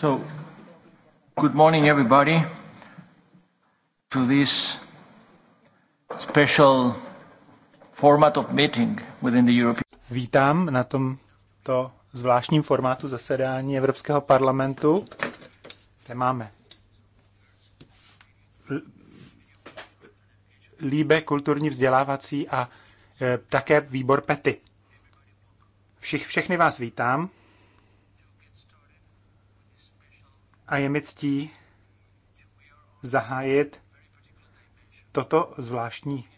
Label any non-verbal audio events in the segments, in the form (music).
So, good morning everybody to this special format of meeting within the European... Vítám na tomto zvláštním formátu zasedání Evropského parlamentu, kde máme líbe kulturní vzdělávací a e, také výbor PETY. Všich, všechny vás vítám. A je mi ctí zahájit toto zvláštní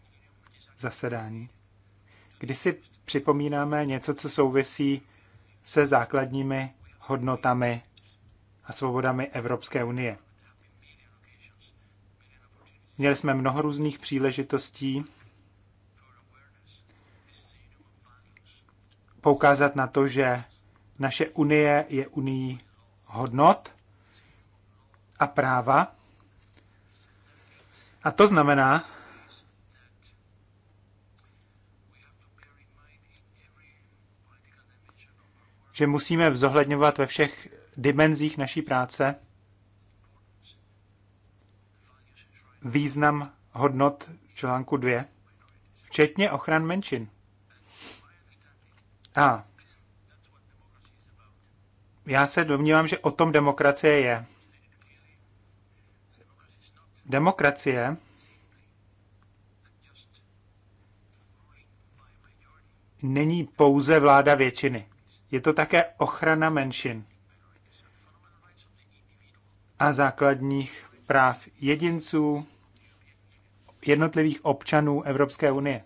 zasedání, kdy si připomínáme něco, co souvisí se základními hodnotami a svobodami Evropské unie. Měli jsme mnoho různých příležitostí poukázat na to, že naše unie je unii hodnot a práva. A to znamená, že musíme vzohledňovat ve všech dimenzích naší práce význam hodnot článku 2, včetně ochran menšin. A já se domnívám, že o tom demokracie je. Demokracie není pouze vláda většiny. Je to také ochrana menšin a základních práv jedinců, jednotlivých občanů Evropské unie.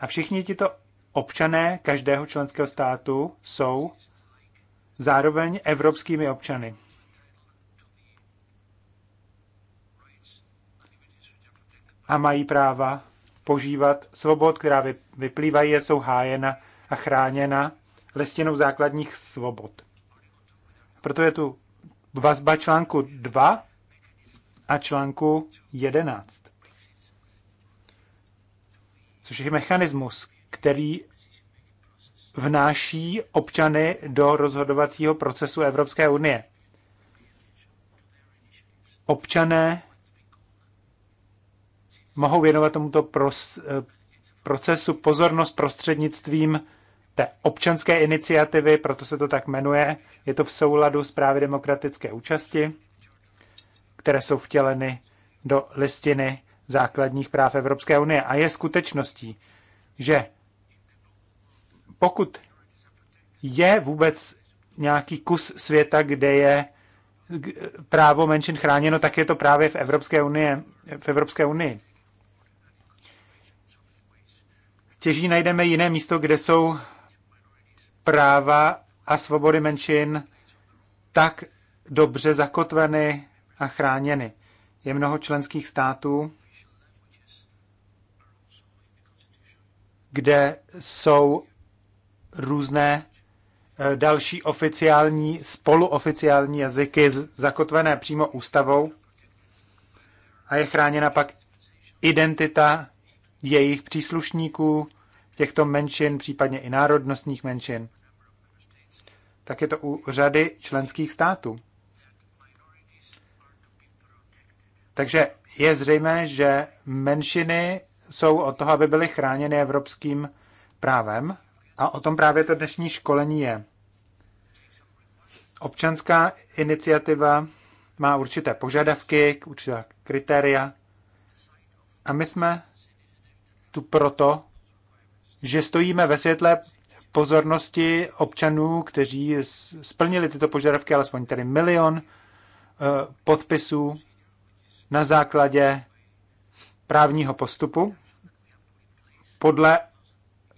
A všichni tito občané každého členského státu jsou zároveň evropskými občany. a mají práva požívat svobod, která vyplývají jsou hájena a chráněna listinou základních svobod. Proto je tu vazba článku 2 a článku 11. Což je mechanismus, který vnáší občany do rozhodovacího procesu Evropské unie. Občané mohou věnovat tomuto pros, eh, procesu pozornost prostřednictvím té občanské iniciativy, proto se to tak jmenuje. Je to v souladu s právy demokratické účasti, které jsou vtěleny do listiny základních práv Evropské unie. A je skutečností, že pokud je vůbec nějaký kus světa, kde je eh, právo menšin chráněno, tak je to právě v Evropské unii. V Evropské unii. Těží najdeme jiné místo, kde jsou práva a svobody menšin tak dobře zakotveny a chráněny. Je mnoho členských států, kde jsou různé e, další oficiální, spoluoficiální jazyky zakotvené přímo ústavou a je chráněna pak identita jejich příslušníků těchto menšin, případně i národnostních menšin. Tak je to u řady členských států. Takže je zřejmé, že menšiny jsou od toho, aby byly chráněny evropským právem a o tom právě to dnešní školení je. Občanská iniciativa má určité požadavky, určitá kritéria a my jsme paktu proto, že stojíme ve světle pozornosti občanů, kteří splnili tyto požadavky, alespoň tedy milion eh, podpisů na základě právního postupu podle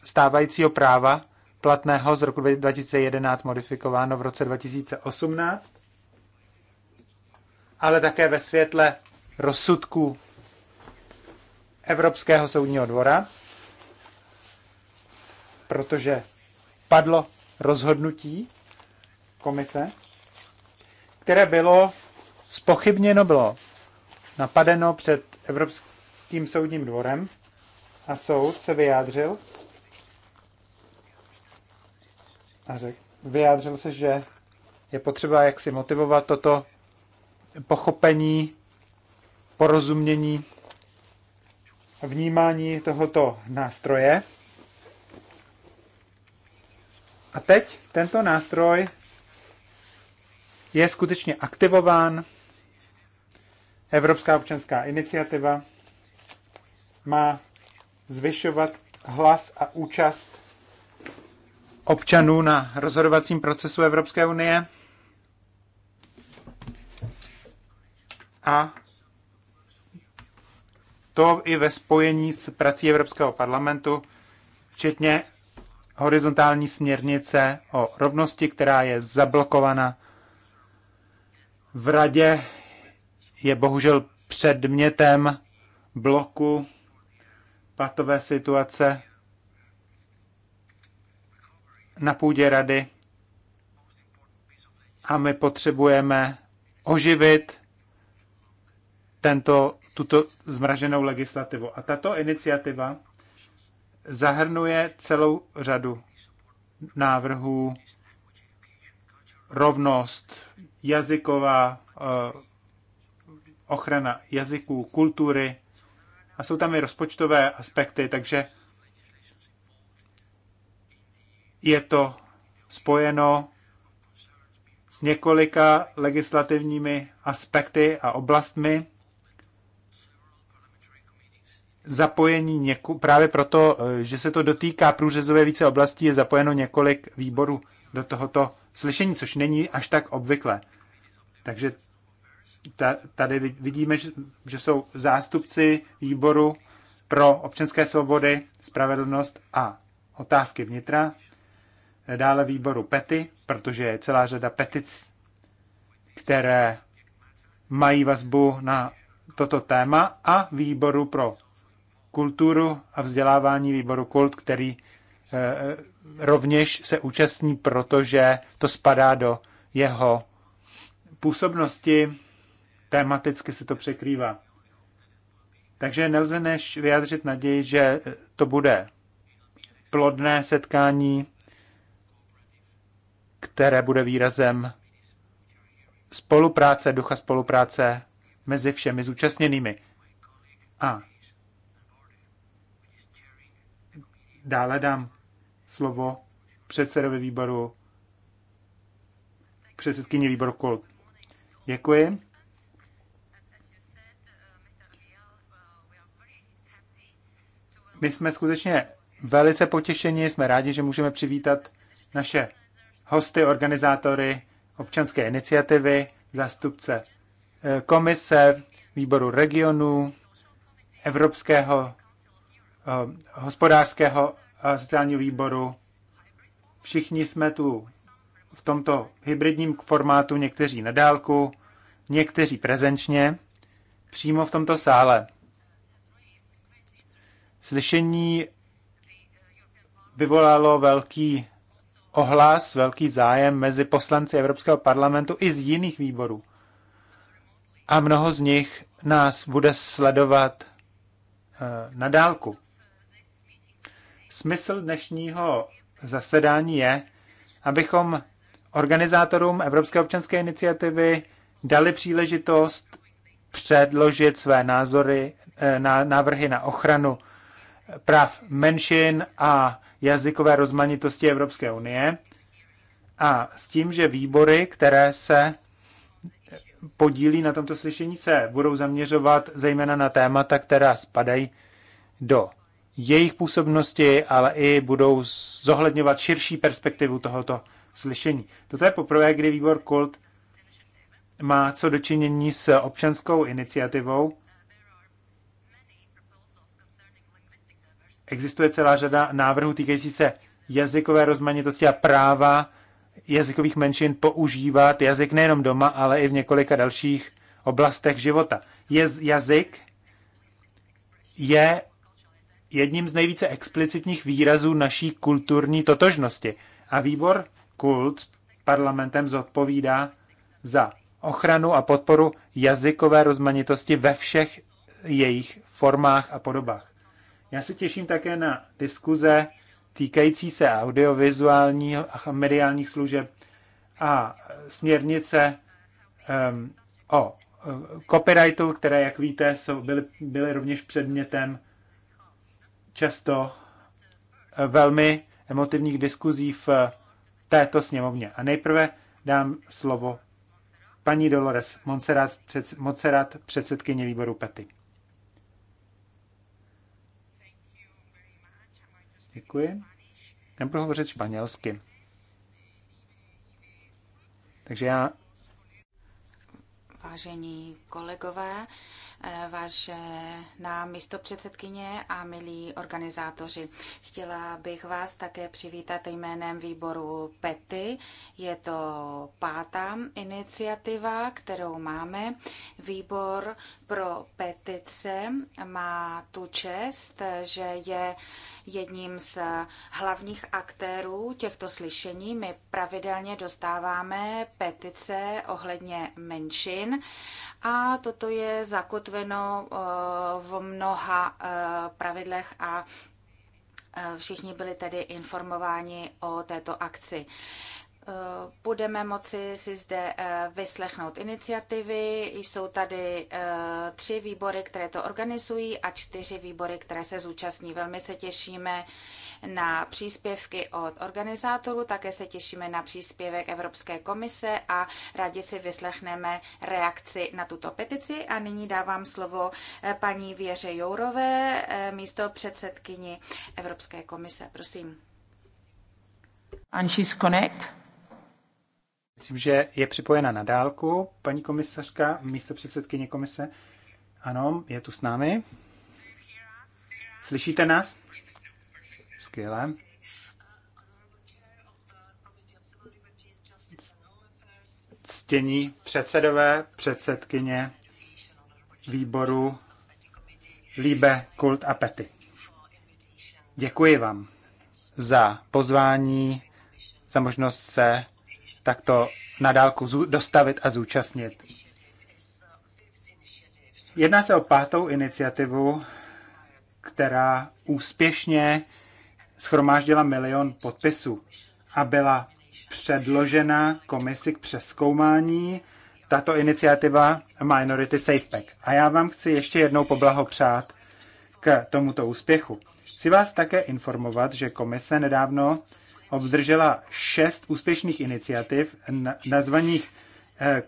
stávajícího práva platného z roku 2011 modifikováno v roce 2018, ale také ve světle rozsudků Evropského soudního dvora, protože padlo rozhodnutí komise, které bylo spochybněno, bylo napadeno před Evropským soudním dvorem a soud se vyjádřil a řekl, vyjádřil se, že je potřeba jak si motivovat toto pochopení, porozumění vnímání tohoto nástroje. A teď tento nástroj je skutečně aktivován. Evropská občanská iniciativa má zvyšovat hlas a účast občanů na rozhodovacím procesu Evropské unie a to i ve spojení s prací Evropského parlamentu, včetně horizontální směrnice o rovnosti, která je zablokovaná v radě, je bohužel předmětem bloku patové situace na půdě rady a my potřebujeme oživit tento tuto zmraženou legislativu. A tato iniciativa zahrnuje celou řadu návrhů rovnost jazyková, eh, ochrana jazyků, kultury a jsou tam i rozpočtové aspekty, takže je to spojeno s několika legislativními aspekty a oblastmi, zapojení něko, právě proto, eh, že se to dotýká průřezové více oblastí, je zapojeno několik výborů do tohoto slyšení, což není až tak obvykle. Takže tady vidíme, že jsou zástupci výboru pro občanské svobody, spravedlnost a otázky vnitra, eh, dále výboru PETY, protože je celá řada petic, které mají vazbu na toto téma a výboru pro kulturu a vzdělávání výboru Kult, který eh, eh, rovněž se účastní, protože to spadá do jeho působnosti. Tematicky se to překrývá. Takže nelze než vyjádřit naději, že to bude plodné setkání, které bude výrazem spolupráce, ducha spolupráce mezi všemi zúčastněnými. A Dále dám slovo předsedovi výboru, předsedkyni výboru KOL. Děkuji. My jsme skutečně velice potěšeni, jsme rádi, že můžeme přivítat naše hosty, organizátory občanské iniciativy, zástupce eh, komise, výboru regionů, Evropského Eh, hospodářského a sociálního výboru. Všichni jsme tu v tomto hybridním formátu, někteří na dálku, někteří prezenčně, přímo v tomto sále. Slyšení vyvolalo velký ohlas, velký zájem mezi poslanci Evropského parlamentu i z jiných výborů. A mnoho z nich nás bude sledovat eh, na dálku. Smysl dnešního zasedání je, abychom organizátorům Evropské občanské iniciativy dali příležitost předložit své názory, eh, návrhy na ochranu práv menšin a jazykové rozmanitosti Evropské unie. A s tím, že výbory, které se podílí na tomto slyšení, se budou zaměřovat zejména na témata, která spadají do jejich působnosti, ale i budou zohledňovat širší perspektivu tohoto slyšení. Toto je poprvé, kdy výbor KULT má co dočinění s občanskou iniciativou. Existuje celá řada návrhů týkající se jazykové rozmanitosti a práva jazykových menšin používat jazyk nejenom doma, ale i v několika dalších oblastech života. Jez, jazyk je jedním z nejvíce explicitních výrazů naší kulturní totožnosti. A výbor kult parlamentem zodpovídá za ochranu a podporu jazykové rozmanitosti ve všech jejich formách a podobách. Já se těším také na diskuze týkající se audiovizuálních a mediálních služeb a směrnice um, o e, copyrightu, které, jak víte, jsou, byly, byly rovněž předmětem často eh, velmi emotivních diskuzí v eh, této sněmovně. A nejprve dám slovo paní Dolores Monserrat, před, Monserrat předsedkyně výboru PETY. Děkuji. Nebudu hovořit španělsky. Takže já Vážení kolegové, eh, vážená předsedkyně a milí organizátoři, chtěla bych vás také přivítat jménem výboru PETY. Je to pátá iniciativa, kterou máme. Výbor pro petice má tu čest, že je jedním z hlavních aktérů těchto slyšení. My pravidelně dostáváme petice ohledně menšin a toto je zakotveno eh, v mnoha eh, pravidlech a eh, všichni byli tedy informováni o této akci. Eh, budeme moci si zde eh, vyslechnout iniciativy. Jsou tady eh, tři výbory, které to organizují a čtyři výbory, které se zúčastní. Velmi se těšíme na příspěvky od organizátorů, také se těšíme na příspěvek Evropské komise a rádi si vyslechneme reakci na tuto petici. A nyní dávám slovo paní Věře Jourové, místo předsedkyni Evropské komise. Prosím. Anšis Connect. Myslím, že je připojena na dálku paní komisařka, místo předsedkyně komise. Ano, je tu s námi. Slyšíte nás? Skvělé. Ctění předsedové, předsedkyně výboru Líbe, Kult a Pety. Děkuji vám za pozvání, za možnost se takto nadálku dostavit a zúčastnit. Jedná se o pátou iniciativu, která úspěšně schromáždila milion podpisů a byla předložena komisi k přeskoumání tato iniciativa Minority Safe Pack. A já vám chci ještě jednou poblahopřát k tomuto úspěchu. Chci vás také informovat, že komise nedávno obdržela šest úspěšných iniciativ nazvaných eh,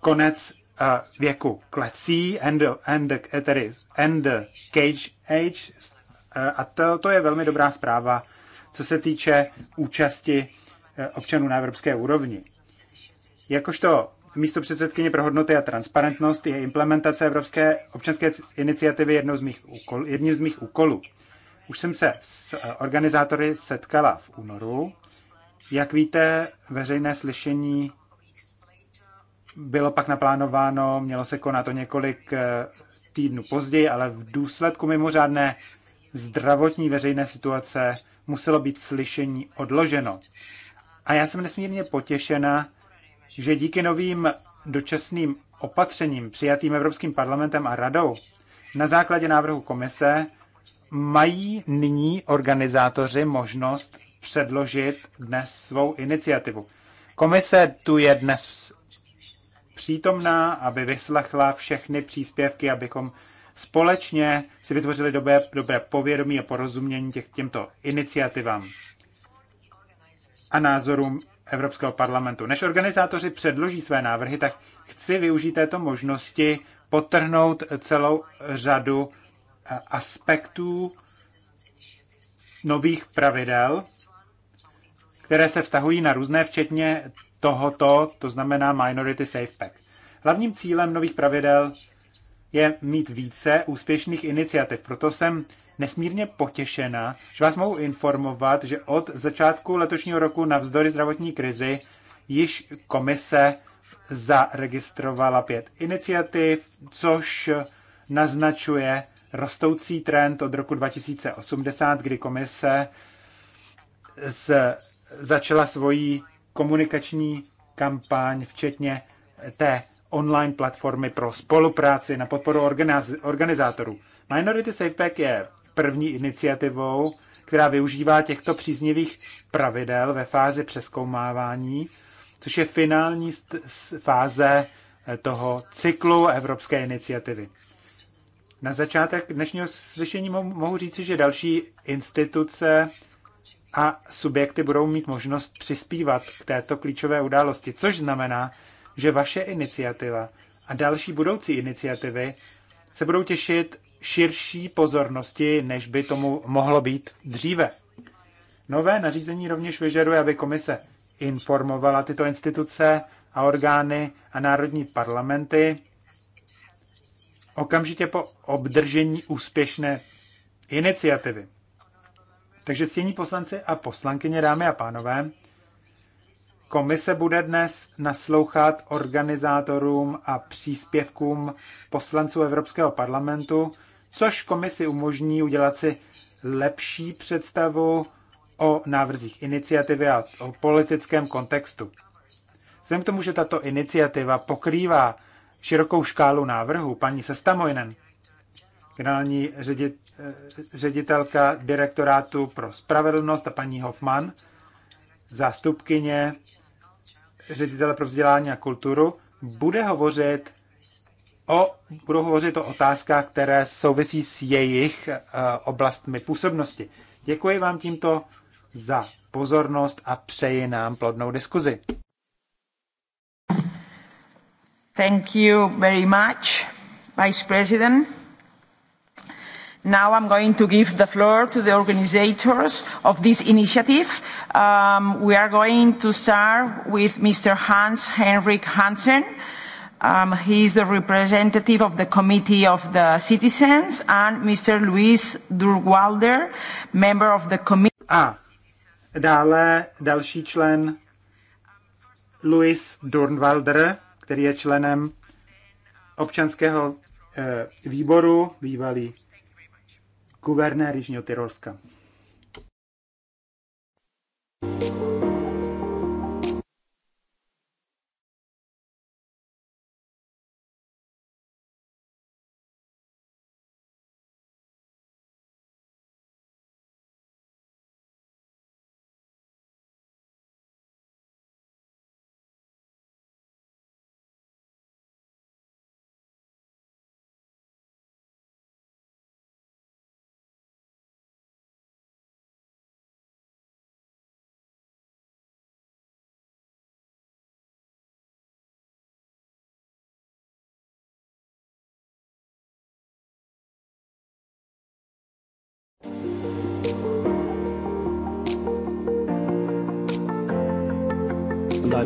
Konec eh, věku klecí and, and, tedy and Cage Age eh, a to, to je velmi dobrá zpráva, co se týče účasti občanů na evropské úrovni. Jakožto místo předsedkyně pro hodnoty a transparentnost je implementace Evropské občanské iniciativy jednou z mých úkol, jedním z mých úkolů. Už jsem se s eh, organizátory setkala v únoru. Jak víte, veřejné slyšení bylo pak naplánováno, mělo se konat o několik eh, týdnů později, ale v důsledku mimořádné zdravotní veřejné situace muselo být slyšení odloženo. A já jsem nesmírně potěšena, že díky novým dočasným opatřením přijatým Evropským parlamentem a radou na základě návrhu komise mají nyní organizátoři možnost předložit dnes svou iniciativu. Komise tu je dnes přítomná, aby vyslechla všechny příspěvky, abychom společně si vytvořili dobré, dobré povědomí a porozumění těch, těmto iniciativám a názorům Evropského parlamentu. Než organizátoři předloží své návrhy, tak chci využít této možnosti potrhnout celou řadu aspektů nových pravidel, které se vztahují na různé, včetně tohoto, to znamená Minority Safe Pack. Hlavním cílem nových pravidel je mít více úspěšných iniciativ. Proto jsem nesmírně potěšena, že vás mohu informovat, že od začátku letošního roku navzdory zdravotní krizi již komise zaregistrovala pět iniciativ, což naznačuje, rostoucí trend od roku 2080, kdy komise z, začala svoji komunikační kampaň, včetně té online platformy pro spolupráci na podporu organizátorů. Minority Safepack je první iniciativou, která využívá těchto příznivých pravidel ve fázi přeskoumávání, což je finální fáze toho cyklu evropské iniciativy. Na začátek dnešního slyšení mohu říci, že další instituce a subjekty budou mít možnost přispívat k této klíčové události, což znamená, že vaše iniciativa a další budoucí iniciativy se budou těšit širší pozornosti, než by tomu mohlo být dříve. Nové nařízení rovněž vyžaduje, aby komise informovala tyto instituce a orgány a národní parlamenty okamžitě po obdržení úspěšné iniciativy. Takže ctění poslanci a poslankyně, dámy a pánové, komise bude dnes naslouchat organizátorům a příspěvkům poslanců Evropského parlamentu, což komisi umožní udělat si lepší představu o návrzích iniciativy a o politickém kontextu. Vzhledem k tomu, že tato iniciativa pokrývá širokou škálu návrhů. Paní Sestamojnen, generální ředit, ředitelka direktorátu pro spravedlnost a paní Hoffman, zástupkyně ředitele pro vzdělání a kulturu, bude hovořit o, budou hovořit o otázkách, které souvisí s jejich eh, oblastmi působnosti. Děkuji vám tímto za pozornost a přeji nám plodnou diskuzi. Thank you very much, Vice President. Now I'm going to give the floor to the organizers of this initiative. Um, we are going to start with Mr. Hans-Henrik Hansen. Um, He's the representative of the Committee of the Citizens, and Mr. Luis Durwalder, member of the Committee. A dále další člen Luis Durwalder, který je členem občanského eh, výboru, bývalý guvernér Jižního Tyrolska.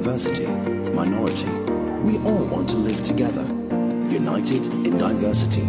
diversity, minority. We all want to live together, united in diversity.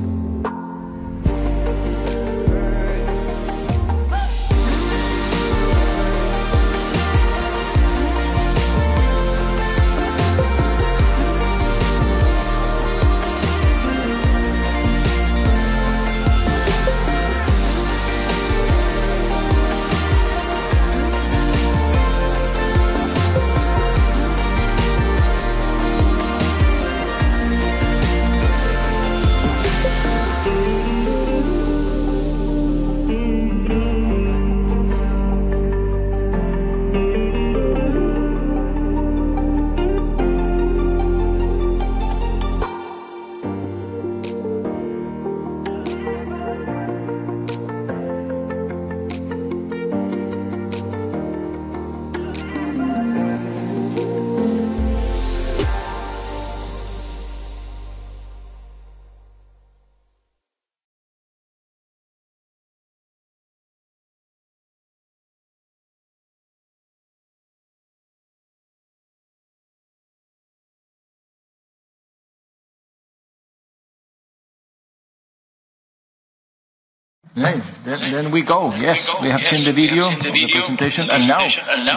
Then, then we go. Yes, we have seen the video the presentation and now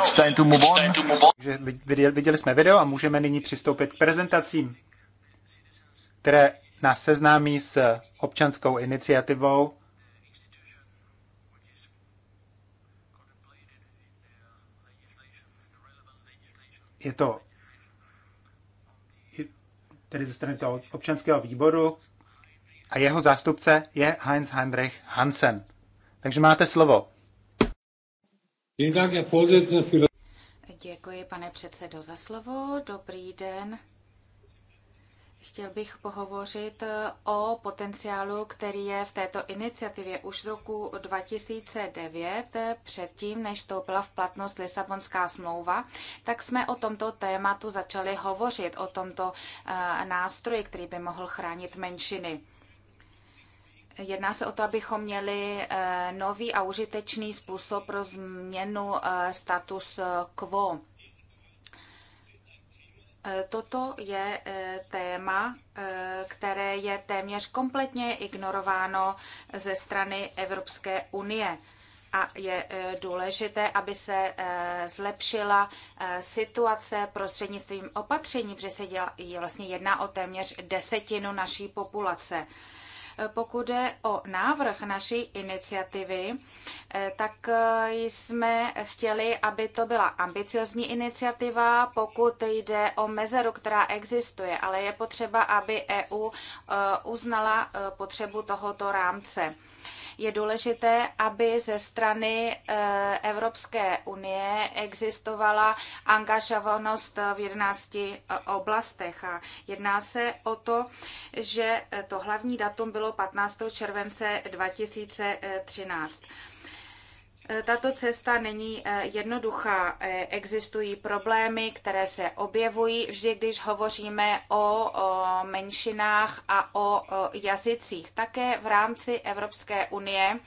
it's time to move on. Takže viděli jsme video a můžeme nyní přistoupit k prezentacím, které nás seznámí s občanskou iniciativou Je to tedy ze strany toho občanského výboru, a jeho zástupce je Heinz Heinrich Hansen. Takže máte slovo. Děkuji, pane předsedo, za slovo. Dobrý den. Chtěl bych pohovořit eh, o potenciálu, který je v této iniciativě už z roku 2009, eh, předtím, než vstoupila v platnost Lisabonská smlouva, tak jsme o tomto tématu začali hovořit, o tomto eh, nástroji, který by mohl chránit menšiny. Jedná se o to, abychom měli eh, nový a užitečný způsob pro změnu eh, status eh, quo. Toto je téma, které je téměř kompletně ignorováno ze strany Evropské unie. A je důležité, aby se zlepšila situace prostřednictvím opatření, protože se dělá, vlastně jedná o téměř desetinu naší populace. Pokud je o návrh naší iniciativy, eh, tak eh, jsme chtěli, aby to byla ambiciozní iniciativa, pokud jde o mezeru, která existuje, ale je potřeba, aby EU eh, uznala potřebu tohoto rámce je důležité, aby ze strany eh, Evropské unie existovala angažovanost v 11 eh, oblastech. A jedná se o to, že eh, to hlavní datum bylo 15. července 2013. Eh, tato cesta není eh, jednoduchá. Eh, existují problémy, které se objevují vždy, když hovoříme o menšinách a o jazycích. Také v rámci Evropské unie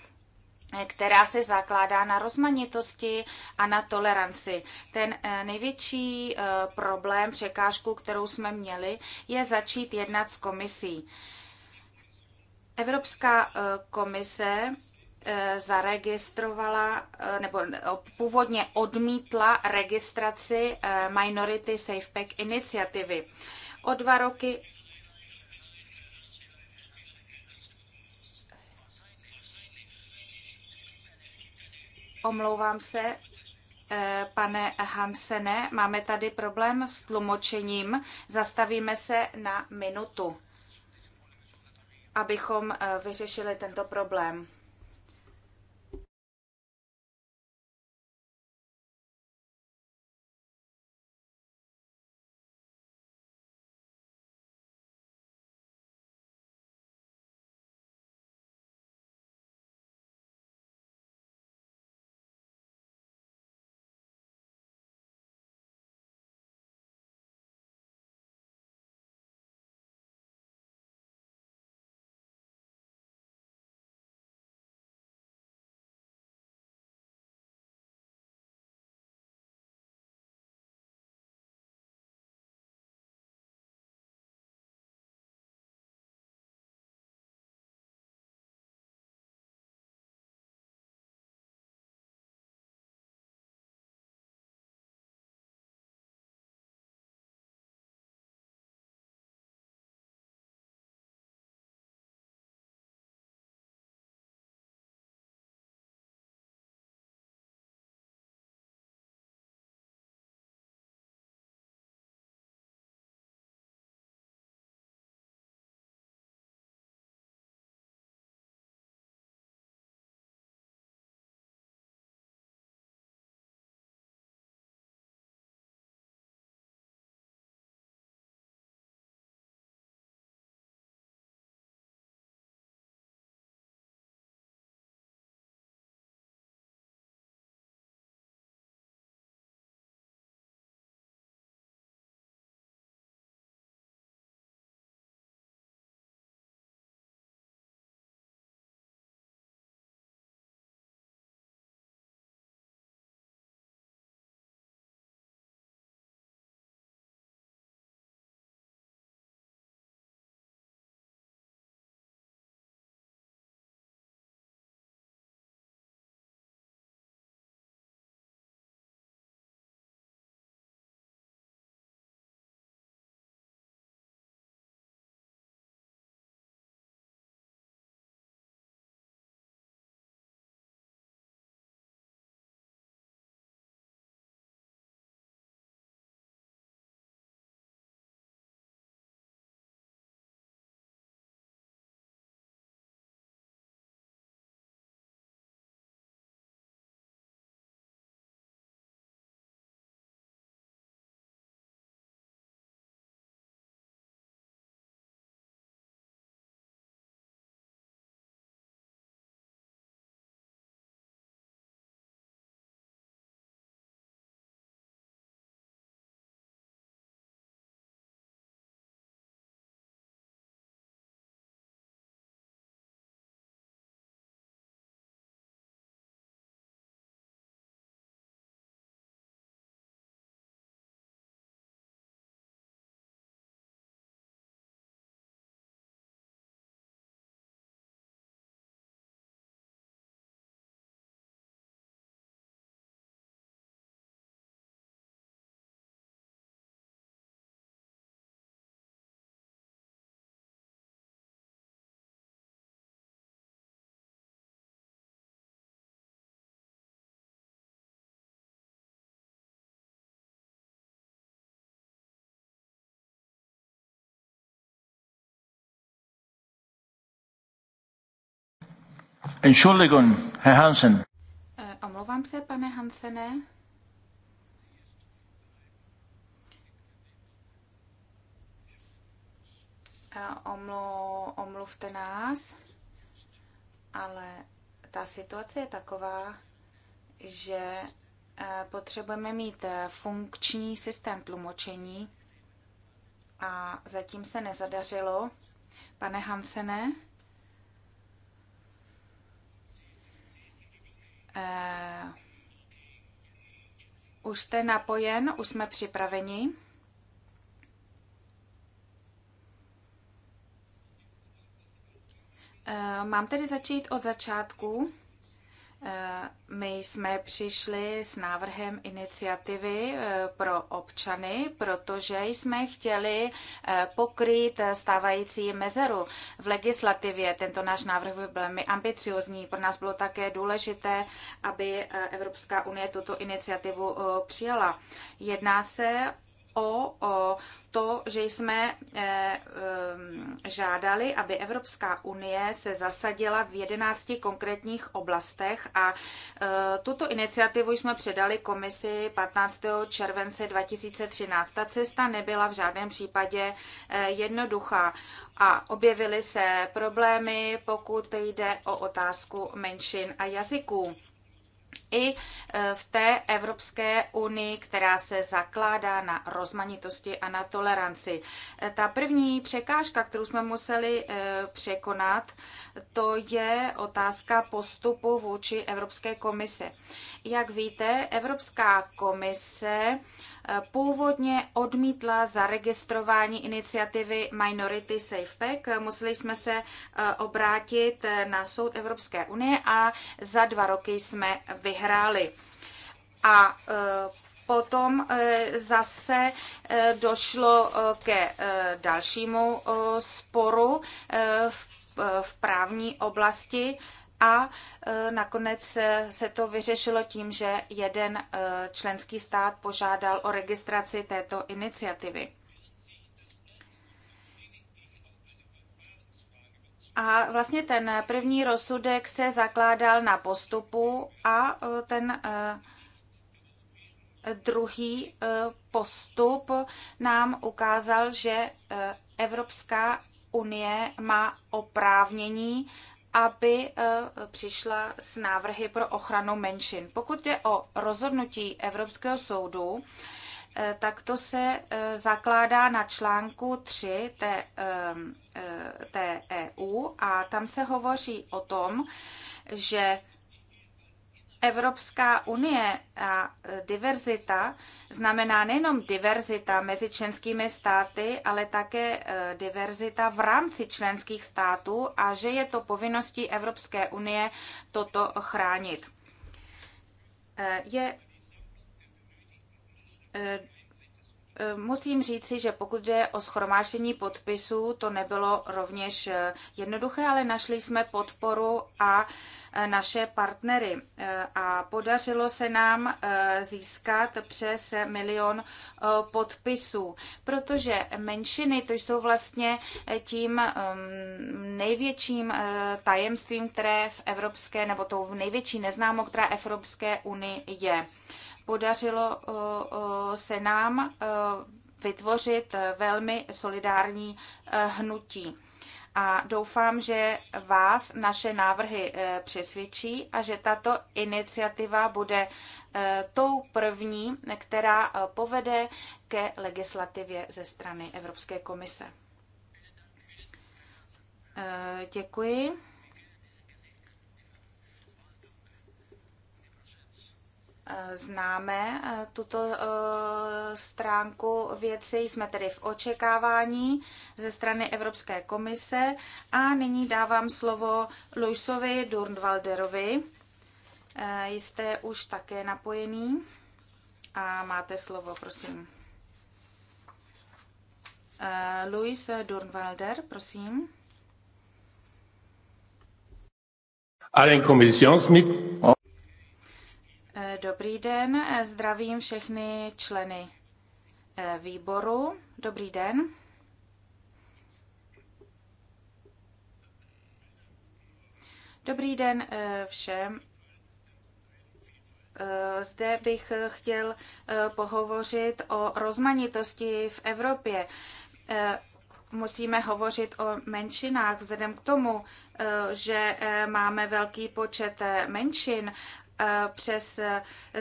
která se zakládá na rozmanitosti a na toleranci. Ten největší problém, překážku, kterou jsme měli, je začít jednat s komisí. Evropská komise Eh, zaregistrovala eh, nebo eh, původně odmítla registraci Minority Safe Pack iniciativy. O dva roky Omlouvám se, pane Hansene, máme tady problém s tlumočením. Zastavíme se na minutu, abychom vyřešili tento problém. Entschuldigung, Herr Hansen. Eh, omlouvám se, pane Hansene. Eh, omluvte nás, ale ta situace je taková, že eh, potřebujeme mít funkční systém tlumočení a zatím se nezadařilo. Pane Hansene, Eh, už jste napojen, už jsme připraveni. Eh, mám tedy začít od začátku. My jsme přišli s návrhem iniciativy eh, pro občany, protože jsme chtěli eh, pokrýt eh, stávající mezeru v legislativě. Tento náš návrh byl velmi ambiciozní. Pro nás bylo také důležité, aby Evropská unie tuto iniciativu přijala. Jedná se o, o to, že jsme e, e, žádali, aby Evropská unie se zasadila v 11 konkrétních oblastech a e, tuto iniciativu jsme předali komisi 15. července 2013. Ta cesta nebyla v žádném případě e, jednoduchá a objevily se problémy, pokud jde o otázku menšin a jazyků i e, v té Evropské unii, která se zakládá na rozmanitosti a na toleranci. E, ta první překážka, kterou jsme museli e, překonat, to je otázka postupu vůči Evropské komise. Jak víte, Evropská komise Eh, původně odmítla zaregistrování iniciativy Minority Safe Pack. Eh, museli jsme se eh, obrátit na soud Evropské unie a za dva roky jsme vyhráli. A potom zase došlo ke dalšímu sporu v právní oblasti a e, nakonec e, se to vyřešilo tím, že jeden e, členský stát požádal o registraci této iniciativy. A vlastně ten první rozsudek se zakládal na postupu a ten druhý postup nám ukázal, že Evropská unie má oprávnění aby eh, přišla s návrhy pro ochranu menšin. Pokud je o rozhodnutí Evropského soudu, eh, tak to se eh, zakládá na článku 3 té, té EU a tam se hovoří o tom, že Evropská unie a e, diverzita znamená nejenom diverzita mezi členskými státy, ale také e, diverzita v rámci členských států a že je to povinností Evropské unie toto chránit. E, je Musím říci, že pokud jde o schromáštění podpisů, to nebylo rovněž eh, jednoduché, ale našli jsme podporu a eh, naše partnery. Eh, a podařilo se nám získat přes milion podpisů, protože menšiny to jsou vlastně tím ehm, největším tajemstvím, které v Evropské, nebo tou největší neznámou, která Evropské unii je podařilo se nám vytvořit velmi solidární e, hnutí. A doufám, že vás naše návrhy e, přesvědčí a že tato iniciativa bude e, tou první, která povede ke legislativě ze strany Evropské komise. Děkuji. známe eh, tuto eh, stránku věci, jsme tedy v očekávání ze strany Evropské komise a nyní dávám slovo Luisovi Durnwalderovi. Eh, jste už také napojený a máte slovo, prosím. Luis Durnwalder, prosím. Allen Kommissionsmitglied. Dobrý den, zdravím všechny členy eh, výboru. Dobrý den. Dobrý den eh, všem. Eh, zde bych chtěl pohovořit o rozmanitosti v Evropě. Musíme hovořit o menšinách vzhledem k tomu, že máme velký počet menšin Eh, přes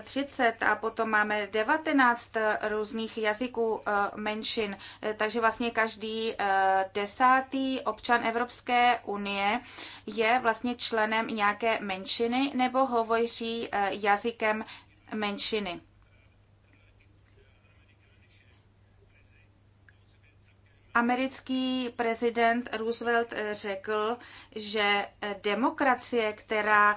30 eh, a potom máme 19 různých jazyků eh, menšin. Takže vlastně každý desátý občan Evropské unie je vlastně členem nějaké menšiny nebo hovoří jazykem menšiny. Americký prezident Roosevelt eh, řekl, že eh, demokracie, která eh,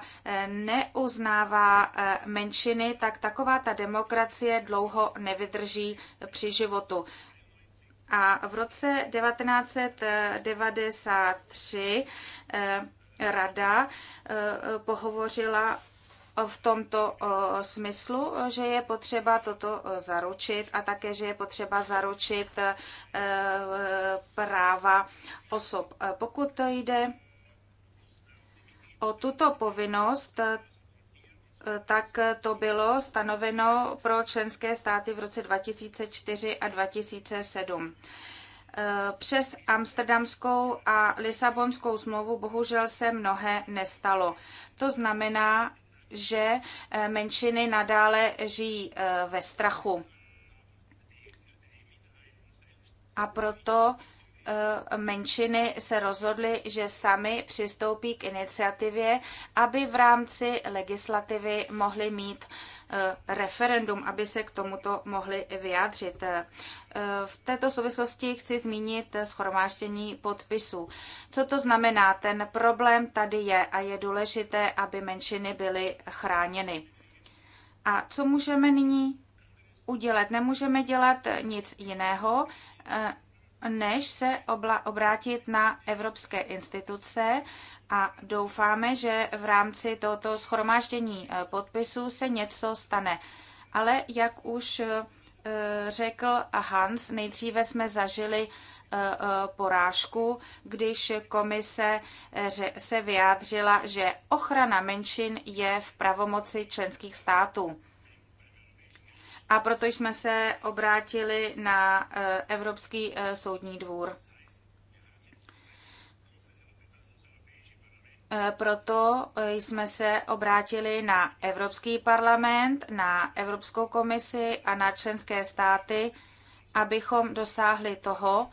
neuznává menšiny, tak taková ta demokracie dlouho nevydrží při životu. A v roce 1993 rada pohovořila v tomto smyslu, že je potřeba toto zaručit a také, že je potřeba zaručit e, práva osob. E, pokud to jde o tuto povinnost, e, tak to bylo stanoveno pro členské státy v roce 2004 a 2007 přes Amsterdamskou a Lisabonskou smlouvu bohužel se mnohé nestalo. To znamená, že eh, menšiny nadále žijí eh, ve strachu. A proto eh, menšiny se rozhodly, že sami přistoupí k iniciativě, aby v rámci legislativy mohly mít uh, Eh, referendum, aby se k tomuto mohli vyjádřit. Eh, v této souvislosti chci zmínit eh, schromáždění podpisů. Co to znamená? Ten problém tady je a je důležité, aby menšiny byly chráněny. A co můžeme nyní udělat? Nemůžeme dělat nic jiného, než se obla, obrátit na evropské instituce a doufáme, že v rámci tohoto schromáždění eh, podpisů se něco stane. Ale jak už eh, řekl Hans, nejdříve jsme zažili eh, porážku, když komise se vyjádřila, že ochrana menšin je v pravomoci členských států a proto jsme se obrátili na eh, Evropský eh, soudní dvůr. Eh, proto jsme se obrátili na Evropský parlament, na Evropskou komisi a na členské státy, abychom dosáhli toho,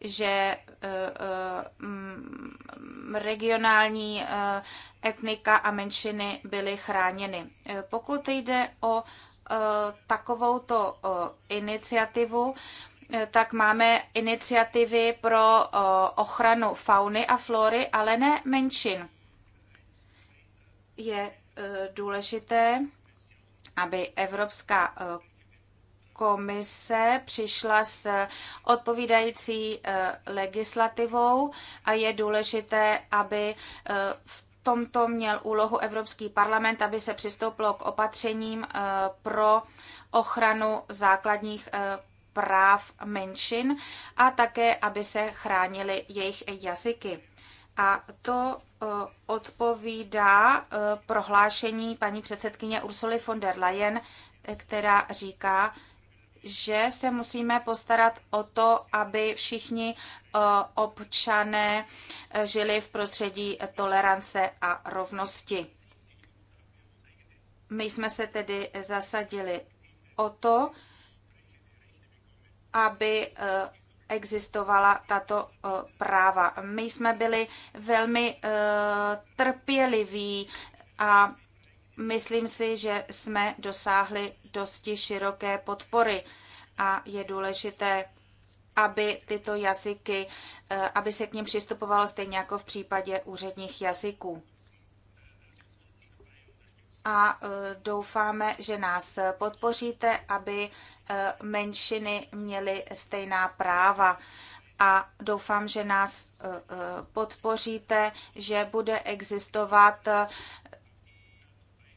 že regionální etnika a menšiny byly chráněny. Pokud jde o Eh, takovouto eh, iniciativu, eh, tak máme iniciativy pro ochranu fauny a flory, ale ne menšin. Je důležité, aby Evropská komise přišla s odpovídající legislativou a je důležité, aby v tomto měl úlohu Evropský parlament, aby se přistoupilo k opatřením eh, pro ochranu základních eh, práv menšin a také, aby se chránili jejich jazyky. A to eh, odpovídá prohlášení paní předsedkyně Ursuly von der Leyen, která říká, že se musíme postarat o to, aby všichni eh, občané eh, žili v prostředí tolerance a rovnosti. My jsme se tedy zasadili o to, aby eh, existovala tato práva. My jsme byli velmi trpěliví a myslím si, že jsme dosáhli dosti široké podpory a je důležité, aby tyto jazyky, eh, aby se k ním přistupovalo stejně jako v případě úředních jazyků. A eh, doufáme, že nás podpoříte, aby eh, menšiny měly stejná práva a doufám, že nás podpoříte, že bude existovat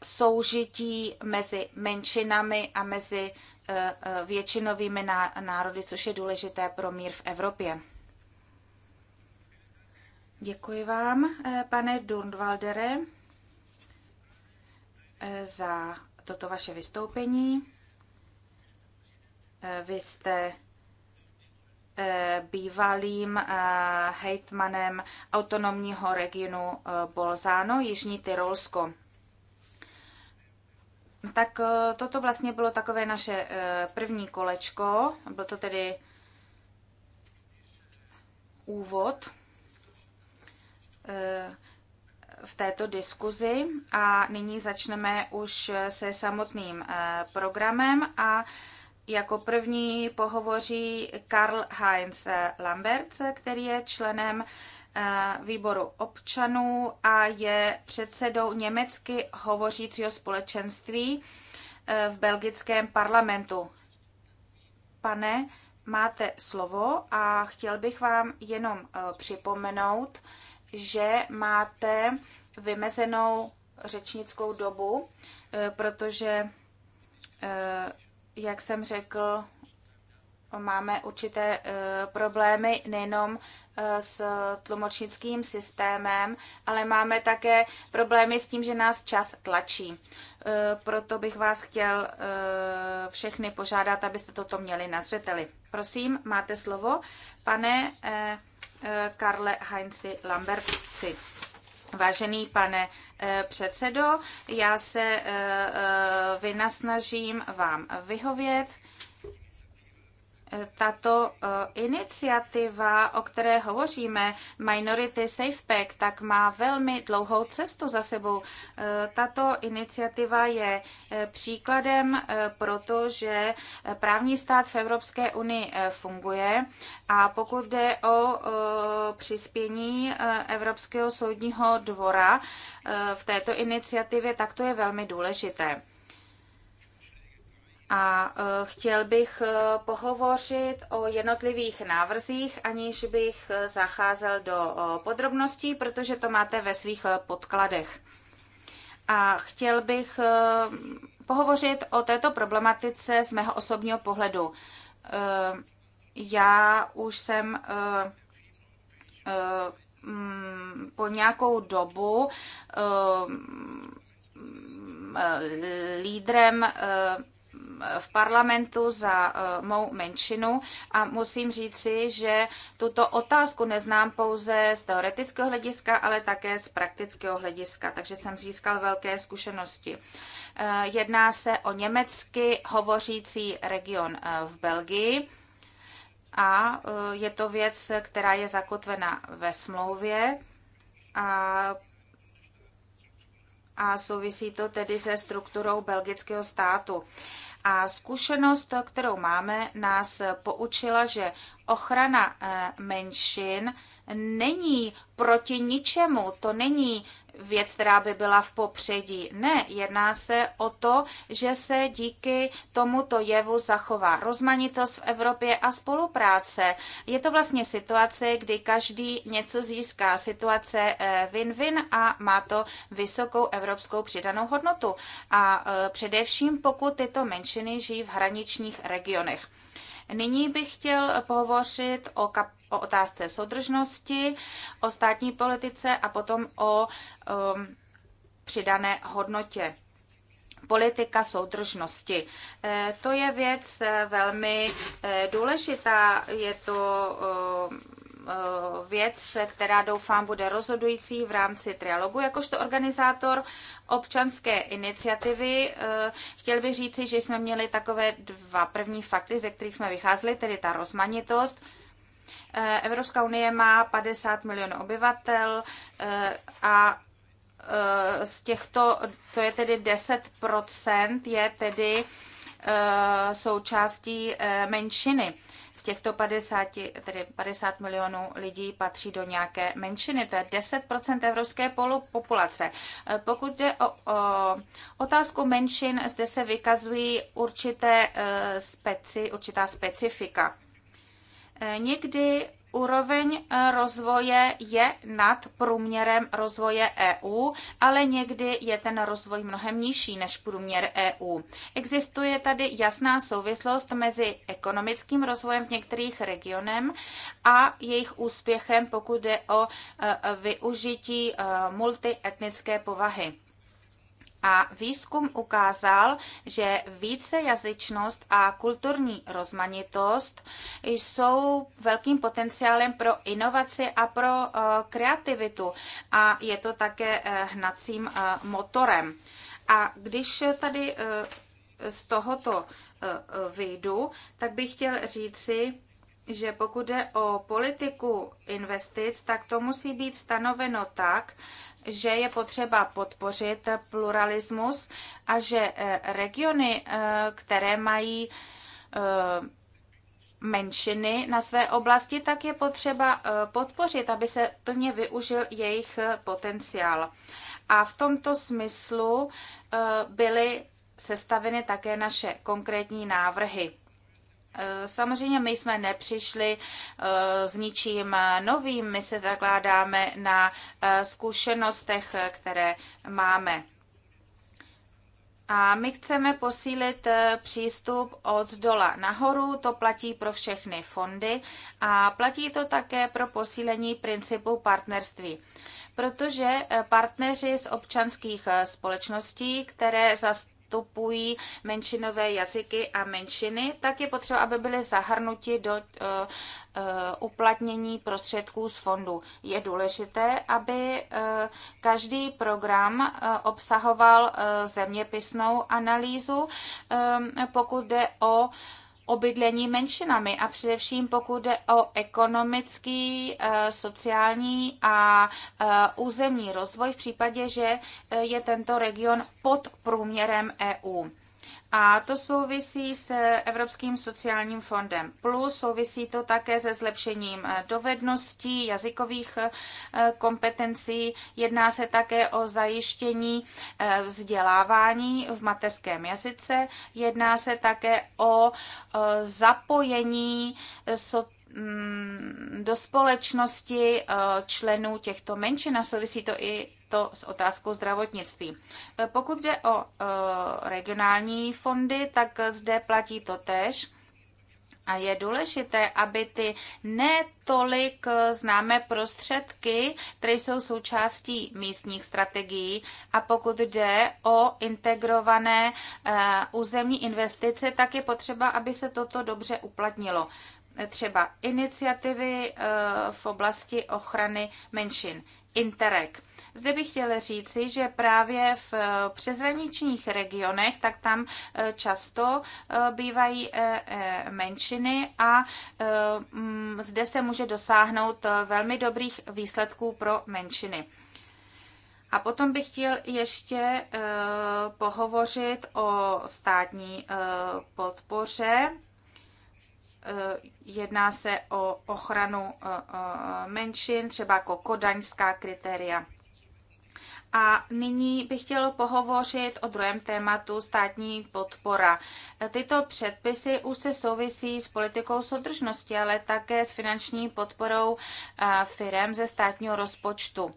soužití mezi menšinami a mezi eh, eh, většinovými národy, což je důležité pro mír v Evropě. Děkuji vám, eh, pane Durnwaldere, za toto vaše vystoupení. Vy jste bývalým hejtmanem autonomního regionu Bolzano, Jižní Tyrolsko tak eh, toto vlastně bylo takové naše eh, první kolečko, byl to tedy úvod eh, v této diskuzi a nyní začneme už se samotným programem a jako první pohovoří Karl Heinz Lambert, který je členem Eh, výboru občanů a je předsedou německy hovořícího společenství eh, v belgickém parlamentu. Pane, máte slovo a chtěl bych vám jenom eh, připomenout, že máte vymezenou řečnickou dobu, protože, jak jsem řekl, máme určité eh, problémy nejenom eh, s tlumočnickým systémem, ale máme také problémy s tím, že nás čas tlačí. Eh, proto bych vás chtěl všechny požádat, abyste toto měli na zřeteli. Prosím, máte slovo, pane Karle Heinzi Lambertci. Vážený pane předsedo, já se vynasnažím vám vyhovět tato eh, iniciativa, o které hovoříme, Minority Safe Pack, tak má velmi dlouhou cestu za sebou. Eh, tato iniciativa je eh, příkladem, protože právní stát v Evropské unii funguje a pokud jde o přispění Evropského soudního dvora v této iniciativě, tak to je velmi důležité. A e, chtěl bych e, pohovořit o jednotlivých návrzích, aniž bych e, zacházel do podrobností, protože to máte ve svých podkladech. A chtěl bych pohovořit o této problematice z mého osobního pohledu. Já už jsem mm, po nějakou dobu lídrem v parlamentu za eh, mou menšinu a musím říci, že tuto otázku neznám pouze z teoretického hlediska, ale také z praktického hlediska, takže jsem získal velké zkušenosti. Eh, jedná se o německy hovořící region eh, v Belgii a je to věc, která je zakotvena ve smlouvě a a souvisí to tedy se strukturou belgického státu. A zkušenost, kterou máme, nás poučila, že ochrana eh, menšin není proti ničemu. To není věc, která by byla v popředí. Ne, jedná se o to, že se díky tomuto jevu zachová rozmanitost v Evropě a spolupráce. Je to vlastně situace, kdy každý něco získá. Situace eh, win-win a má to vysokou evropskou přidanou hodnotu. A eh, především pokud tyto menšiny žijí v hraničních regionech. Nyní bych chtěl pohovořit o kap- o otázce soudržnosti, o státní politice a potom o um, přidané hodnotě politika soudržnosti. Eh, to je věc eh, velmi eh, důležitá. Je to um, věc, která doufám bude rozhodující v rámci trialogu. Jakožto organizátor občanské iniciativy chtěl bych říci, že jsme měli takové dva první fakty, ze kterých jsme vycházeli, tedy ta rozmanitost Eh, Evropská unie má 50 milionů obyvatel eh, a eh, z těchto, to je tedy 10%, je tedy součástí menšiny. Z těchto 50, tedy 50 milionů lidí patří do nějaké menšiny, to je 10% evropské populace. Pokud jde o, o otázku menšin, zde se vykazují určité speci, určitá specifika. Eh, někdy úroveň eh, rozvoje je nad průměrem rozvoje EU, ale někdy je ten rozvoj mnohem nižší než průměr EU. Existuje tady jasná souvislost mezi ekonomickým rozvojem v některých regionem a jejich úspěchem, pokud jde o eh, využití multietnické povahy. A výzkum ukázal, že vícejazyčnost a kulturní rozmanitost jsou velkým potenciálem pro inovaci a pro eh, kreativitu. A je to také eh, hnacím eh, motorem. A když tady z tohoto vyjdu, tak bych chtěl říci, že pokud jde o politiku investic, tak to musí být stanoveno tak, že je potřeba podpořit pluralismus a že eh, regiony, eh, které mají eh, menšiny na své oblasti, tak je potřeba podpořit, aby se plně využil jejich potenciál. A v tomto smyslu byly sestaveny také naše konkrétní návrhy. Eh, samozřejmě my jsme nepřišli eh, s ničím novým, my se zakládáme na eh, zkušenostech, které máme. A my chceme posílit přístup od dola nahoru, to platí pro všechny fondy a platí to také pro posílení principu partnerství protože partneři z občanských společností, které zas, zastupují menšinové jazyky a menšiny, tak je potřeba, aby byly zahrnuti do eh, eh, uplatnění prostředků z fondu. Je důležité, aby eh, každý program obsahoval zeměpisnou analýzu, pokud jde o obydlení menšinami a především pokud jde o ekonomický, eh, sociální a eh, územní rozvoj v případě, že eh, je tento region pod průměrem EU. A to souvisí s Evropským sociálním fondem. Plus souvisí to také se zlepšením eh, dovedností, jazykových eh, kompetencí. Jedná se také o zajištění eh, vzdělávání v mateřském jazyce. Jedná se také o zapojení mm, do společnosti členů těchto menšin a souvisí to i to s otázkou zdravotnictví. E, pokud jde o e, regionální fondy, tak zde platí to tež. A je důležité, aby ty netolik e, známé prostředky, které jsou součástí místních strategií, a pokud jde o integrované územní investice, tak je potřeba, aby se toto dobře uplatnilo. Třeba iniciativy v oblasti ochrany menšin. Interreg. Zde bych chtěla říci, že právě v eh, přezraničních regionech, tak tam eh, často eh, bývají menšiny a mm, zde se může dosáhnout velmi dobrých výsledků pro menšiny. A potom bych chtěl ještě pohovořit o státní podpoře Eh, jedná se o ochranu eh, eh, menšin, třeba jako kodaňská kritéria. A nyní bych chtěl pohovořit o druhém tématu státní podpora. Tyto předpisy už se souvisí s politikou soudržnosti, ale také s finanční podporou firem ze státního rozpočtu.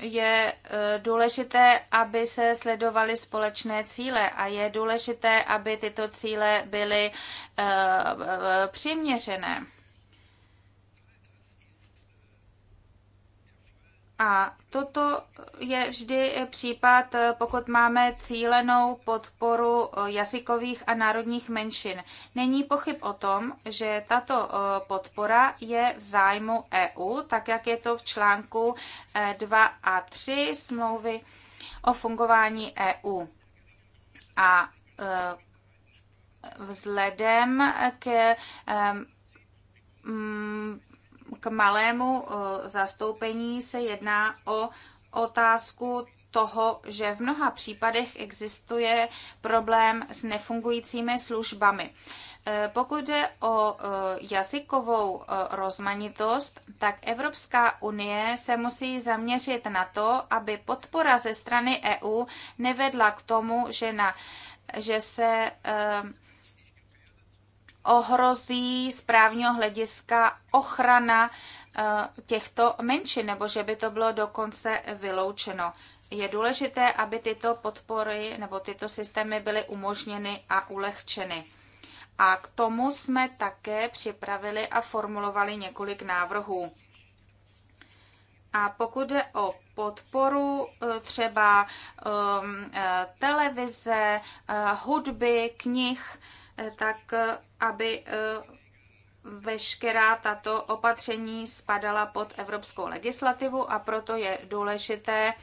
je eh, důležité, aby se sledovaly společné cíle a je důležité, aby tyto cíle byly eh, eh, přiměřené. A toto je vždy případ, pokud máme cílenou podporu jazykových a národních menšin. Není pochyb o tom, že tato eh, podpora je v zájmu EU, tak jak je to v článku 2 eh, a 3 smlouvy o fungování EU. A eh, vzhledem k k malému eh, zastoupení se jedná o otázku toho, že v mnoha případech existuje problém s nefungujícími službami. Eh, pokud jde o eh, jazykovou rozmanitost, tak Evropská unie se musí zaměřit na to, aby podpora ze strany EU nevedla k tomu, že, na, že se ohrozí z právního hlediska ochrana eh, těchto menšin, nebo že by to bylo dokonce vyloučeno. Je důležité, aby tyto podpory nebo tyto systémy byly umožněny a ulehčeny. A k tomu jsme také připravili a formulovali několik návrhů. A pokud jde o podporu eh, třeba ehm, eh, televize, hudby, knih, tak aby eh, veškerá tato opatření spadala pod evropskou legislativu a proto je důležité,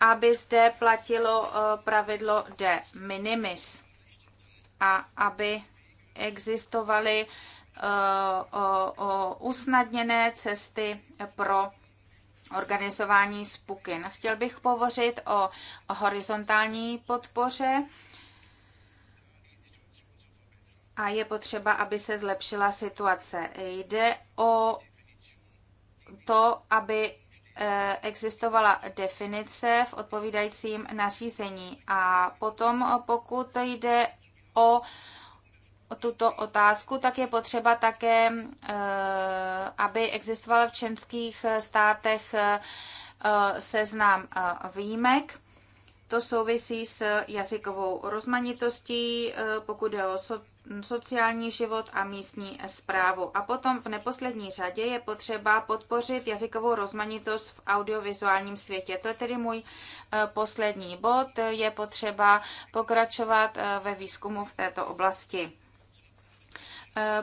aby zde platilo eh, pravidlo de minimis a aby existovaly eh, usnadněné cesty pro organizování spukin. Chtěl bych povořit o horizontální podpoře a je potřeba, aby se zlepšila situace. Jde o to, aby eh, existovala definice v odpovídajícím nařízení. A potom, pokud jde o tuto otázku, tak je potřeba také, eh, aby existoval v členských státech eh, seznam výjimek. To souvisí s jazykovou rozmanitostí, pokud je o sociální život a místní zprávu. A potom v neposlední řadě je potřeba podpořit jazykovou rozmanitost v audiovizuálním světě. To je tedy můj e, poslední bod. Je potřeba pokračovat e, ve výzkumu v této oblasti.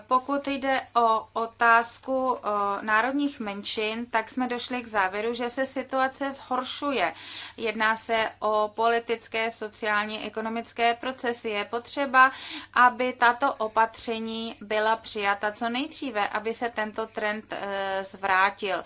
Pokud jde o otázku národních menšin, tak jsme došli k závěru, že se situace zhoršuje. Jedná se o politické, sociální, ekonomické procesy. Je potřeba, aby tato opatření byla přijata co nejdříve, aby se tento trend e, zvrátil.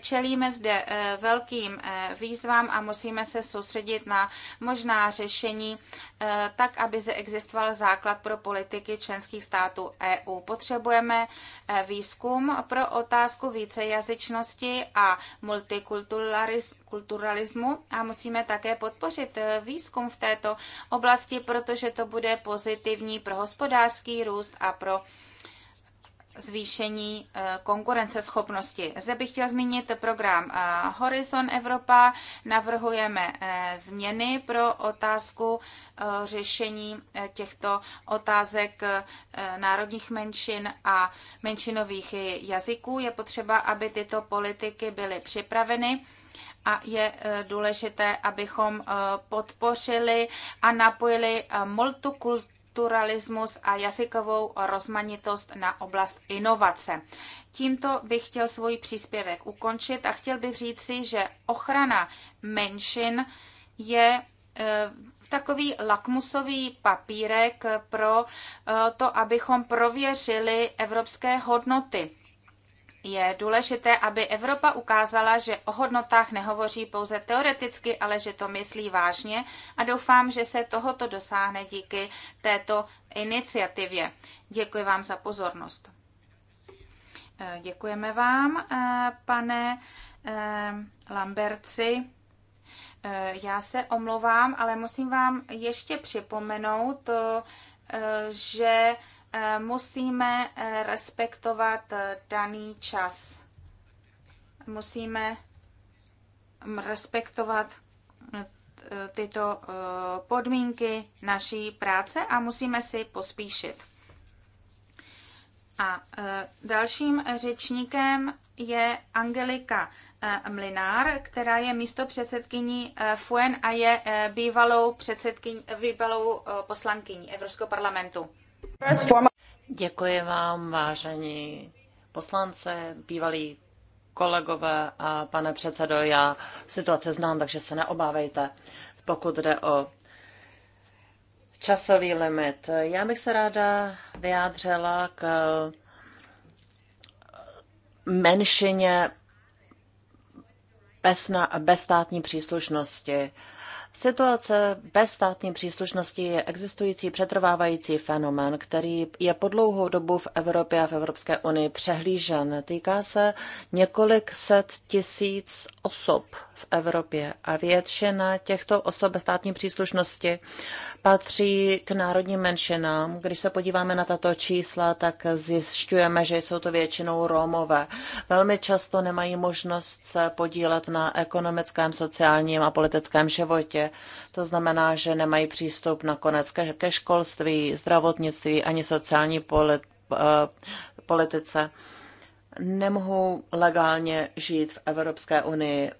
Čelíme zde e, velkým e, výzvám a musíme se soustředit na možná řešení Eh, tak, aby zde existoval základ pro politiky členských států EU. Potřebujeme eh, výzkum pro otázku vícejazyčnosti a multikulturalismu a musíme také podpořit eh, výzkum v této oblasti, protože to bude pozitivní pro hospodářský růst a pro zvýšení eh, konkurenceschopnosti. Zde bych chtěl zmínit program eh, Horizon Evropa. Navrhujeme eh, změny pro otázku řešení těchto otázek národních menšin a menšinových jazyků. Je potřeba, aby tyto politiky byly připraveny a je důležité, abychom podpořili a napojili multikulturní multikulturalismus a jazykovou rozmanitost na oblast inovace. Tímto bych chtěl svůj příspěvek ukončit a chtěl bych říci, že ochrana menšin je e, takový lakmusový papírek pro e, to, abychom prověřili evropské hodnoty je důležité, aby Evropa ukázala, že o hodnotách nehovoří pouze teoreticky, ale že to myslí vážně a doufám, že se tohoto dosáhne díky této iniciativě. Děkuji vám za pozornost. Eh, děkujeme vám, eh, pane eh, Lamberci. Já se omlouvám, ale musím vám ještě připomenout, že Eh, musíme eh, respektovat eh, daný čas. Musíme mm, respektovat tyto podmínky naší práce a musíme si pospíšit. A dalším řečníkem je Angelika Mlinár, která je místo předsedkyní FUEN a je bývalou, předsedkyní, bývalou poslankyní Evropského parlamentu. Děkuji vám, vážení poslance, bývalí kolegové a pane předsedo, já situace znám, takže se neobávejte, pokud jde o časový limit. Já bych se ráda vyjádřila k menšině bez, na, bez státní příslušnosti. Situace bez státní příslušnosti je existující přetrvávající fenomén, který je po dlouhou dobu v Evropě a v Evropské unii přehlížen. Týká se několik set tisíc osob v Evropě a většina těchto osob bez státní příslušnosti patří k národním menšinám. Když se podíváme na tato čísla, tak zjišťujeme, že jsou to většinou Rómové. Velmi často nemají možnost se podílet na ekonomickém, sociálním a politickém životě. To znamená, že nemají přístup nakonec ke školství, zdravotnictví ani sociální eh, politice nemohou legálně žít v Evropské unii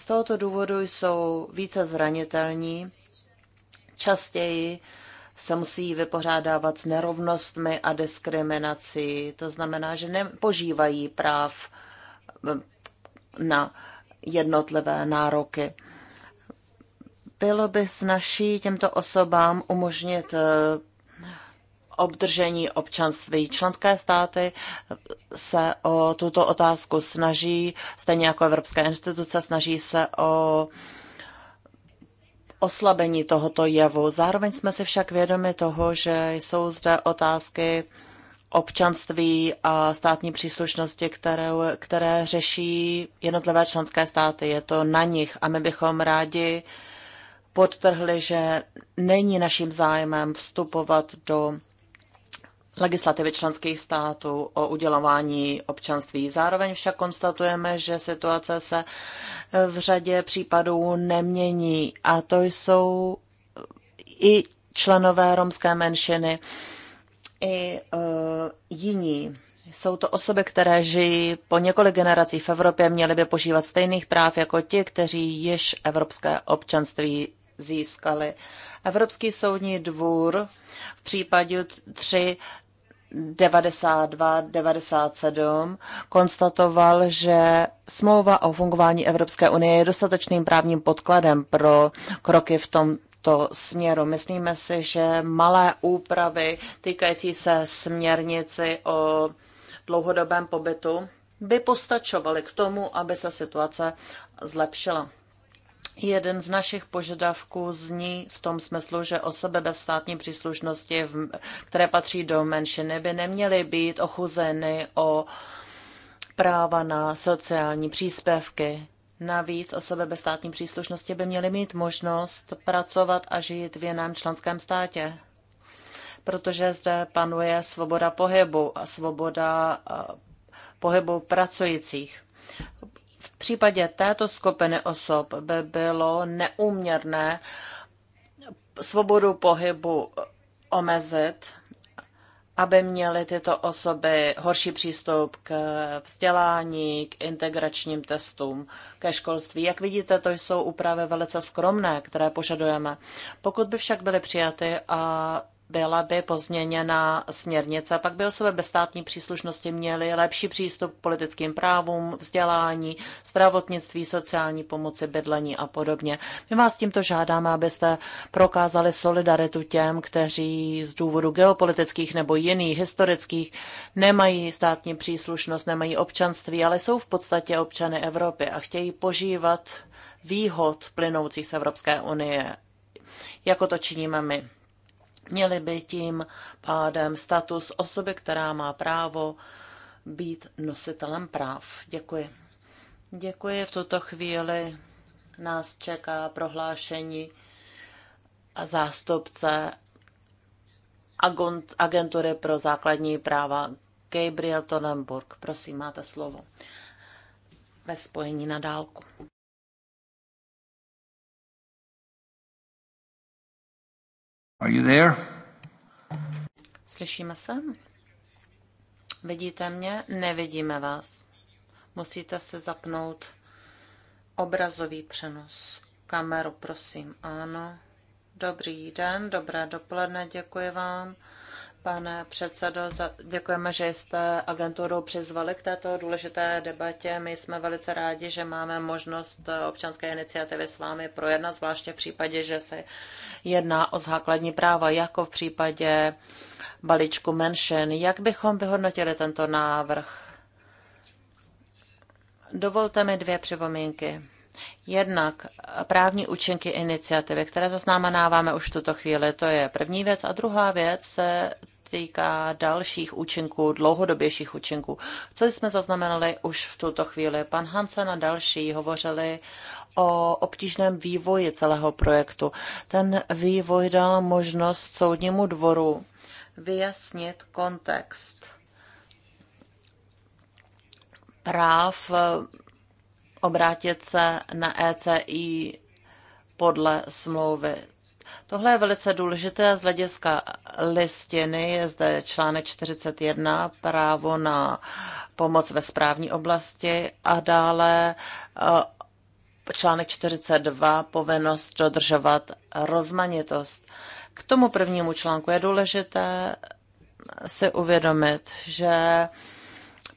z tohoto důvodu jsou více zranitelní, častěji se musí vypořádávat s nerovnostmi a diskriminací. To znamená, že nepožívají práv na jednotlivé nároky. Bylo by snaží těmto osobám umožnit obdržení občanství. Členské státy se o tuto otázku snaží, stejně jako evropské instituce, snaží se o oslabení tohoto jevu. Zároveň jsme si však vědomi toho, že jsou zde otázky občanství a státní příslušnosti, které, které řeší jednotlivé členské státy. Je to na nich a my bychom rádi podtrhli, že není naším zájmem vstupovat do legislativy členských států o udělování občanství. Zároveň však konstatujeme, že situace se v řadě případů nemění a to jsou i členové romské menšiny, i uh, jiní. Jsou to osoby, které žijí po několik generací v Evropě, měly by požívat stejných práv jako ti, kteří již evropské občanství získali. Evropský soudní dvůr v případě tři 92-97 konstatoval, že smlouva o fungování Evropské unie je dostatečným právním podkladem pro kroky v tom, tomto směru. Myslíme si, že malé úpravy týkající se směrnici o dlouhodobém pobytu by postačovaly k tomu, aby se situace zlepšila. Jeden z našich požadavků zní v tom smyslu, že osoby bez státní příslušnosti, které patří do menšiny, by neměly být ochuzeny o práva na sociální příspěvky. Navíc osoby bez státní příslušnosti by měly mít možnost pracovat a žít v jiném členském státě, protože zde panuje svoboda pohybu a svoboda pohybu pracujících případě této skupiny osob by bylo neuměrné svobodu pohybu omezit, aby měly tyto osoby horší přístup k vzdělání, k integračním testům, ke školství. Jak vidíte, to jsou úpravy velice skromné, které požadujeme. Pokud by však byly přijaty a byla by pozměněna směrnice, pak by osoby bez státní příslušnosti měly lepší přístup k politickým právům, vzdělání, zdravotnictví, sociální pomoci, bydlení a podobně. My vás tímto žádáme, abyste prokázali solidaritu těm, kteří z důvodu geopolitických nebo jiných historických nemají státní příslušnost, nemají občanství, ale jsou v podstatě občany Evropy a chtějí požívat výhod plynoucích z Evropské unie, jako to činíme my. Měli by tím pádem status osoby, která má právo být nositelem práv. Děkuji. Děkuji. V tuto chvíli nás čeká prohlášení a zástupce Agentury pro základní práva Gabriel Tonenburg. Prosím, máte slovo ve spojení na dálku. Are you there? Slyšíme se? Vidíte mě? Nevidíme vás. Musíte se zapnout obrazový přenos. Kameru, prosím. Ano. Dobrý den, dobré dopoledne, děkuji vám. Pane předsedo, děkujeme, že jste agenturu přizvali k této důležité debatě. My jsme velice rádi, že máme možnost občanské iniciativy s vámi projednat, zvláště v případě, že se jedná o základní práva, jako v případě balíčku menšin. Jak bychom vyhodnotili tento návrh? Dovolte mi dvě připomínky. Jednak právní účinky iniciativy, které zaznamenáváme už v tuto chvíli, to je první věc. A druhá věc se týká dalších účinků, dlouhodobějších účinků. Co jsme zaznamenali už v tuto chvíli? Pan Hansen a další hovořili o obtížném vývoji celého projektu. Ten vývoj dal možnost soudnímu dvoru vyjasnit kontext práv obrátit se na ECI podle smlouvy Tohle je velice důležité z hlediska listiny. Je zde článek 41, právo na pomoc ve správní oblasti a dále eh, článek 42, povinnost dodržovat rozmanitost. K tomu prvnímu článku je důležité si uvědomit, že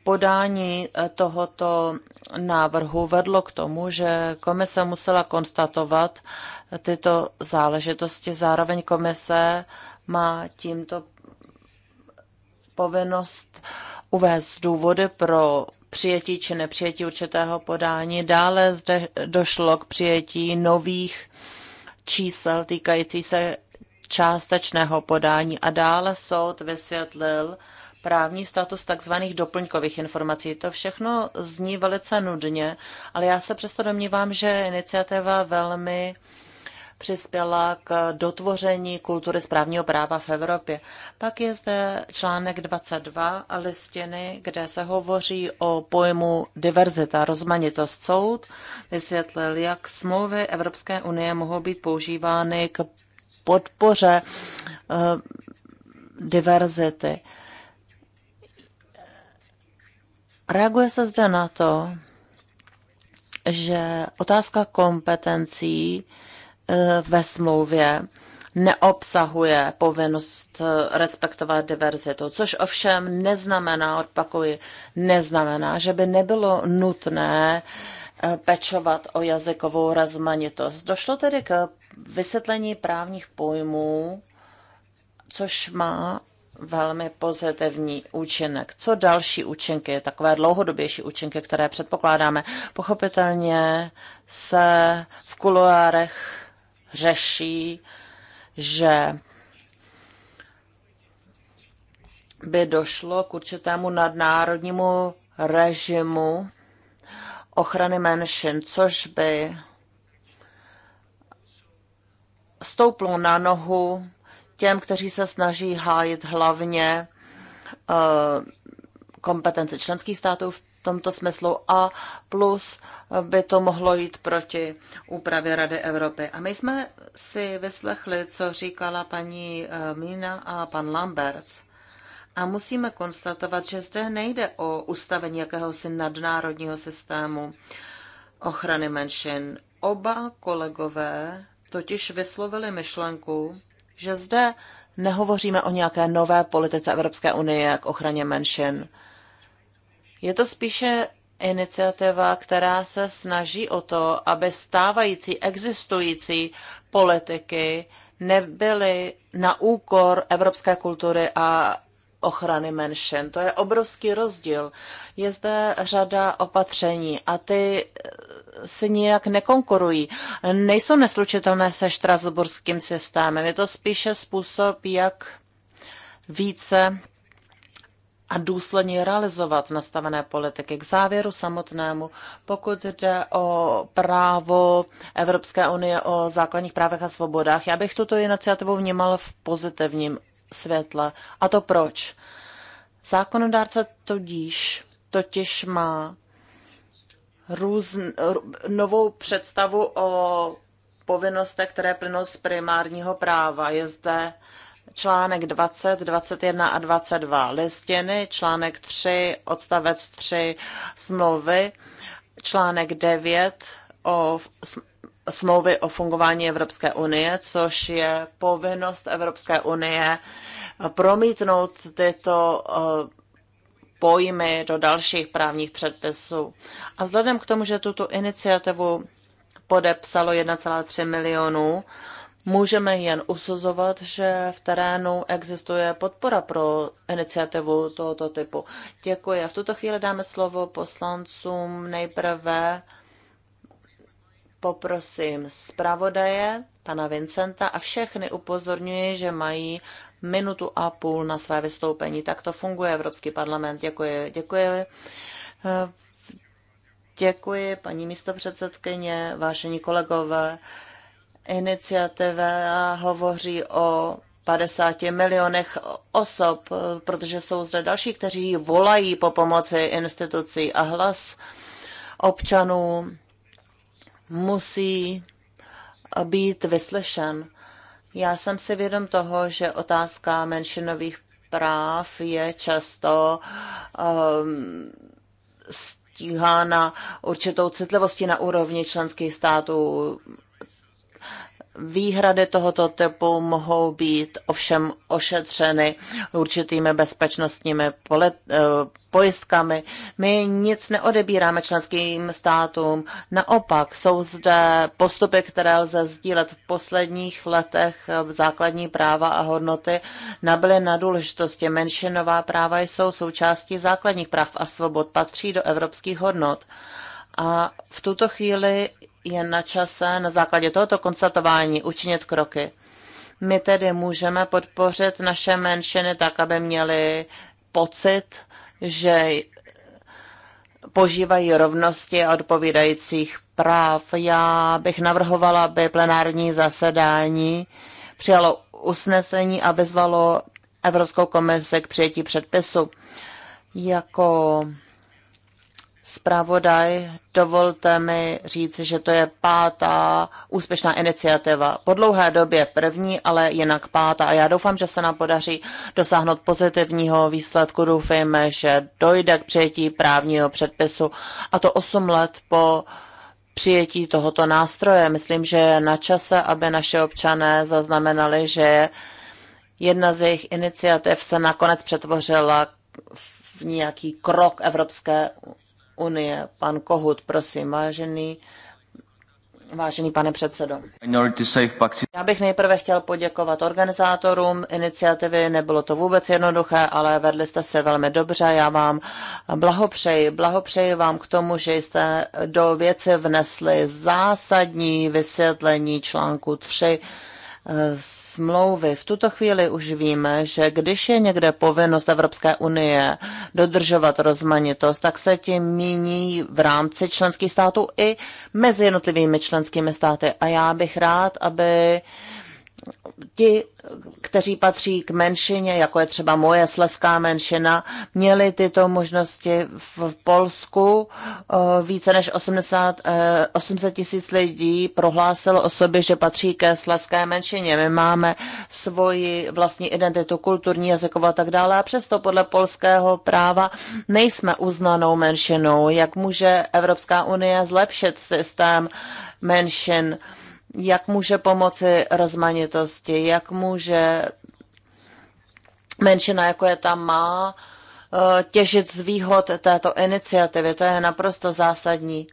podání eh, tohoto návrhu vedlo k tomu, že komise musela konstatovat eh, tyto záležitosti. Zároveň komise má tímto povinnost uvést důvody pro přijetí či nepřijetí určitého podání. Dále zde došlo k přijetí nových čísel týkající se částečného podání a dále soud vysvětlil, právní status takzvaných doplňkových informací. To všechno zní velice nudně, ale já se přesto domnívám, že iniciativa velmi přispěla k dotvoření kultury správního práva v Evropě. Pak je zde článek 22 a listiny, kde se hovoří o pojmu diverzita, rozmanitost. Soud vysvětlil, jak smlouvy Evropské unie mohou být používány k podpoře eh, diverzity. Reaguje se zde na to, že otázka kompetencí eh, ve smlouvě neobsahuje povinnost eh, respektovat diverzitu, což ovšem neznamená, odpakuji, neznamená, že by nebylo nutné eh, pečovat o jazykovou rozmanitost. Došlo tedy k vysvětlení právních pojmů, což má velmi pozitivní účinek. Co další účinky, takové dlouhodobější účinky, které předpokládáme? Pochopitelně se v kuloárech řeší, že by došlo k určitému nadnárodnímu režimu ochrany menšin, což by stouplo na nohu těm, kteří se snaží hájit hlavně eh, kompetence členských států v tomto smyslu a plus by to mohlo jít proti úpravě Rady Evropy. A my jsme si vyslechli, co říkala paní eh, Mina a pan Lamberts. A musíme konstatovat, že zde nejde o ustavení jakéhosi nadnárodního systému ochrany menšin. Oba kolegové totiž vyslovili myšlenku, že zde nehovoříme o nějaké nové politice Evropské unie k ochraně menšin. Je to spíše iniciativa, která se snaží o to, aby stávající existující politiky nebyly na úkor evropské kultury a ochrany menšin. To je obrovský rozdíl. Je zde řada opatření a ty si nijak nekonkurují. Nejsou neslučitelné se štrasburským systémem. Je to spíše způsob, jak více a důsledně realizovat nastavené politiky. K závěru samotnému, pokud jde o právo Evropské unie o základních právech a svobodách, já bych tuto iniciativu vnímal v pozitivním světle. A to proč? Zákonodárce tudíž totiž má různ, novou představu o povinnostech, které plynou z primárního práva. Je zde článek 20, 21 a 22 listiny, článek 3, odstavec 3 smlouvy, článek 9 o smlouvy o fungování Evropské unie, což je povinnost Evropské unie promítnout tyto eh, pojmy do dalších právních předpisů. A vzhledem k tomu, že tuto iniciativu podepsalo 1,3 milionů, můžeme jen usuzovat, že v terénu existuje podpora pro iniciativu tohoto typu. Děkuji. A v tuto chvíli dáme slovo poslancům. Nejprve poprosím zpravodaje, pana Vincenta a všechny upozorňuji, že mají minutu a půl na své vystoupení. Tak to funguje Evropský parlament. Děkuji. Děkuji. Děkuji, paní místopředsedkyně, vážení kolegové. Iniciativa hovoří o 50 milionech osob, protože jsou zde další, kteří volají po pomoci institucí a hlas občanů musí být vyslyšen. Já jsem si vědom toho, že otázka menšinových práv je často um, stíhána určitou citlivostí na úrovni členských států. Výhrady tohoto typu mohou být ovšem ošetřeny určitými bezpečnostními eh, pojistkami. My nic neodebíráme členským státům, naopak jsou zde postupy, které lze sdílet. V posledních letech základní práva a hodnoty nabyly na důležitosti. Menšinová práva jsou součástí základních práv a svobod, patří do evropských hodnot. A v tuto chvíli je na čase na základě tohoto konstatování učinit kroky. My tedy můžeme podpořit naše menšiny tak, aby měli pocit, že požívají rovnosti a odpovídajících práv. Já bych navrhovala, aby plenární zasedání přijalo usnesení a vyzvalo Evropskou komisi k přijetí předpisu. Jako zpravodaj, dovolte mi říct, že to je pátá úspěšná iniciativa. Po dlouhé době první, ale jinak pátá. A já doufám, že se nám podaří dosáhnout pozitivního výsledku. Doufejme, že dojde k přijetí právního předpisu a to 8 let po přijetí tohoto nástroje. Myslím, že je na čase, aby naše občané zaznamenali, že jedna z jejich iniciativ se nakonec přetvořila v nějaký krok Evropské unie. Pan Kohut, prosím, vážený, vážený pane předsedo. Já bych nejprve chtěl poděkovat organizátorům iniciativy, nebylo to vůbec jednoduché, ale vedli jste se velmi dobře. Já vám blahopřeji, blahopřeji vám k tomu, že jste do věci vnesli zásadní vysvětlení článku 3 Eh, smlouvy. V tuto chvíli už víme, že když je někde povinnost Evropské unie dodržovat rozmanitost, tak se tím míní v rámci členských států i mezi jednotlivými členskými státy. A já bych rád, aby uh, ti, kteří patří k menšině, jako je třeba moje sleská menšina, měli tyto možnosti v Polsku. Eh, více než 80, 800 eh, tisíc lidí prohlásilo o sobě, že patří ke sleské menšině. My máme svoji vlastní identitu, kulturní, jazykovou a tak dále a přesto podle polského práva nejsme uznanou menšinou. Jak může Evropská unie zlepšit systém menšin? jak může pomoci rozmanitosti, jak může menšina, jako je tam má, eh, těžit z výhod této iniciativy. To je naprosto zásadní.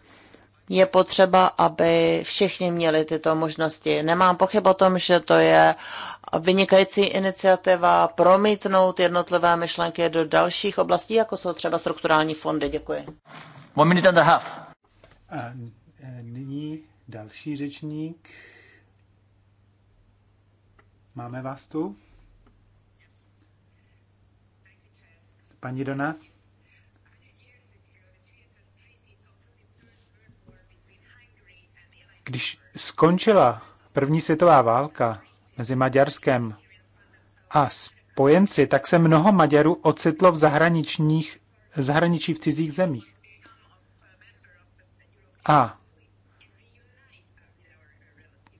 Je potřeba, aby všichni měli tyto možnosti. Nemám pochyb o tom, že to je vynikající iniciativa promítnout jednotlivé myšlenky do dalších oblastí, jako jsou třeba strukturální fondy. Děkuji. One minute and a half. A nyní Další řečník. Máme vás tu? Paní Dona? Když skončila první světová válka mezi Maďarskem a spojenci, tak se mnoho Maďarů ocitlo v zahraničních, zahraničí v cizích zemích. A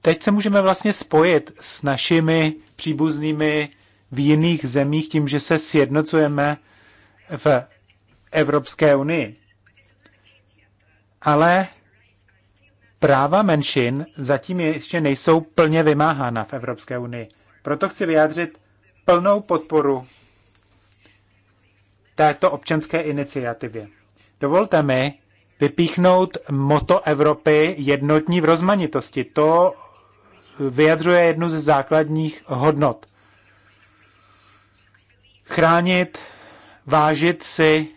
teď se můžeme vlastně spojit s našimi příbuznými v jiných zemích tím, že se sjednocujeme v Evropské unii. Ale práva menšin zatím ještě nejsou plně vymáhána v Evropské unii. Proto chci vyjádřit plnou podporu této občanské iniciativě. Dovolte mi vypíchnout moto Evropy jednotní v rozmanitosti. To vyjadřuje jednu ze základních hodnot. Chránit, vážit si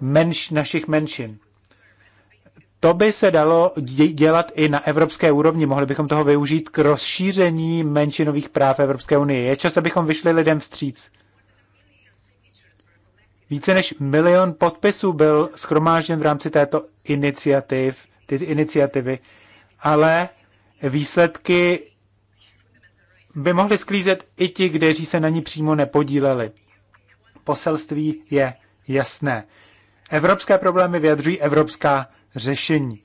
menš, našich menšin. To by se dalo dělat i na evropské úrovni. Mohli bychom toho využít k rozšíření menšinových práv Evropské unie. Je čas, abychom vyšli lidem vstříc. Více než milion podpisů byl schromážděn v rámci této iniciativ, ty iniciativy, ale výsledky by mohli sklízet i ti, kteří se na ní přímo nepodíleli. Poselství je jasné. Evropské problémy vyjadřují evropská řešení.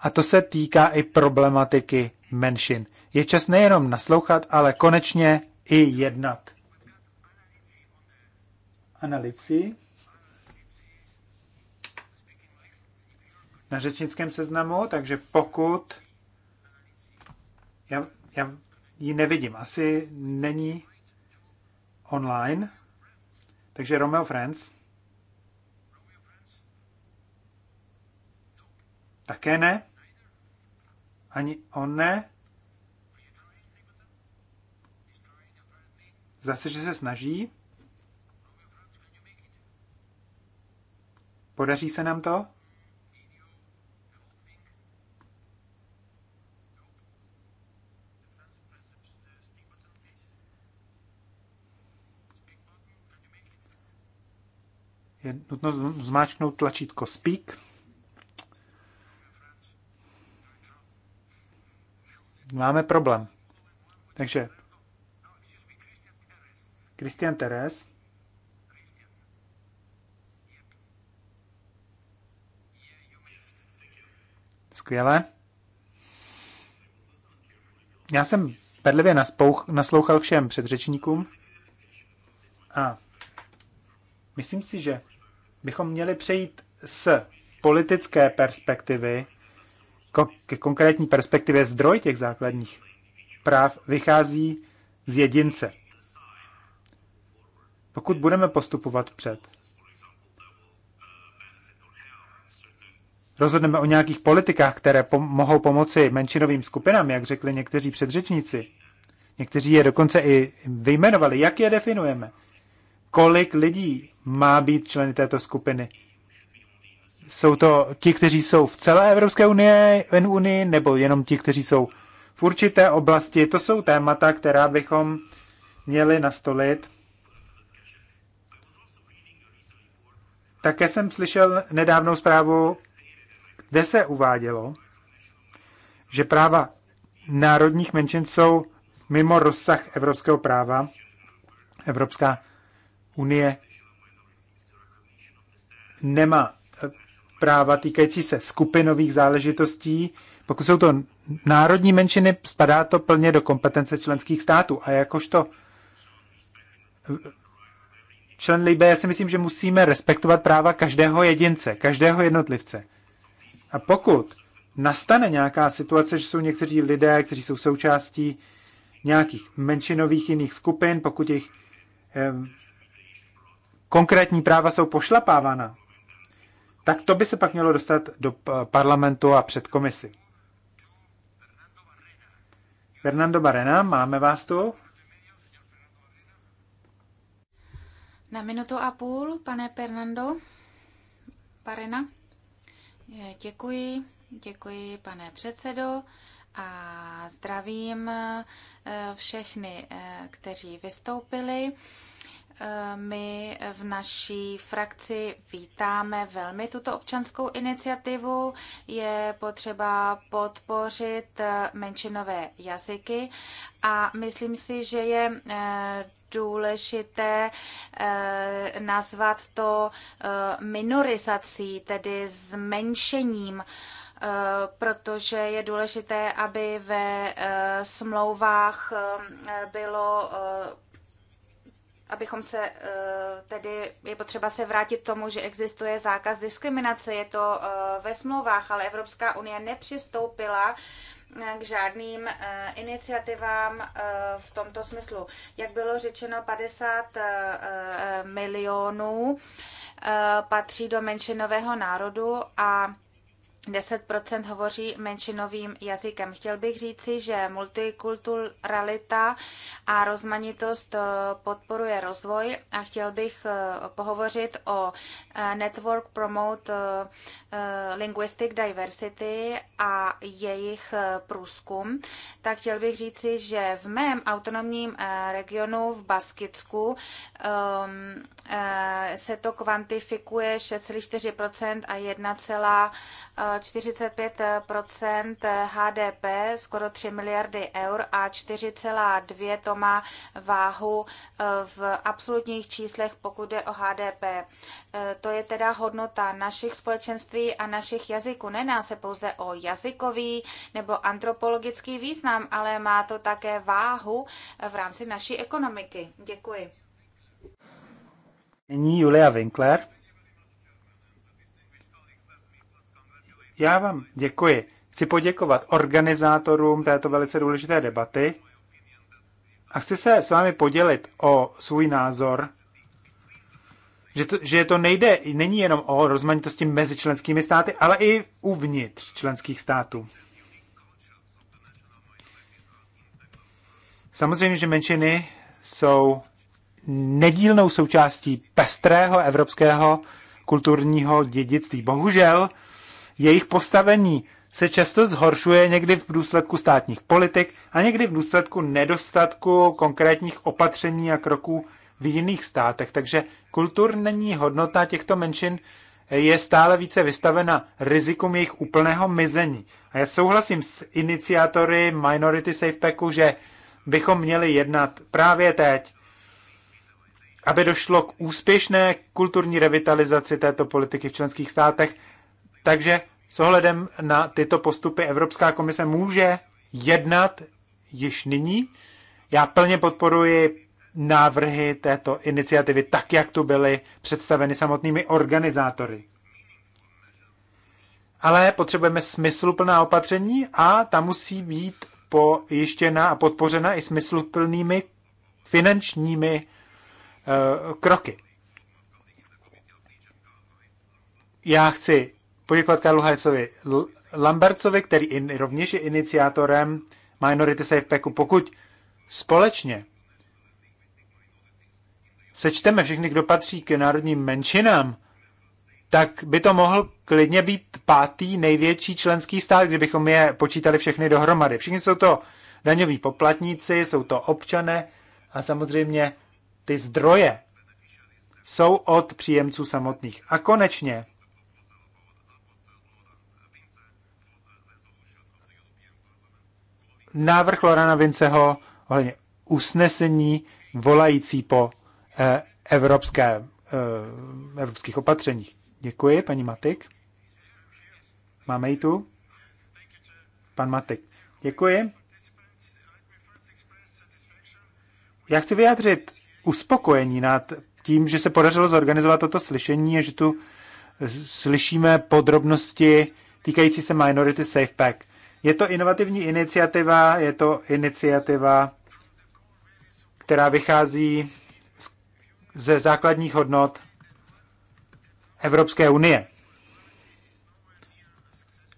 A to se týká i problematiky menšin. Je čas nejenom naslouchat, ale konečně i jednat. Analici. Na řečnickém seznamu, takže pokud já, já ji nevidím. Asi není online. Takže Romeo Friends. Také ne. Ani on ne. Zase, že se snaží. Podaří se nám to? je nutno zmáčknout tlačítko Speak. Máme problém. Takže Christian Teres. Skvěle. Já jsem bedlivě naslouchal všem předřečníkům a Myslím si, že bychom měli přejít z politické perspektivy ke konkrétní perspektivě zdroj těch základních práv vychází z jedince. Pokud budeme postupovat před, rozhodneme o nějakých politikách, které pom- mohou pomoci menšinovým skupinám, jak řekli někteří předřečníci, někteří je dokonce i vyjmenovali, jak je definujeme – kolik lidí má být členy této skupiny. Jsou to ti, kteří jsou v celé Evropské unie, unii, nebo jenom ti, kteří jsou v určité oblasti. To jsou témata, která bychom měli nastolit. Také jsem slyšel nedávnou zprávu, kde se uvádělo, že práva národních menšin jsou mimo rozsah evropského práva. Evropská unie nemá práva týkající se skupinových záležitostí. Pokud jsou to národní menšiny, spadá to plně do kompetence členských států. A jakožto člen Libe, já si myslím, že musíme respektovat práva každého jedince, každého jednotlivce. A pokud nastane nějaká situace, že jsou někteří lidé, kteří jsou součástí nějakých menšinových jiných skupin, pokud jejich eh, konkrétní práva jsou pošlapávána, tak to by se pak mělo dostat do eh, parlamentu a před komisi. Fernando Barena, máme vás tu? Na minutu a půl, pane Fernando Barena. Děkuji, děkuji, pane předsedo a zdravím eh, všechny, eh, kteří vystoupili my v naší frakci vítáme velmi tuto občanskou iniciativu. Je potřeba podpořit eh, menšinové jazyky a myslím si, že je eh, důležité eh, nazvat to minorizací, tedy zmenšením protože je důležité, aby ve smlouvách bylo abychom se eh, tedy, je potřeba se vrátit tomu, že existuje zákaz diskriminace, je to eh, ve smlouvách, ale Evropská unie nepřistoupila eh, k žádným iniciativám v tomto smyslu. Jak bylo řečeno, 50 milionů patří do menšinového národu a 10% hovoří menšinovým jazykem. Chtěl bych říci, že multikulturalita a rozmanitost eh, podporuje rozvoj a chtěl bych eh, pohovořit o eh, Network Promote Linguistic Diversity a jejich průzkum. Tak chtěl bych říci, že v mém autonomním regionu v Baskicku ehm, se to kvantifikuje 6,4% a 1, 45 HDP, skoro 3 miliardy eur a 4,2 to má váhu eh, v absolutních číslech, pokud jde o HDP. Eh, to je teda hodnota našich společenství a našich jazyků. Nená se pouze o jazykový nebo antropologický význam, ale má to také váhu eh, v rámci naší ekonomiky. Děkuji. Nyní Julia Winkler. Já vám děkuji. Chci poděkovat organizátorům této velice důležité debaty a chci se s vámi podělit o svůj názor, že to, že to nejde, není jenom o rozmanitosti mezi členskými státy, ale i uvnitř členských států. Samozřejmě, že menšiny jsou nedílnou součástí pestrého evropského kulturního dědictví. Bohužel, jejich postavení se často zhoršuje někdy v důsledku státních politik a někdy v důsledku nedostatku konkrétních opatření a kroků v jiných státech. Takže kulturní hodnota těchto menšin je stále více vystavena rizikům jejich úplného mizení. A já souhlasím s iniciátory Minority Safe Packu, že bychom měli jednat právě teď, aby došlo k úspěšné kulturní revitalizaci této politiky v členských státech takže s ohledem na tyto postupy Evropská komise může jednat již nyní. Já plně podporuji návrhy této iniciativy, tak jak tu byly představeny samotnými organizátory. Ale potřebujeme smysluplná opatření a ta musí být pojištěna a podpořena i smysluplnými finančními uh, kroky. Já chci poděkovat Karlu Hajcovi Lambercovi, který in, rovněž je iniciátorem Minority Safe Packu. Pokud společně sečteme všechny, kdo patří k národním menšinám, tak by to mohl klidně být pátý největší členský stát, kdybychom je počítali všechny dohromady. Všichni jsou to daňoví poplatníci, jsou to občané a samozřejmě ty zdroje jsou od příjemců samotných. A konečně návrh Lorana Vinceho ohledně usnesení volající po eh, evropské, eh, evropských opatřeních. Děkuji, paní Matik. Máme ji tu? Pan Matik. Děkuji. Já chci vyjádřit uspokojení nad tím, že se podařilo zorganizovat toto slyšení a že tu slyšíme podrobnosti týkající se Minority Safe Pack. Je to inovativní iniciativa, je to iniciativa, která vychází ze základních hodnot Evropské unie.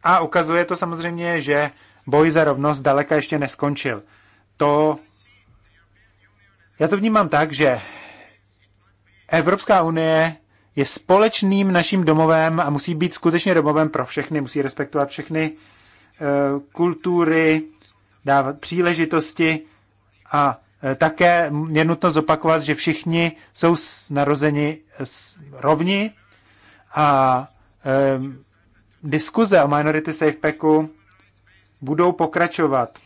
A ukazuje to samozřejmě, že boj za rovnost daleka ještě neskončil. To já to vnímám tak, že Evropská unie je společným naším domovem a musí být skutečně domovem pro všechny, musí respektovat všechny kultury, dávat příležitosti a e, také je nutno zopakovat, že všichni jsou narozeni rovni a e, diskuze o Minority Safe Packu budou pokračovat.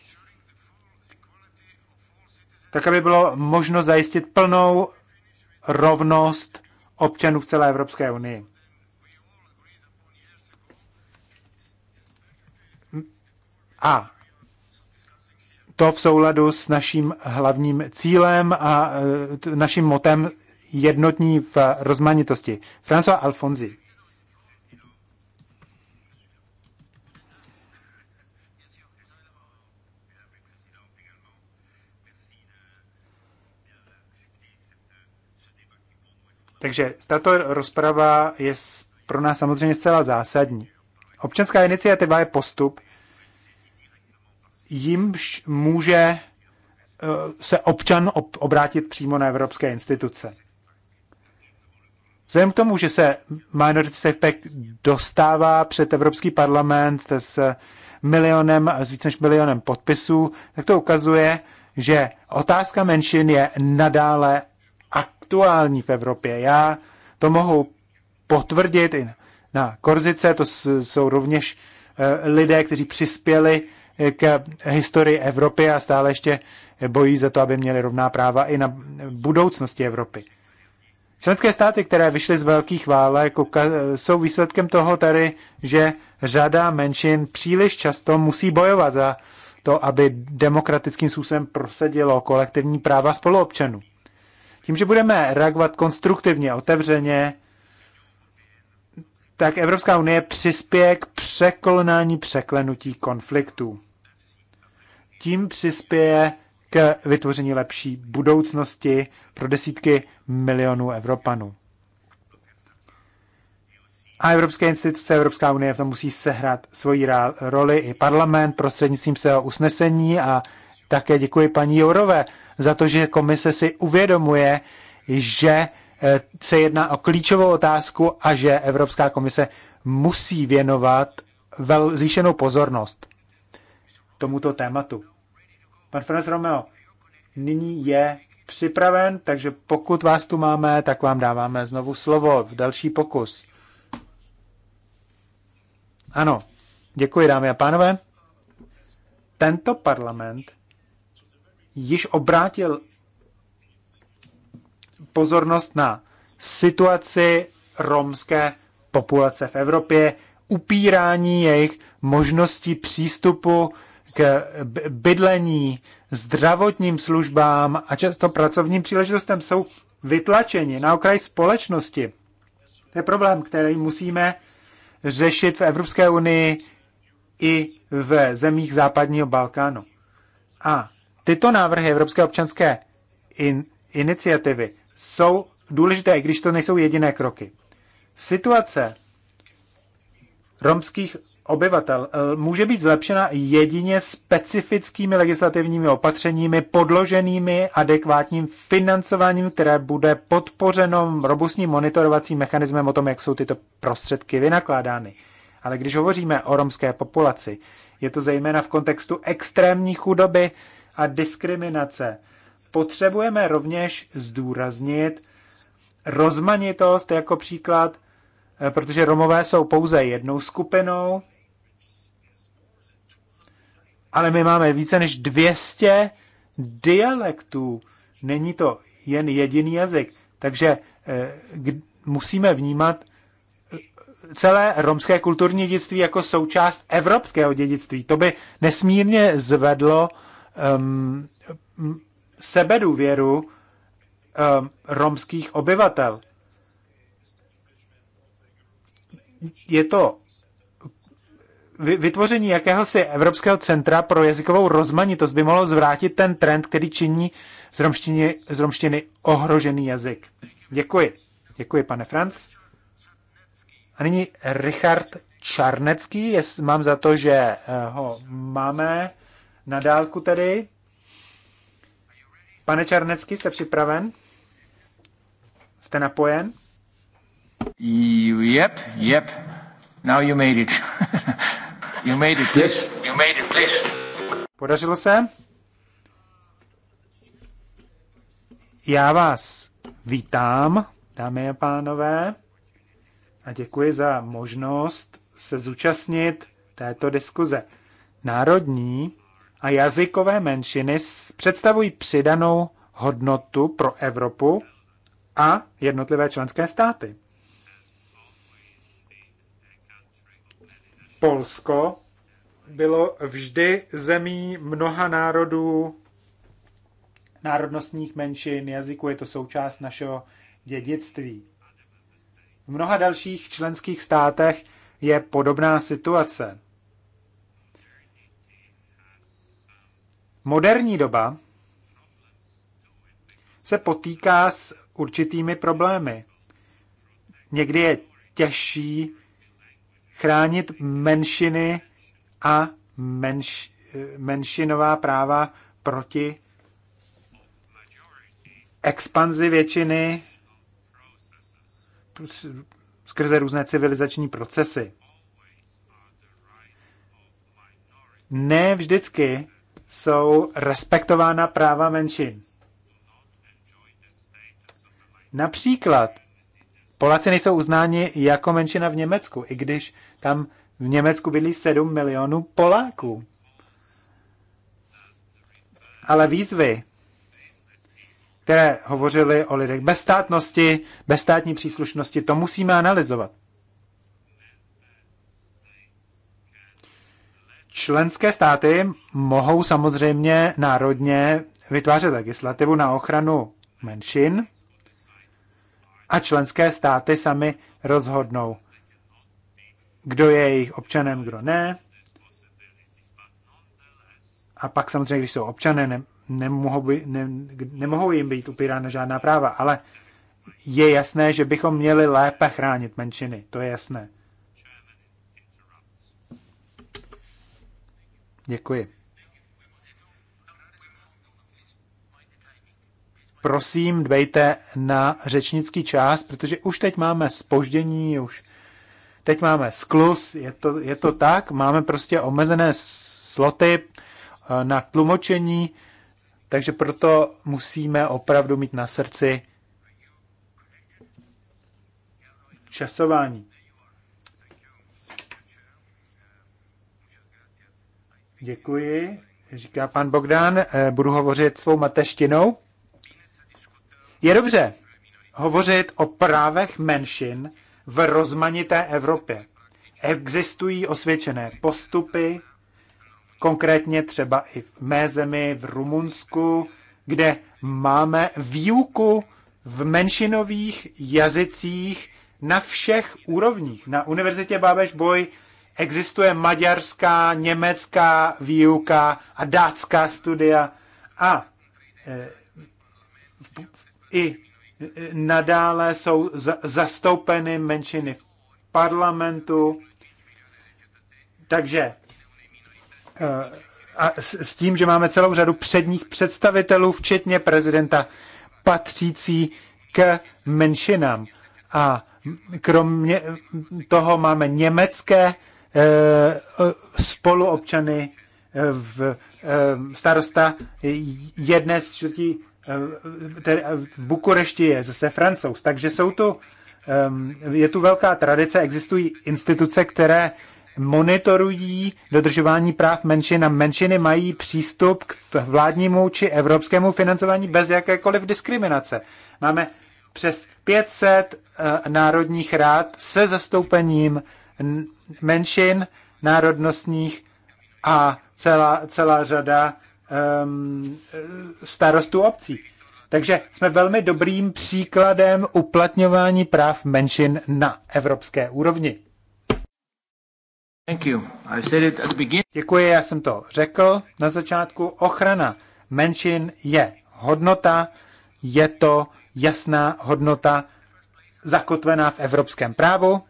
Tak, aby bylo možno zajistit plnou rovnost občanů v celé Evropské unii. A to v souladu s naším hlavním cílem a naším motem jednotní v rozmanitosti. François Alfonzi. Takže tato rozprava je pro nás samozřejmě zcela zásadní. Občanská iniciativa je postup, jimž může eh, se občan ob- obrátit přímo na evropské instituce. Vzhledem k tomu, že se Minority Safe Pack dostává před Evropský parlament s milionem, s více než milionem podpisů, tak to ukazuje, že otázka menšin je nadále aktuální v Evropě. Já to mohu potvrdit i na Korzice, to jsou rovněž eh, lidé, kteří přispěli k historii Evropy a stále ještě bojí za to, aby měli rovná práva i na budoucnosti Evropy. Členské státy, které vyšly z velkých válek, jsou výsledkem toho tady, že řada menšin příliš často musí bojovat za to, aby demokratickým způsobem prosadilo kolektivní práva spoluobčanů. Tím, že budeme reagovat konstruktivně, otevřeně, tak Evropská unie přispěje k překonání překlenutí konfliktů. Tím přispěje k vytvoření lepší budoucnosti pro desítky milionů Evropanů. A evropské instituce, Evropská unie v tom musí sehrát svoji roli i parlament prostřednictvím svého usnesení a také děkuji paní Jourové za to, že komise si uvědomuje, že Eh, se jedná o klíčovou otázku a že Evropská komise musí věnovat vel, zvýšenou pozornost tomuto tématu. Pan Franz Romeo nyní je připraven, takže pokud vás tu máme, tak vám dáváme znovu slovo v další pokus. Ano, děkuji dámy a pánové. Tento parlament již obrátil pozornost na situaci romské populace v Evropě, upírání jejich možností přístupu k bydlení, zdravotním službám a často pracovním příležitostem jsou vytlačeni na okraj společnosti. To je problém, který musíme řešit v Evropské unii i v zemích západního Balkánu. A tyto návrhy Evropské občanské in, iniciativy jsou důležité, i když to nejsou jediné kroky. Situace romských obyvatel eh, může být zlepšena jedině specifickými legislativními opatřeními, podloženými adekvátním financováním, které bude podpořeno robustním monitorovacím mechanismem o tom, jak jsou tyto prostředky vynakládány. Ale když hovoříme o romské populaci, je to zejména v kontextu extrémní chudoby a diskriminace potřebujeme rovněž zdůraznit rozmanitost jako příklad, eh, protože Romové jsou pouze jednou skupinou, ale my máme více než 200 dialektů. Není to jen jediný jazyk. Takže eh, musíme vnímat eh, celé romské kulturní dědictví jako součást evropského dědictví. To by nesmírně zvedlo um, sebedůvěru um, romských obyvatel. Je to vytvoření jakéhosi Evropského centra pro jazykovou rozmanitost by mohlo zvrátit ten trend, který činí z romštiny, z romštiny ohrožený jazyk. Děkuji. Děkuji, pane Franc. A nyní Richard Čarnecký. Jest, mám za to, že eh, ho máme na dálku tedy. Pane Čarnecký, jste připraven? Jste napojen? Yep, yep. Now you made it. (laughs) you made it, please. Yes. You made it, please. Podařilo se? Já vás vítám, dámy a pánové, a děkuji za možnost se zúčastnit této diskuze. Národní a jazykové menšiny představují přidanou hodnotu pro Evropu a jednotlivé členské státy. Polsko bylo vždy zemí mnoha národů, národnostních menšin, jazyků, je to součást našeho dědictví. V mnoha dalších členských státech je podobná situace. Moderní doba se potýká s určitými problémy. Někdy je těžší chránit menšiny a menš, menšinová práva proti expanzi většiny skrze různé civilizační procesy. Ne vždycky jsou respektována práva menšin. Například Poláci nejsou uznáni jako menšina v Německu, i když tam v Německu bydlí 7 milionů Poláků. Ale výzvy, které hovořily o lidech bez státnosti, bez státní příslušnosti, to musíme analyzovat. Členské státy mohou samozřejmě národně vytvářet legislativu na ochranu menšin a členské státy sami rozhodnou, kdo je jejich občanem, kdo ne. A pak samozřejmě, když jsou občané, ne, nemohou, by, ne, nemohou jim být upírána žádná práva, ale je jasné, že bychom měli lépe chránit menšiny, to je jasné. Děkuji. Prosím, dbejte na řečnický čas, protože už teď máme spoždění, už teď máme sklus, je to, je to tak, máme prostě omezené sloty eh, na tlumočení, takže proto musíme opravdu mít na srdci časování. Děkuji, říká pan Bogdan. Eh, budu hovořit svou mateštinou. Je dobře hovořit o právech menšin v rozmanité Evropě. Existují osvědčené postupy, konkrétně třeba i v mé zemi, v Rumunsku, kde máme výuku v menšinových jazycích na všech úrovních. Na Univerzitě Bábeš Boj existuje maďarská, německá výuka a dátská studia a e, i nadále jsou zastoupeny menšiny v parlamentu, takže e, a s tím, že máme celou řadu předních představitelů, včetně prezidenta, patřící k menšinám. A kromě toho máme německé Eh, spoluobčany eh, v eh, starosta jedné z čtvrtí v Bukurešti je zase francouz. Takže jsou tu, je tu velká tradice, existují instituce, které monitorují dodržování práv menšin a menšiny mají přístup k vládnímu či evropskému financování bez jakékoliv diskriminace. Máme přes 500 národních rád se zastoupením menšin národnostních a celá, celá řada um, starostů obcí. Takže jsme velmi dobrým příkladem uplatňování práv menšin na evropské úrovni. Thank you. I said it at the beginning. Děkuji, já jsem to řekl na začátku. Ochrana menšin je hodnota, je to jasná hodnota zakotvená v evropském právu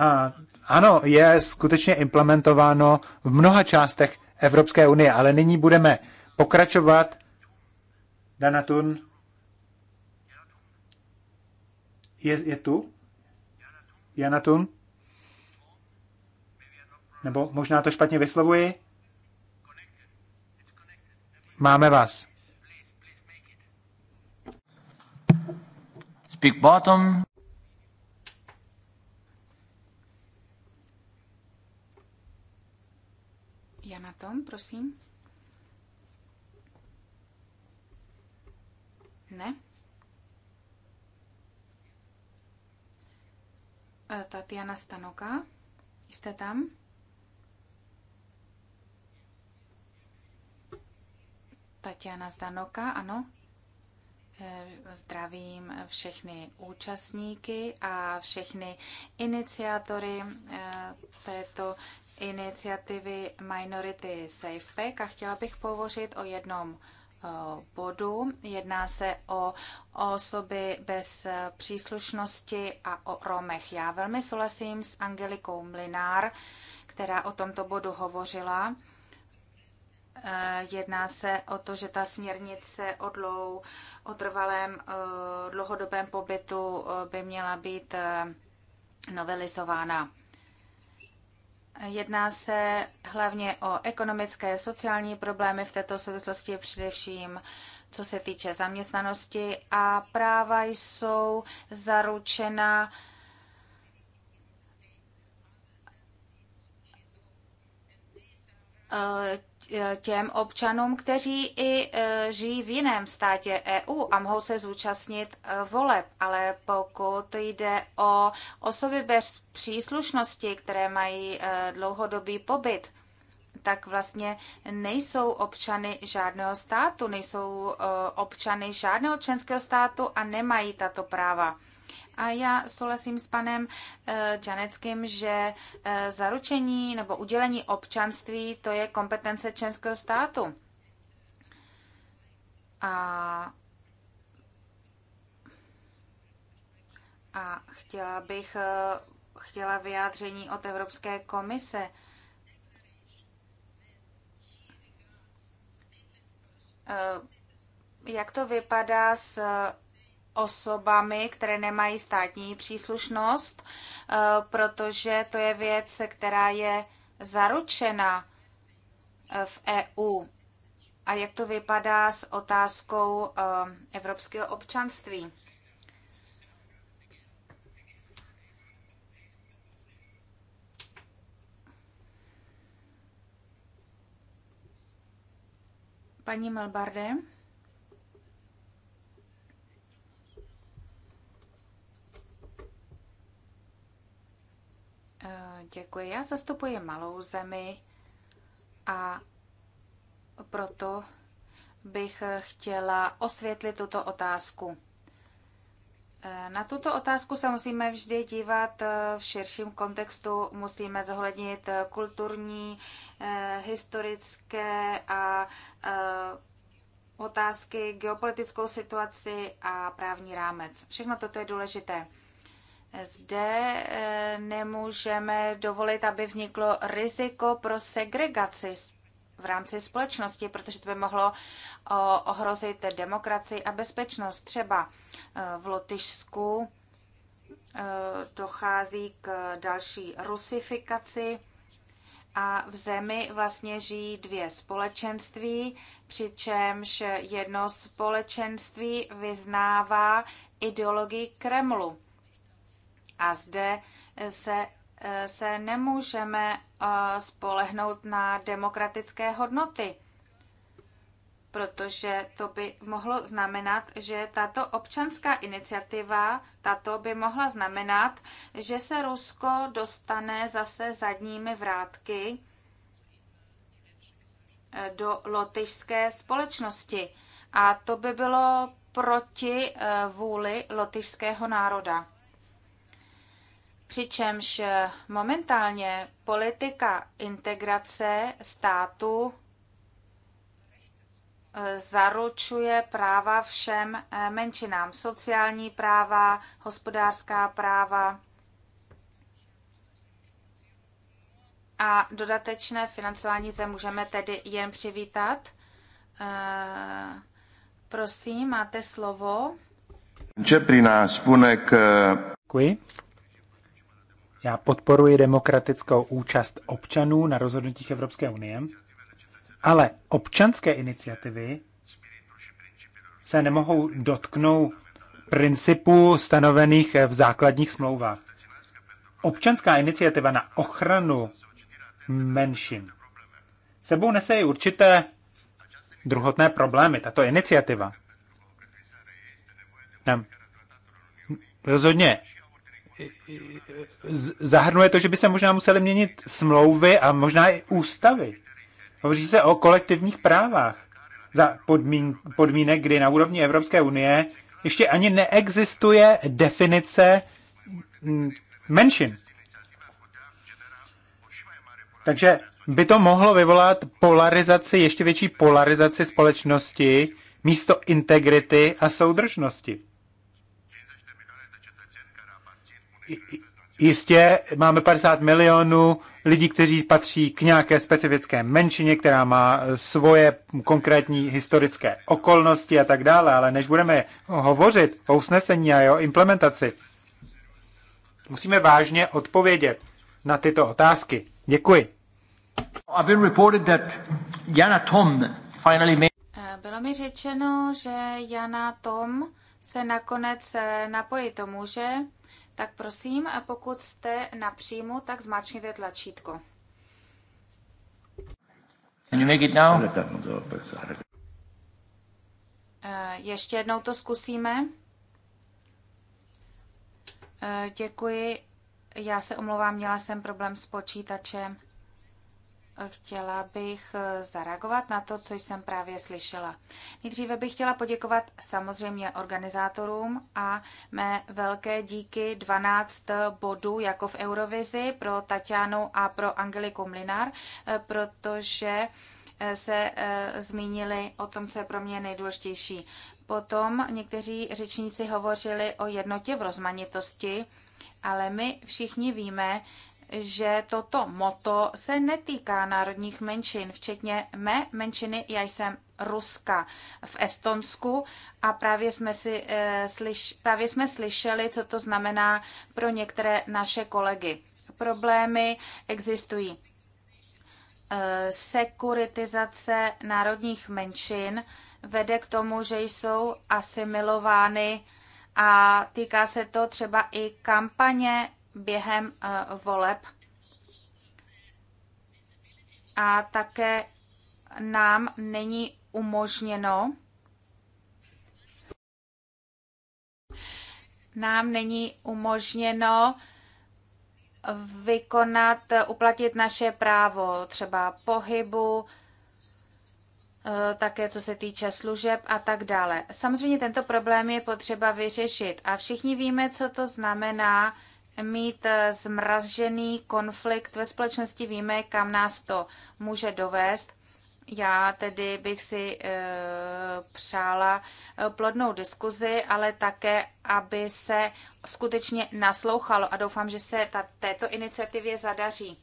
a ano, je skutečně implementováno v mnoha částech Evropské unie, ale nyní budeme pokračovat. Dana je, je tu? Jana Nebo možná to špatně vyslovuji? Máme vás. Speak bottom. tom, prosím? Ne? Eh, Tatiana Stanoka, jste tam? Tatiana Zdanoka, ano. Eh, zdravím všechny účastníky a všechny iniciátory eh, této iniciativy Minority Pack a chtěla bych pohovořit o jednom eh, bodu. Jedná se o, o osoby bez příslušnosti a o Romech. Já velmi souhlasím s Angelikou Mlinár, která o tomto bodu hovořila. Eh, jedná se o to, že ta směrnice o, dlou, o trvalém eh, dlouhodobém pobytu by měla být novelizována. Jedná se hlavně o ekonomické, sociální problémy v této souvislosti především co se týče zaměstnanosti a práva jsou zaručena Eh, těm občanům, kteří i eh, žijí v jiném státě EU a mohou se zúčastnit eh, voleb. Ale pokud jde o osoby bez příslušnosti, které mají dlouhodobý pobyt, tak vlastně nejsou občany žádného státu, nejsou občany žádného členského státu a nemají tato práva. A já souhlasím s panem eh, Čaneckým, že eh, zaručení nebo udělení občanství to je kompetence členského státu. A A chtěla bych eh, chtěla vyjádření od Evropské komise. Jak to vypadá s osobami, které nemají státní příslušnost, eh, protože to je věc, která je zaručena eh, v EU. A jak to vypadá s otázkou eh, evropského občanství? Paní Melbarde. Eh, děkuji. Já zastupuji malou zemi a proto bych chtěla osvětlit tuto otázku. Eh, na tuto otázku se musíme vždy dívat eh, v širším kontextu. Musíme zohlednit kulturní, historické a otázky, geopolitickou situaci a právní rámec. Všechno toto je důležité. Zde eh, nemůžeme dovolit, aby vzniklo riziko pro segregaci v rámci společnosti, protože to by mohlo ohrozit demokracii a bezpečnost. Třeba eh, v Lotyšsku eh, dochází k další rusifikaci a v zemi vlastně žijí dvě společenství, přičemž jedno společenství vyznává ideologii Kremlu a zde eh, se, eh, se nemůžeme eh, spolehnout na demokratické hodnoty, protože to by mohlo znamenat, že tato občanská iniciativa, tato by mohla znamenat, že se Rusko dostane zase zadními vrátky do lotyšské společnosti. A to by bylo proti vůli lotyšského národa. Přičemž eh, momentálně politika integrace státu eh, zaručuje práva všem eh, menšinám. Sociální práva, hospodářská práva a dodatečné financování se můžeme tedy jen přivítat. Prosím, máte slovo. Děkuji. Já podporuji demokratickou účast občanů na rozhodnutích Evropské unie, ale občanské iniciativy se nemohou dotknout principů stanovených v základních smlouvách. Občanská iniciativa na ochranu menšin sebou nese i určité druhotné problémy. Tato iniciativa nám rozhodně zahrnuje to, že by se možná museli měnit smlouvy a možná i ústavy. Hovoří se o kolektivních právách za podmín, podmínek, kdy na úrovni Evropské unie ještě ani neexistuje definice menšin. Takže by to mohlo vyvolat polarizaci, ještě větší polarizaci společnosti místo integrity a soudržnosti. Jistě máme 50 milionů lidí, kteří patří k nějaké specifické menšině, která má svoje konkrétní historické okolnosti a tak dále, ale než budeme hovořit o usnesení a jeho implementaci, musíme vážně odpovědět na tyto otázky. Děkuji. Eh, bylo mi řečeno, že Jana Tom se nakonec eh, napojí tomu, že tak prosím, pokud jste na příjmu, tak zmáčněte tlačítko. Can you make it now? Eh, ještě jednou to zkusíme. Eh, děkuji. Já se omlouvám, měla jsem problém s počítačem. Chtěla bych eh, zareagovat na to, co jsem právě slyšela. Nejdříve bych chtěla poděkovat samozřejmě organizátorům a mé velké díky 12 bodů jako v Eurovizi pro Tatianu a pro Angeliku Mlinár, eh, protože eh, se zmínili o tom, co je pro mě nejdůležitější. Potom někteří řečníci hovořili o jednotě v rozmanitosti, ale my všichni víme, že toto moto se netýká národních menšin, včetně mé menšiny, já jsem Ruska v Estonsku a právě jsme, si, e, slyš, právě jsme slyšeli, co to znamená pro některé naše kolegy. Problémy existují. E, sekuritizace národních menšin vede k tomu, že jsou asimilovány a týká se to třeba i kampaně během eh, voleb a také nám není umožněno nám není umožněno vykonat, eh, uplatit naše právo třeba pohybu, eh, také co se týče služeb a tak dále. Samozřejmě tento problém je potřeba vyřešit a všichni víme, co to znamená, mít eh, zmražený konflikt ve společnosti, víme, kam nás to může dovést. Já tedy bych si e, přála eh, plodnou diskuzi, ale také, aby se skutečně naslouchalo a doufám, že se ta, této iniciativě zadaří.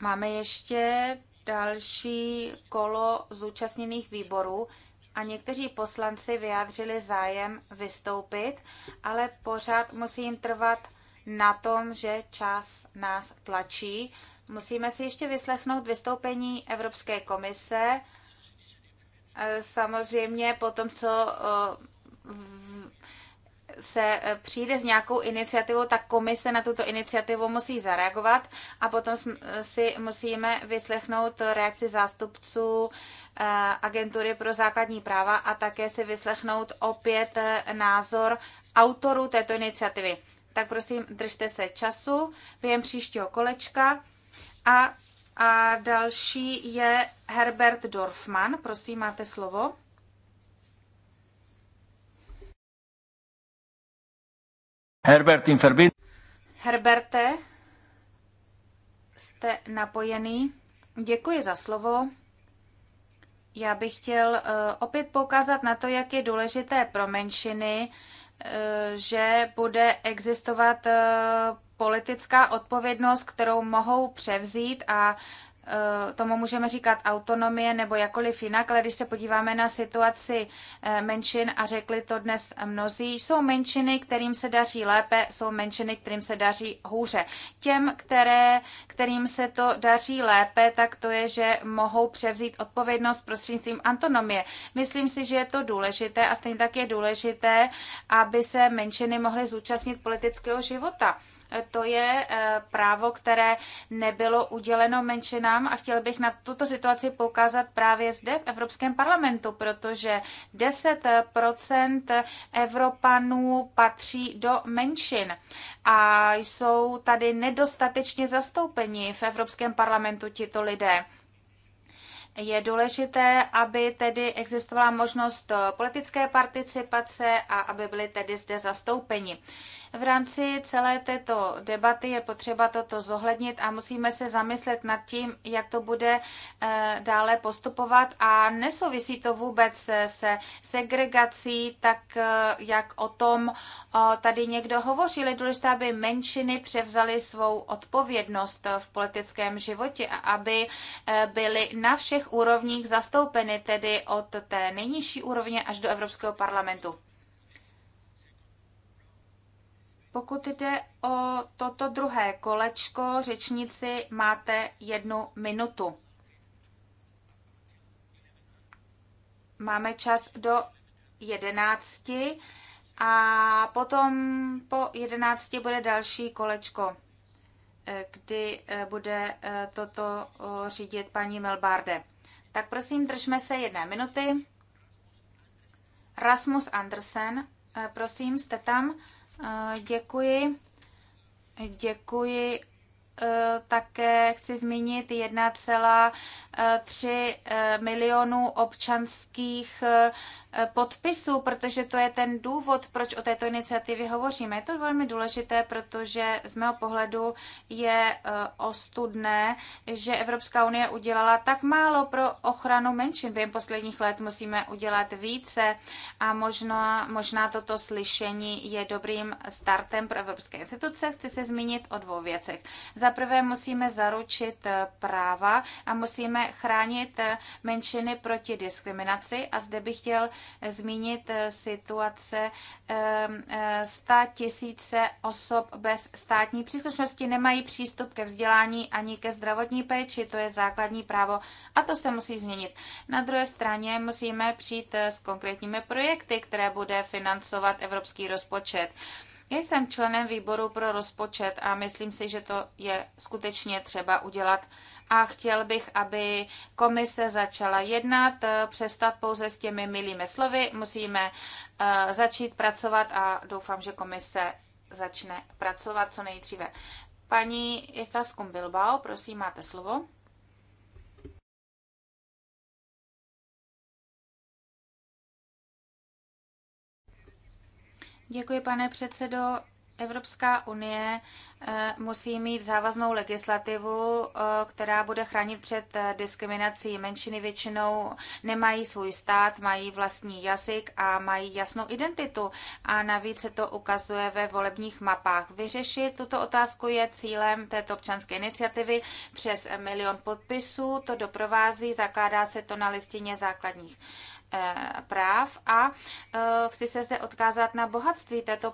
Máme ještě další kolo zúčastněných výborů a někteří poslanci vyjádřili zájem vystoupit, ale pořád musím trvat na tom, že čas nás tlačí. Musíme si ještě vyslechnout vystoupení Evropské komise. E, samozřejmě po tom, co e, se eh, přijde s nějakou iniciativou, tak komise na tuto iniciativu musí zareagovat a potom eh, si musíme vyslechnout reakci zástupců eh, agentury pro základní práva a také si vyslechnout opět názor autorů této iniciativy. Tak prosím, držte se času během příštího kolečka a, a další je Herbert Dorfman. Prosím, máte slovo. Herbert in verbind. Herberte, jste napojený. Děkuji za slovo. Já bych chtěl eh, opět poukázat na to, jak je důležité pro menšiny, eh, že bude existovat eh, politická odpovědnost, kterou mohou převzít a Eh, tomu můžeme říkat autonomie nebo jakoliv jinak, ale když se podíváme na situaci eh, menšin a řekli to dnes mnozí, jsou menšiny, kterým se daří lépe, jsou menšiny, kterým se daří hůře. Těm, které, kterým se to daří lépe, tak to je, že mohou převzít odpovědnost prostřednictvím antonomie. Myslím si, že je to důležité a stejně tak je důležité, aby se menšiny mohly zúčastnit politického života to je eh, právo, které nebylo uděleno menšinám a chtěl bych na tuto situaci poukázat právě zde v Evropském parlamentu, protože 10% eh, Evropanů patří do menšin a jsou tady nedostatečně zastoupeni v Evropském parlamentu tito lidé. Je důležité, aby tedy existovala možnost eh, politické participace a aby byly tedy zde zastoupeni. V rámci celé této debaty je potřeba toto zohlednit a musíme se zamyslet nad tím, jak to bude eh, dále postupovat a nesouvisí to vůbec se segregací, tak eh, jak o tom eh, tady někdo hovořil. Je důležité, aby menšiny převzaly svou odpovědnost v politickém životě a aby byly na všech úrovních zastoupeny, tedy od té nejnižší úrovně až do Evropského parlamentu. Pokud jde o toto druhé kolečko, řečníci máte jednu minutu. Máme čas do jedenácti a potom po jedenácti bude další kolečko, eh, kdy eh, bude eh, toto řídit paní Melbarde. Tak prosím, držme se jedné minuty. Rasmus Andersen, prosím, jste tam? Děkuji. Děkuji. E, také chci zmínit 1,3 e, e, milionů občanských Eh, podpisů, protože to je ten důvod, proč o této iniciativě hovoříme. Je to velmi důležité, protože z mého pohledu je eh, ostudné, že Evropská unie udělala tak málo pro ochranu menšin. Během posledních let musíme udělat více a možná, možná toto slyšení je dobrým startem pro evropské instituce. Chci se zmínit o dvou věcech. Za prvé musíme zaručit eh, práva a musíme chránit menšiny proti diskriminaci a zde bych chtěl zmínit eh, situace 100 eh, eh, tisíce osob bez státní příslušnosti nemají přístup ke vzdělání ani ke zdravotní péči, to je základní právo a to se musí změnit. Na druhé straně musíme přijít s konkrétními projekty, které bude financovat evropský rozpočet. Jsem členem výboru pro rozpočet a myslím si, že to je skutečně třeba udělat. A chtěl bych, aby komise začala jednat, eh, přestat pouze s těmi milými slovy. Musíme eh, začít pracovat a doufám, že komise začne pracovat co nejdříve. Paní Ithaskum Bilbao, prosím, máte slovo. Děkuji, pane předsedo. Evropská unie eh, musí mít závaznou legislativu, eh, která bude chránit před eh, diskriminací. Menšiny většinou nemají svůj stát, mají vlastní jazyk a mají jasnou identitu. A navíc se to ukazuje ve volebních mapách. Vyřešit tuto otázku je cílem této občanské iniciativy přes milion podpisů. To doprovází, zakládá se to na listině základních Eh, práv a eh, chci se zde odkázat na bohatství této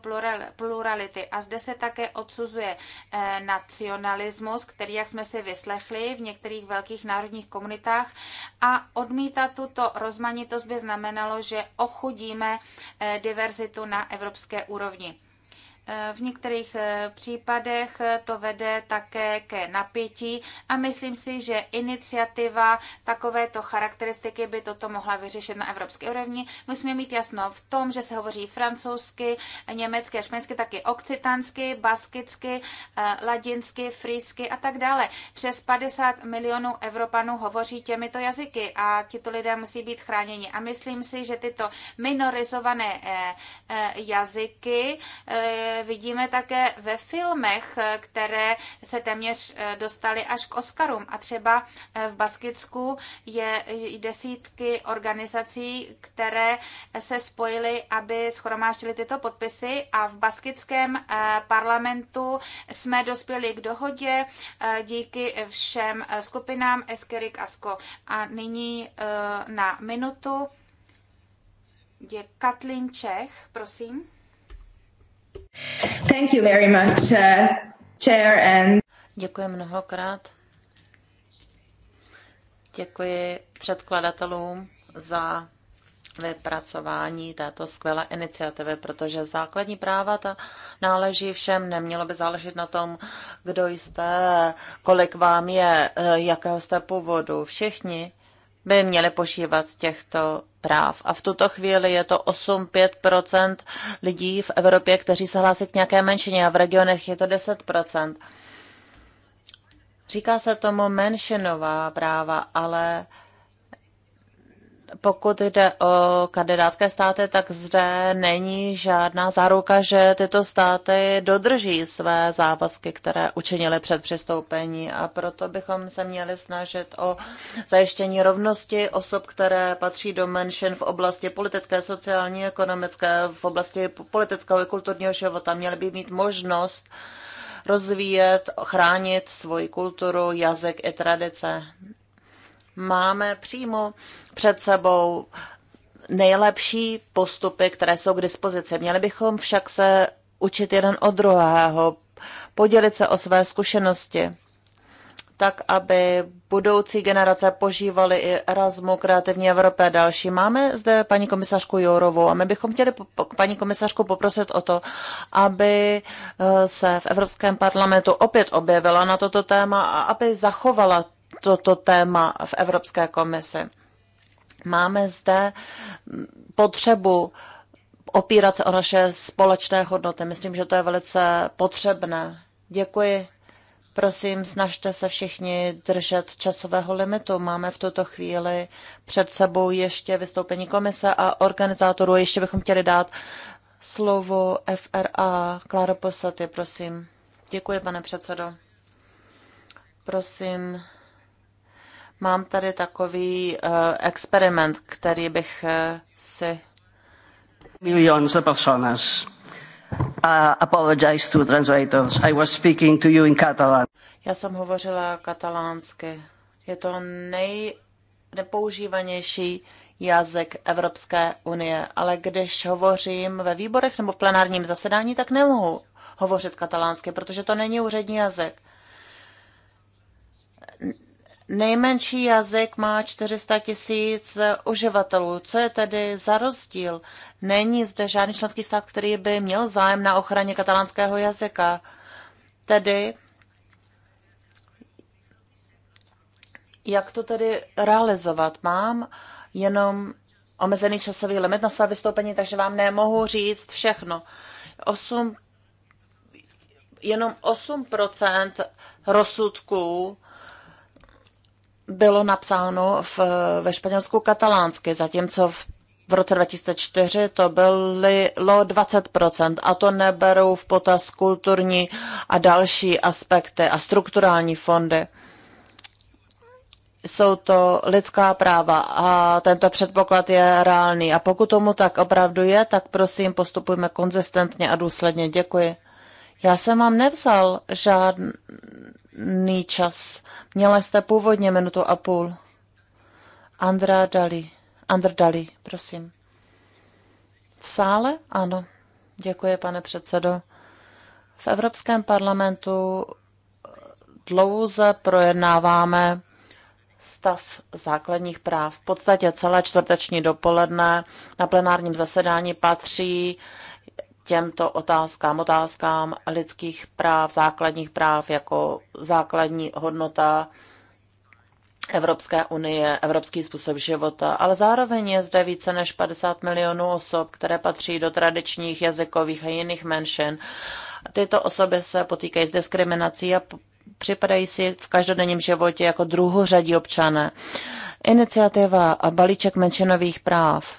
plurality. A zde se také odsuzuje eh, nacionalismus, který, jak jsme si vyslechli, v některých velkých národních komunitách a odmítat tuto rozmanitost by znamenalo, že ochudíme diverzitu na evropské úrovni. V některých eh, případech eh, to vede také ke napětí a myslím si, že iniciativa takovéto charakteristiky by toto mohla vyřešit na evropské úrovni. Musíme mít jasno v tom, že se hovoří francouzsky, německy a španělsky, taky okcitansky, baskicky, eh, ladinsky, frýsky a tak dále. Přes 50 milionů Evropanů hovoří těmito jazyky a tito lidé musí být chráněni. A myslím si, že tyto minorizované jazyky vidíme také ve filmech, které se téměř eh, dostaly až k Oscarům. A třeba eh, v Baskicku je desítky organizací, které eh, se spojily, aby schromáštili tyto podpisy a v baskickém parlamentu jsme dospěli k dohodě díky všem skupinám Eskerik Asko. A nyní na minutu je Katlin Čech, prosím. Thank you very much, uh, chair and... Děkuji mnohokrát. Děkuji předkladatelům za vypracování této skvělé iniciativy, protože základní práva ta náleží všem. Nemělo by záležet na tom, kdo jste, kolik vám je, eh, jakého jste původu. Všichni by měli požívat těchto práv. A v tuto chvíli je to 8-5 lidí v Evropě, kteří se hlásí k nějaké menšině a v regionech je to 10 Říká se tomu menšinová práva, ale pokud jde o kandidátské státy, tak zde není žádná záruka, že tyto státy dodrží své závazky, které učinily před přistoupení. A proto bychom se měli snažit o zajištění rovnosti osob, které patří do menšin v oblasti politické, sociální, ekonomické, v oblasti politického i kulturního života. Měli by mít možnost rozvíjet, chránit svoji kulturu, jazyk i tradice máme přímo před sebou nejlepší postupy, které jsou k dispozici. Měli bychom však se učit jeden od druhého, podělit se o své zkušenosti, tak aby budoucí generace požívaly i Erasmu, Kreativní Evropě a další. Máme zde paní komisařku Jourovou a my bychom chtěli paní komisařku poprosit o to, aby eh, se v Evropském parlamentu opět objevila na toto téma a aby zachovala toto téma v Evropské komisi. Máme zde potřebu opírat se o naše společné hodnoty. Myslím, že to je velice potřebné. Děkuji. Prosím, snažte se všichni držet časového limitu. Máme v tuto chvíli před sebou ještě vystoupení komise a organizátorů. Ještě bychom chtěli dát slovo FRA. Klára Posaty, prosím. Děkuji, pane předsedo. Prosím, Mám tady takový uh, experiment, který bych uh, si... Millions of personas. Uh, apologize to translators. I was speaking to you in Catalan. Já jsem hovořila katalánsky. Je to nej nepoužívanější jazyk Evropské unie, ale když hovořím ve výborech nebo v plenárním zasedání, tak nemohu hovořit katalánsky, protože to není úřední jazyk. Nejmenší jazyk má 400 tisíc uživatelů. Co je tedy za rozdíl? Není zde žádný členský stát, který by měl zájem na ochraně katalánského jazyka. Tedy, jak to tedy realizovat? Mám jenom omezený časový limit na své vystoupení, takže vám nemohu říct všechno. Osm, jenom 8% rozsudků bylo napsáno v, ve Španělsku katalánsky, zatímco v v roce 2004 to bylo 20% a to neberou v potaz kulturní a další aspekty a strukturální fondy. Jsou to lidská práva a tento předpoklad je reálný. A pokud tomu tak opravdu je, tak prosím postupujme konzistentně a důsledně. Děkuji. Já jsem vám nevzal žádný jiný čas. Měla jste původně minutu a půl. Andra Dali. Andr Dali, prosím. V sále? Ano. Děkuji, pane předsedo. V Evropském parlamentu dlouze projednáváme stav základních práv. V podstatě celé čtvrteční dopoledne na plenárním zasedání patří těmto otázkám, otázkám lidských práv, základních práv jako základní hodnota Evropské unie, evropský způsob života, ale zároveň je zde více než 50 milionů osob, které patří do tradičních jazykových a jiných menšin. Tyto osoby se potýkají s diskriminací a připadají si v každodenním životě jako druhořadí občané. Iniciativa a balíček menšinových práv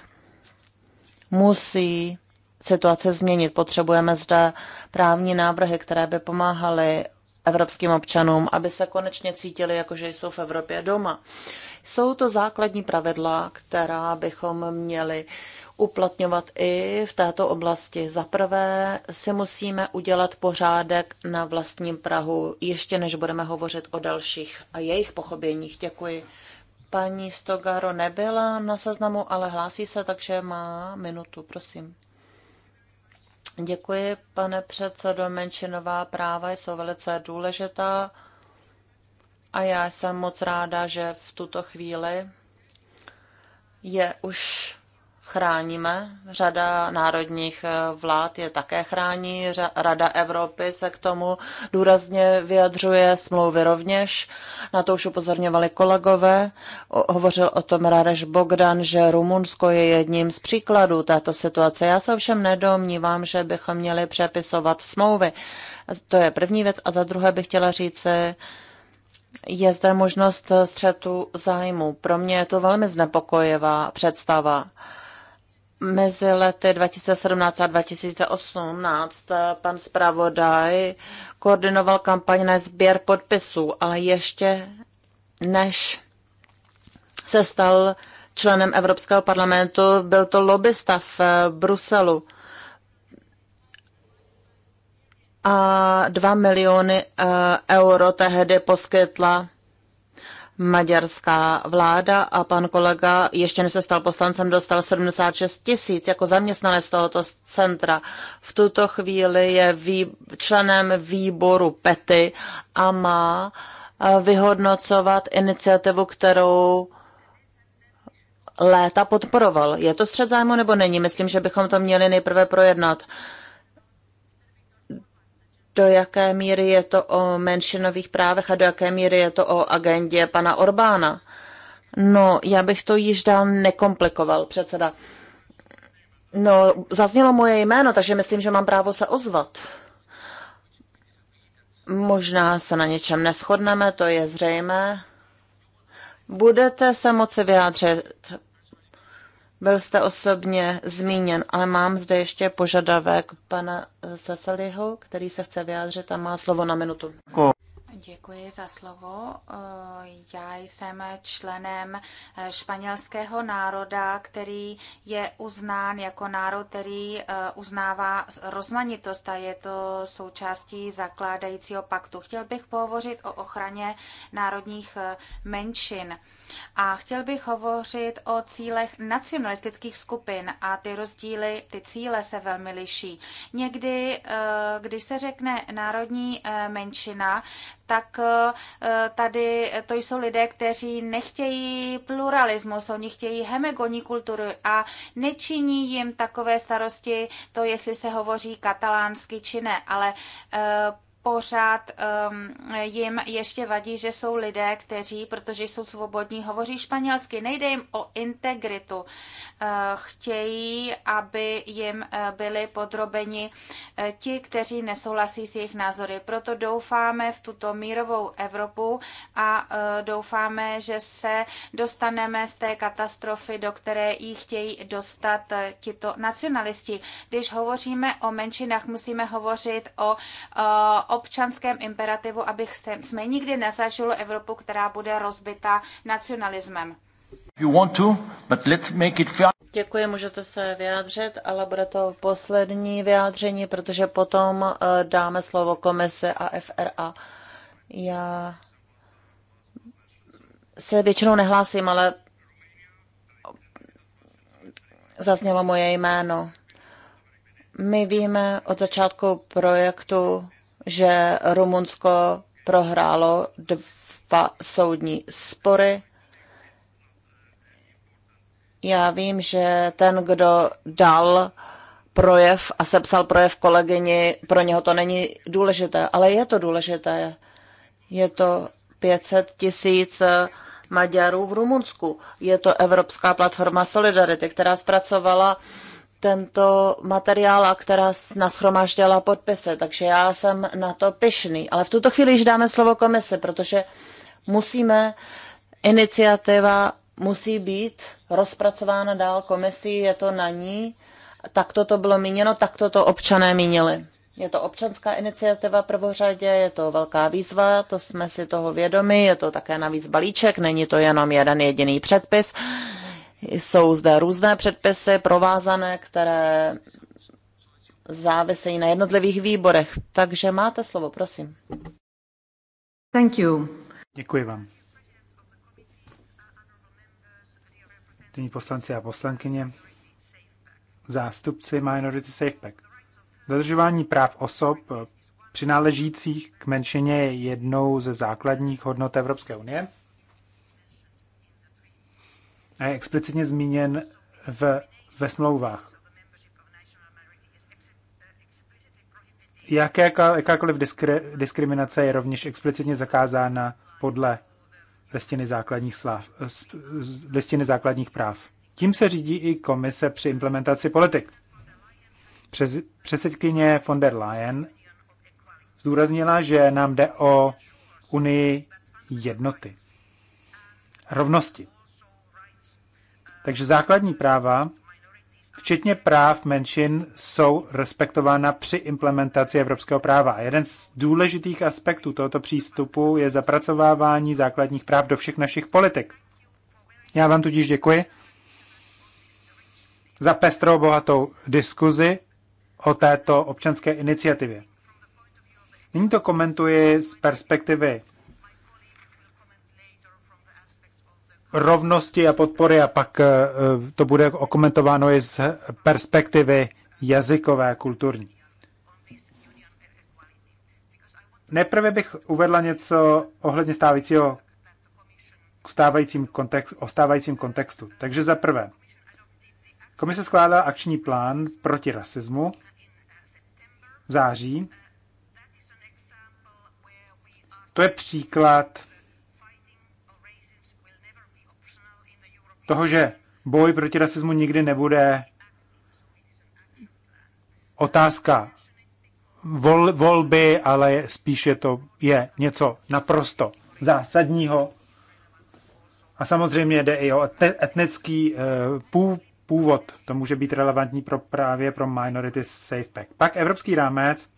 musí Situace změnit. Potřebujeme zde právní návrhy, které by pomáhaly evropským občanům, aby se konečně cítili, jako že jsou v Evropě doma. Jsou to základní pravidla, která bychom měli uplatňovat i v této oblasti. Za prvé si musíme udělat pořádek na vlastním Prahu, ještě než budeme hovořit o dalších a jejich pochopěních. Děkuji. Paní Stogaro nebyla na seznamu, ale hlásí se, takže má minutu, prosím. Děkuji, pane předsedo. Menšinová práva jsou velice důležitá a já jsem moc ráda, že v tuto chvíli je už chráníme. Řada národních eh, vlád je také chrání. Rada Evropy se k tomu důrazně vyjadřuje, smlouvy rovněž. Na to už upozorňovali kolegové. Hovořil o tom Rareš Bogdan, že Rumunsko je jedním z příkladů této situace. Já se ovšem nedomnívám, že bychom měli přepisovat smlouvy. To je první věc. A za druhé bych chtěla říct, je zde možnost střetu zájmu. Pro mě je to velmi znepokojivá představa mezi lety 2017 a 2018 eh, pan zpravodaj koordinoval kampaň na sběr podpisů, ale ještě než se stal členem Evropského parlamentu, byl to lobbysta v eh, Bruselu. A 2 miliony eh, euro tehdy poskytla maďarská vláda a pan kolega, ještě než se stal poslancem, dostal 76 tisíc jako zaměstnanec tohoto centra. V tuto chvíli je vý, členem výboru PETY a má vyhodnocovat iniciativu, kterou léta podporoval. Je to střed zájmu nebo není? Myslím, že bychom to měli nejprve projednat. Uh, do jaké míry je to o menšinových právech a do jaké míry je to o agendě pana Orbána. No, já bych to již dál nekomplikoval, předseda. No, zaznělo moje jméno, takže myslím, že mám právo se ozvat. Možná se na něčem neschodneme, to je zřejmé. Budete se moci vyjádřit byl jste osobně zmíněn, ale mám zde ještě požadavek pana Sasaliho, který se chce vyjádřit a má slovo na minutu. Děkuji za slovo. Já jsem členem španělského národa, který je uznán jako národ, který eh, uznává rozmanitost a je to součástí zakládajícího paktu. Chtěl bych pohovořit o ochraně národních eh, menšin a chtěl bych hovořit o cílech nacionalistických skupin a ty rozdíly, ty cíle se velmi liší. Někdy, eh, když se řekne národní eh, menšina, tak eh, tady to jsou lidé, kteří nechtějí pluralismus, oni chtějí hemegonní kulturu a nečiní jim takové starosti to, jestli se hovoří katalánsky či ne, ale pořád um, jim ještě vadí, že jsou lidé, kteří, protože jsou svobodní, hovoří španělsky. Nejde jim o integritu. Uh, chtějí, aby jim uh, byli podrobeni uh, ti, kteří nesouhlasí s jejich názory. Proto doufáme v tuto mírovou Evropu a uh, doufáme, že se dostaneme z té katastrofy, do které ji chtějí dostat uh, tito nacionalisti. Když hovoříme o menšinách, musíme hovořit o, uh, občanském imperativu, se, jsme nikdy nezažili Evropu, která bude rozbita nacionalismem. To, Děkuji, můžete se vyjádřit, ale bude to poslední vyjádření, protože potom eh, dáme slovo komise a FRA. Já se většinou nehlásím, ale zaznělo moje jméno. My víme od začátku projektu, že Rumunsko prohrálo dva soudní spory. Já vím, že ten, kdo dal projev a sepsal projev kolegyni, pro něho to není důležité, ale je to důležité. Je to 500 tisíc Maďarů v Rumunsku. Je to Evropská platforma Solidarity, která zpracovala uh, tento materiál a která nashromáždila podpisy, takže já jsem na to pyšný. Ale v tuto chvíli již dáme slovo komise, protože musíme, iniciativa musí být rozpracována dál komisí, je to na ní, takto to bylo míněno, takto to občané mínili. Je to občanská iniciativa prvořadě, je to velká výzva, to jsme si toho vědomi, je to také navíc balíček, není to jenom jeden jediný předpis. Jsou zde různé předpisy provázané, které závisejí na jednotlivých výborech. Takže máte slovo, prosím. Thank you. Děkuji vám. Dění poslanci a poslankyně, zástupci Minority Pack. Dodržování práv osob přináležících k menšině je jednou ze základních hodnot Evropské unie – a je explicitně zmíněn v, ve smlouvách. Jaké, jakákoliv diskri, diskriminace je rovněž explicitně zakázána podle listiny základních, sláv, listiny základních práv. Tím se řídí i komise při implementaci politik. Přes, předsedkyně von der Leyen zdůraznila, že nám jde o unii jednoty, rovnosti. Takže základní práva, včetně práv menšin, jsou respektována při implementaci evropského práva. A jeden z důležitých aspektů tohoto přístupu je zapracovávání základních práv do všech našich politik. Já vám tudíž děkuji za pestrou bohatou diskuzi o této občanské iniciativě. Nyní to komentuji z perspektivy rovnosti a podpory a pak eh, to bude okomentováno i z perspektivy jazykové a kulturní. Nejprve bych uvedla něco ohledně stávajícího stávajícím kontext, o stávajícím kontextu. Takže za prvé, komise skládá akční plán proti rasismu v září. To je příklad toho, že boj proti rasismu nikdy nebude otázka vol, volby, ale spíš je to je něco naprosto zásadního. A samozřejmě jde i o etnický eh, původ. To může být relevantní pro právě pro Minority Safe Pack. Pak evropský rámec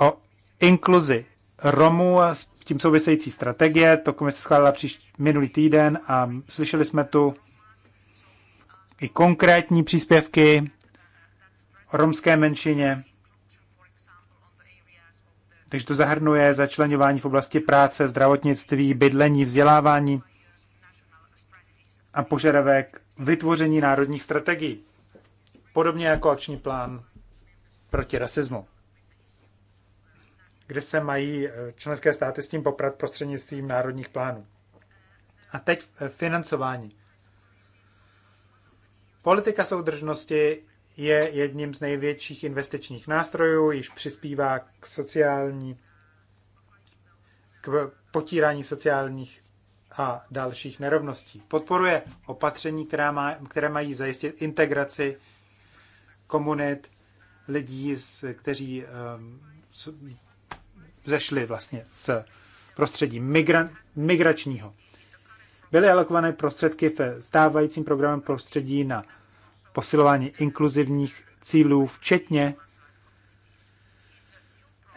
o inkluzi Romů a tím související strategie. To komise schválila příští, minulý týden a slyšeli jsme tu i konkrétní příspěvky o romské menšině. Takže to zahrnuje začlenování v oblasti práce, zdravotnictví, bydlení, vzdělávání a požadavek vytvoření národních strategií. Podobně jako akční plán proti rasismu kde se mají eh, členské státy s tím poprat prostřednictvím národních plánů. A teď eh, financování. Politika soudržnosti je jedním z největších investičních nástrojů, již přispívá k sociální, k potírání sociálních a dalších nerovností. Podporuje opatření, která má, které mají zajistit integraci komunit lidí, kteří ehm, vzešly vlastně z prostředí migra, migračního. Byly alokované prostředky ve stávajícím programem prostředí na posilování inkluzivních cílů, včetně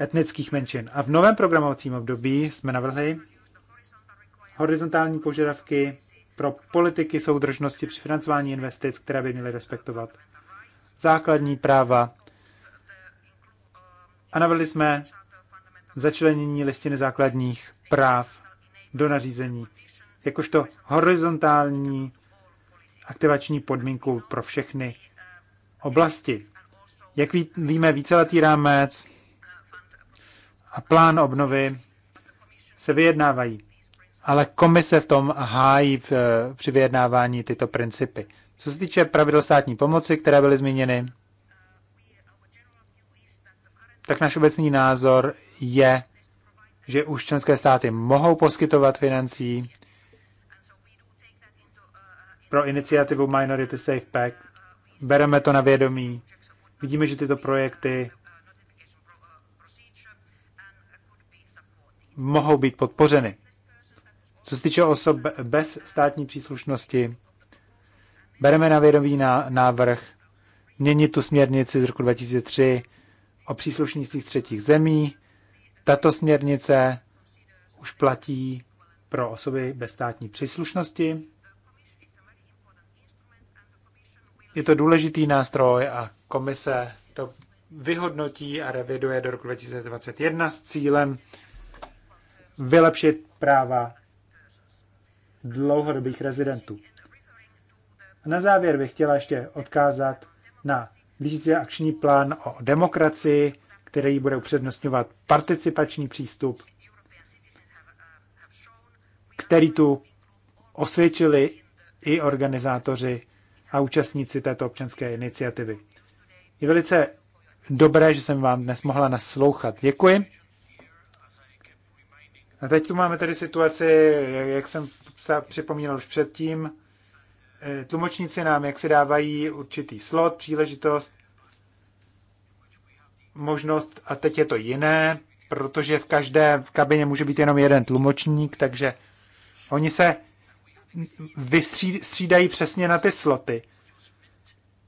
etnických menšin. A v novém programovacím období jsme navrhli horizontální požadavky pro politiky soudržnosti při financování investic, které by měly respektovat základní práva. A navrhli jsme začlenění listiny základních práv do nařízení, jakožto horizontální aktivační podmínku pro všechny oblasti. Jak ví, víme, víceletý rámec a plán obnovy se vyjednávají, ale komise v tom hájí v, eh, při vyjednávání tyto principy. Co se týče pravidel státní pomoci, které byly zmíněny, tak náš obecný názor je, že už členské státy mohou poskytovat financí pro iniciativu Minority Safe Pack. Bereme to na vědomí. Vidíme, že tyto projekty mohou být podpořeny. Co se týče osob bez státní příslušnosti, bereme na vědomí na návrh měnit tu směrnici z roku 2003 o příslušnících třetích zemí. Tato směrnice už platí pro osoby bez státní příslušnosti. Je to důležitý nástroj a komise to vyhodnotí a reviduje do roku 2021 s cílem vylepšit práva dlouhodobých rezidentů. Na závěr bych chtěla ještě odkázat na Blížící akční plán o demokracii, který bude upřednostňovat participační přístup, který tu osvědčili i organizátoři a účastníci této občanské iniciativy. Je velice dobré, že jsem vám dnes mohla naslouchat. Děkuji. A teď tu máme tedy situaci, jak jsem připomínal už předtím, E, tlumočníci nám jak se dávají určitý slot, příležitost, možnost a teď je to jiné, protože v každé v kabině může být jenom jeden tlumočník, takže oni se vystřídají přesně na ty sloty.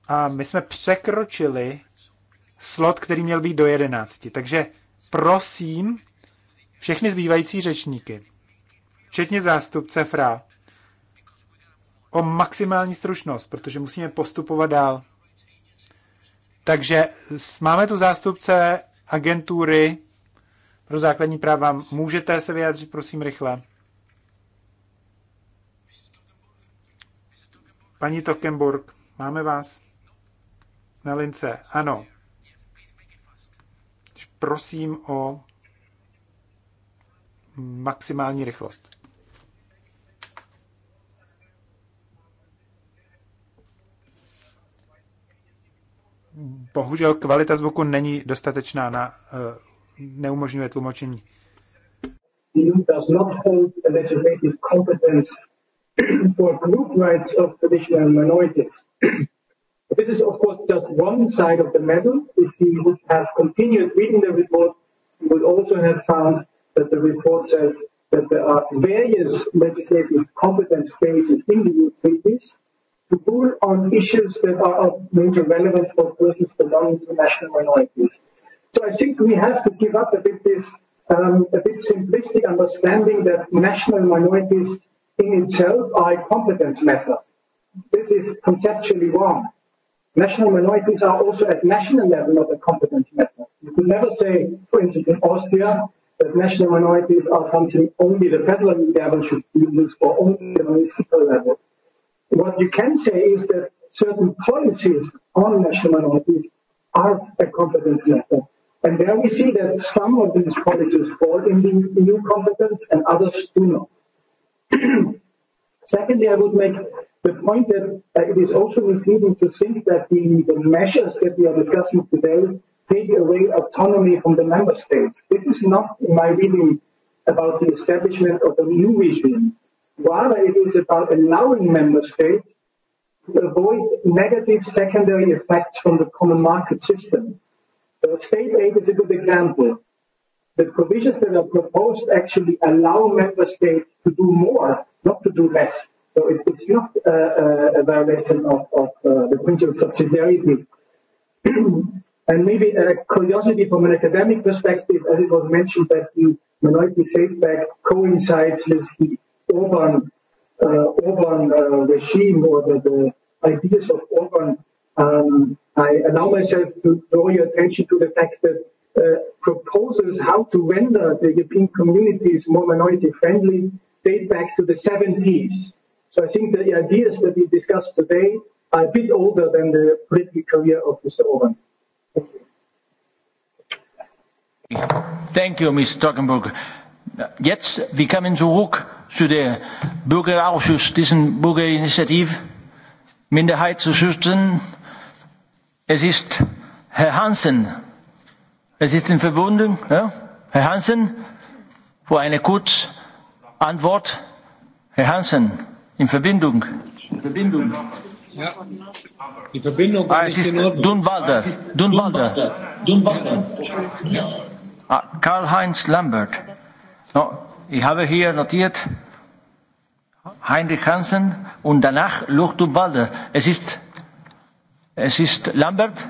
A my jsme překročili slot, který měl být do 11. Takže prosím všechny zbývající řečníky, včetně zástupce FRA, o maximální stručnost, protože musíme postupovat dál. Takže máme tu zástupce agentury pro základní práva. Můžete se vyjádřit, prosím, rychle. Paní Tokenburg, máme vás na lince. Ano. Prosím o maximální rychlost. bohužel kvalita zvuku není dostatečná na eh, neumožňuje tlumočení. for group rights of traditional minorities. this is, of course, just one side of the medal. If would have continued reading the report, would also have found that the report says that there are various legislative competence bases in the EU treaties to rule on issues that are of major relevance for persons belonging to national minorities. So I think we have to give up a bit this um, a bit simplistic understanding that national minorities in itself are a competence matter. This is conceptually wrong. National minorities are also at national level not a competence matter. You could never say, for instance, in Austria, that national minorities are something only the federal level should use for only the municipal level. What you can say is that certain policies on national minorities are a competence matter. And there we see that some of these policies fall in the EU competence and others do not. (clears throat) Secondly, I would make the point that uh, it is also misleading to think that the, the measures that we are discussing today take away autonomy from the member states. This is not, in my reading, about the establishment of a new regime. Rather, it is about allowing member states to avoid negative secondary effects from the common market system. So state aid is a good example. The provisions that are proposed actually allow member states to do more, not to do less. So it, it's not uh, uh a violation of, of uh, the principle of subsidiarity. (clears throat) and maybe a curiosity from an academic perspective, as it was mentioned that the minority safeback coincides with the urban uh, urban uh, regime or the, the ideas of urban, um, I allow myself to draw your attention to the fact that uh, proposals how to render the European communities more minority friendly date back to the 70s. So I think the ideas that we discussed today are a bit older than the political career of Mr. Orban. Thank you, Ms. Stockenburg. Jetzt, wir kommen zurück zu der Bürgerausschuss, diesen er Bürgerinitiativ Minderheit zu schützen. Es ist Herr Hansen. Es ist in Verbindung, ja? Herr Hansen, für eine kurze Antwort. Herr Hansen, in Verbindung. In Verbindung. Ja. Die Verbindung ah, es ist Dunwalder. Dunwalder. Dunwalder. Dunwalder. Ja. Ah, Karl-Heinz Lambert. No. Ich habe hier notiert Heinrich Hansen und danach Luchtub Walde. Es ist, es ist Lambert.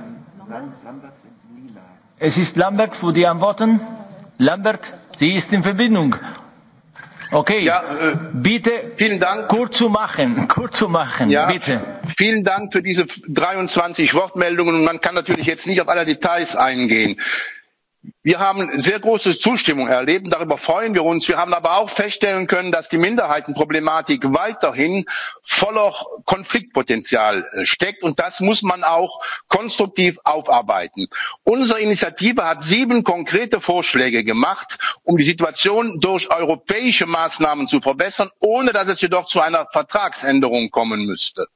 Es ist Lambert für die Antworten. Lambert, sie ist in Verbindung. Okay, ja, äh, bitte vielen Dank. kurz zu machen, (laughs) kurz zu machen, ja, bitte. Vielen Dank für diese 23 Wortmeldungen. Man kann natürlich jetzt nicht auf alle Details eingehen wir haben sehr große zustimmung erlebt darüber freuen wir uns. wir haben aber auch feststellen können dass die minderheitenproblematik weiterhin voller konfliktpotenzial äh, steckt und das muss man auch konstruktiv aufarbeiten. unsere initiative hat sieben konkrete vorschläge gemacht um die situation durch europäische maßnahmen zu verbessern ohne dass es jedoch zu einer vertragsänderung kommen müsste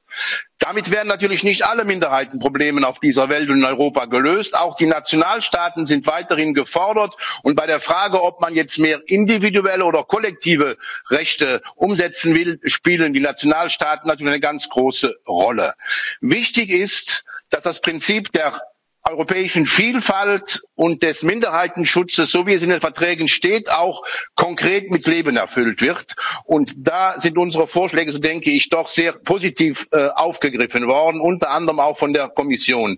damit werden natürlich nicht alle minderheitenprobleme auf dieser welt und in europa gelöst auch die nationalstaaten sind weiterhin gefordert und bei der frage ob man jetzt mehr individuelle oder kollektive rechte umsetzen will spielen die nationalstaaten natürlich eine ganz große rolle. wichtig ist dass das prinzip der europäischen Vielfalt und des Minderheitenschutzes, so wie es in den Verträgen steht, auch konkret mit Leben erfüllt wird. Und da sind unsere Vorschläge, so denke ich, doch sehr positiv äh, aufgegriffen worden, unter anderem auch von der Kommission.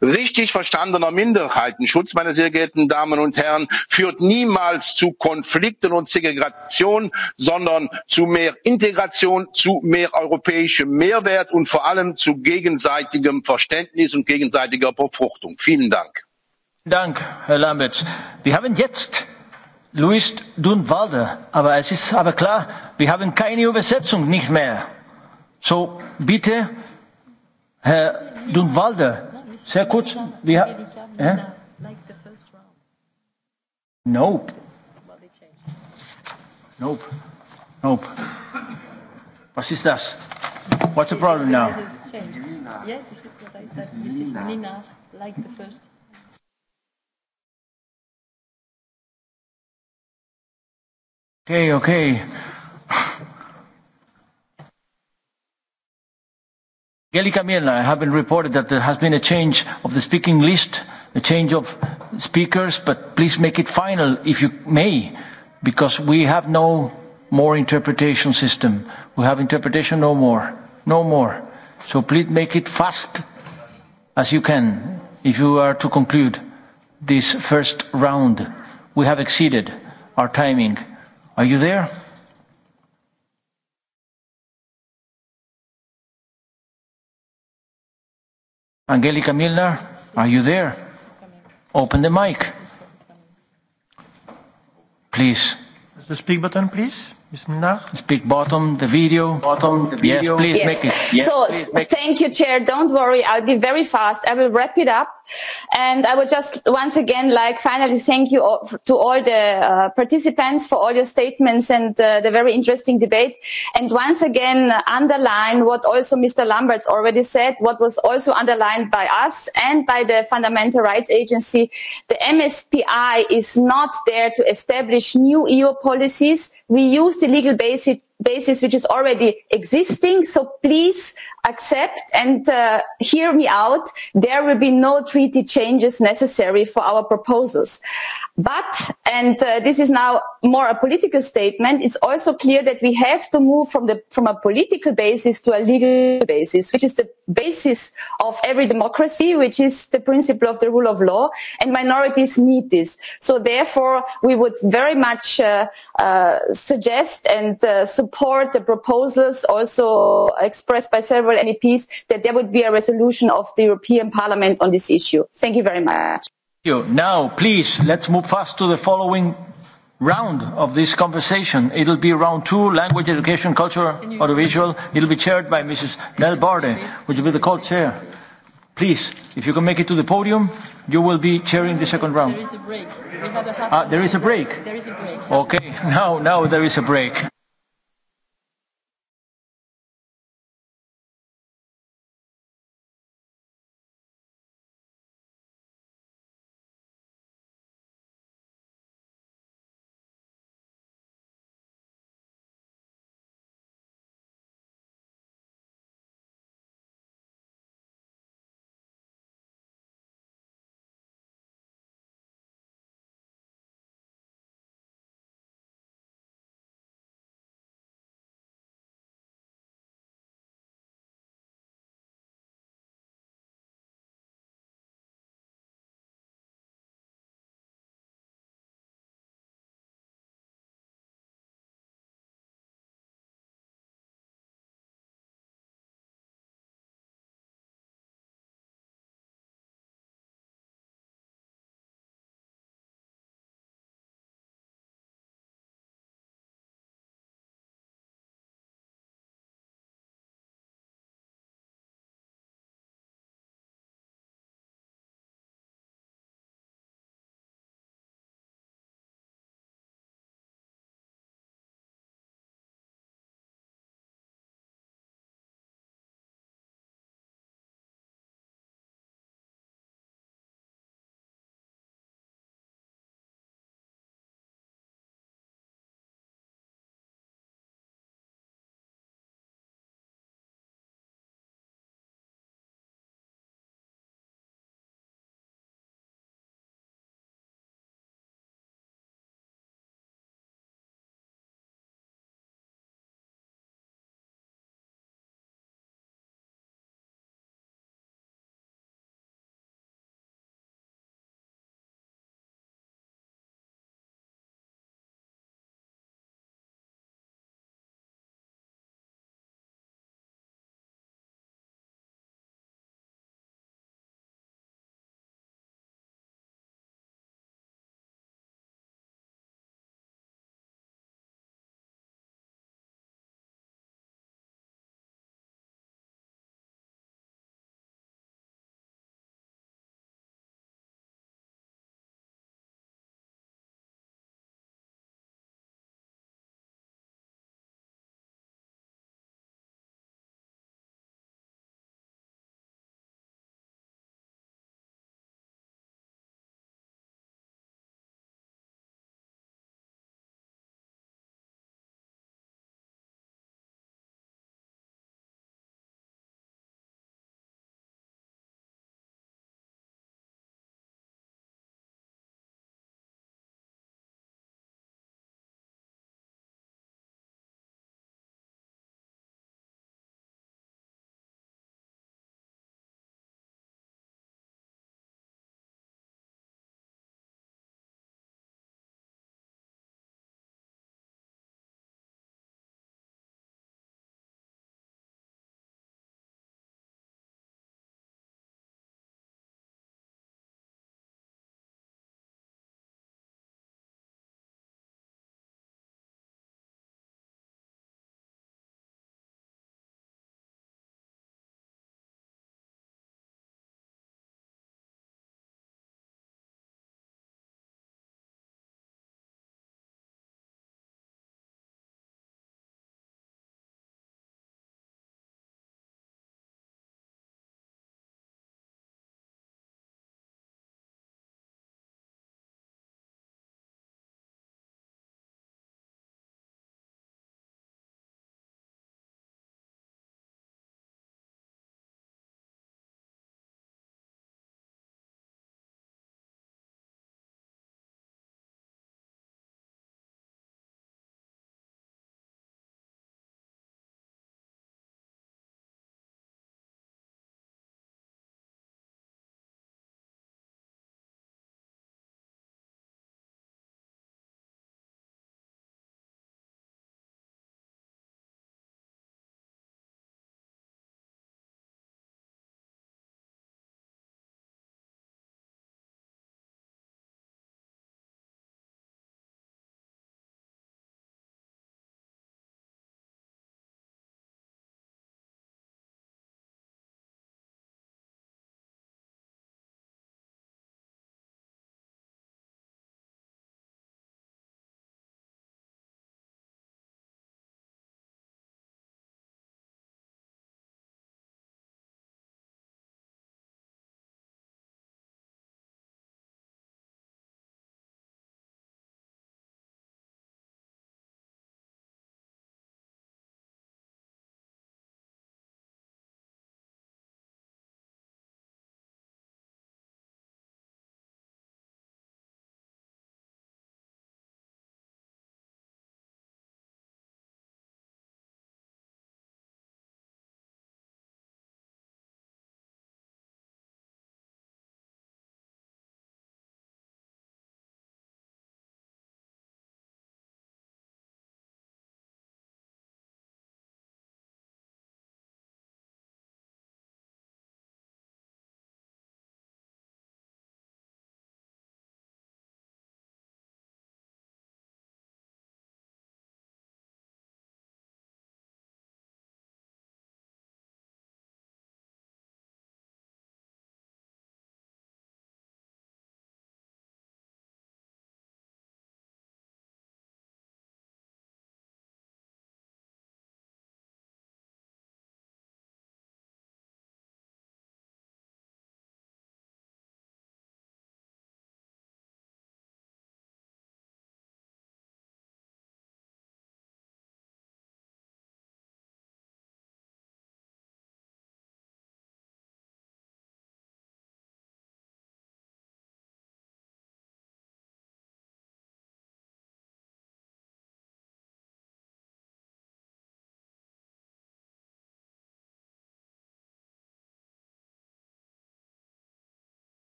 Richtig verstandener Minderheitenschutz, meine sehr geehrten Damen und Herren, führt niemals zu Konflikten und Segregation, sondern zu mehr Integration, zu mehr europäischem Mehrwert und vor allem zu gegenseitigem Verständnis und gegenseitiger Befruchtung. Verantwortung. Vielen Dank. Dank, Herr Lambert. Wir haben jetzt Luis Dunwalde, aber es ist aber klar, wir haben keine Übersetzung nicht mehr. So, bitte, Herr Dunwalde, sehr kurz. Wir, äh? Nope. Nope. Nope. Was ist das? What's the problem now? Yes, this is what I said. This is Nina like the first. Okay, okay. Geli Miela, I have been reported that there has been a change of the speaking list, a change of speakers, but please make it final if you may, because we have no more interpretation system. We have interpretation no more, no more. So please make it fast as you can if you are to conclude this first round. We have exceeded our timing. Are you there? Angelika Milner, are you there? Open the mic. Please. Is the speak button, please? Speak bottom, the video. Bottom, the video. Yes, please yes. make it. Yes, so make thank you, Chair. Don't worry, I'll be very fast. I will wrap it up. And I would just once again like finally thank you all, to all the uh, participants for all your statements and uh, the very interesting debate. And once again uh, underline what also Mr. Lambert already said, what was also underlined by us and by the Fundamental Rights Agency. The MSPI is not there to establish new EU policies. We use the legal basis basis which is already existing. So please accept and uh, hear me out. There will be no treaty changes necessary for our proposals. But, and uh, this is now more a political statement, it's also clear that we have to move from the, from a political basis to a legal basis, which is the basis of every democracy, which is the principle of the rule of law and minorities need this. So therefore we would very much uh, uh, suggest and uh, support support the proposals also expressed by several MEPs that there would be a resolution of the European Parliament on this issue. Thank you very much. You. Now, please, let's move fast to the following round of this conversation. It'll be round two, language, education, culture, audiovisual. It'll be chaired by Mrs. Nell Barde, Would you be the co-chair. Please, if you can make it to the podium, you will be chairing the second round. There is a break. We have a half ah, there is a break. There is a break. Okay, (laughs) now, now there is a break.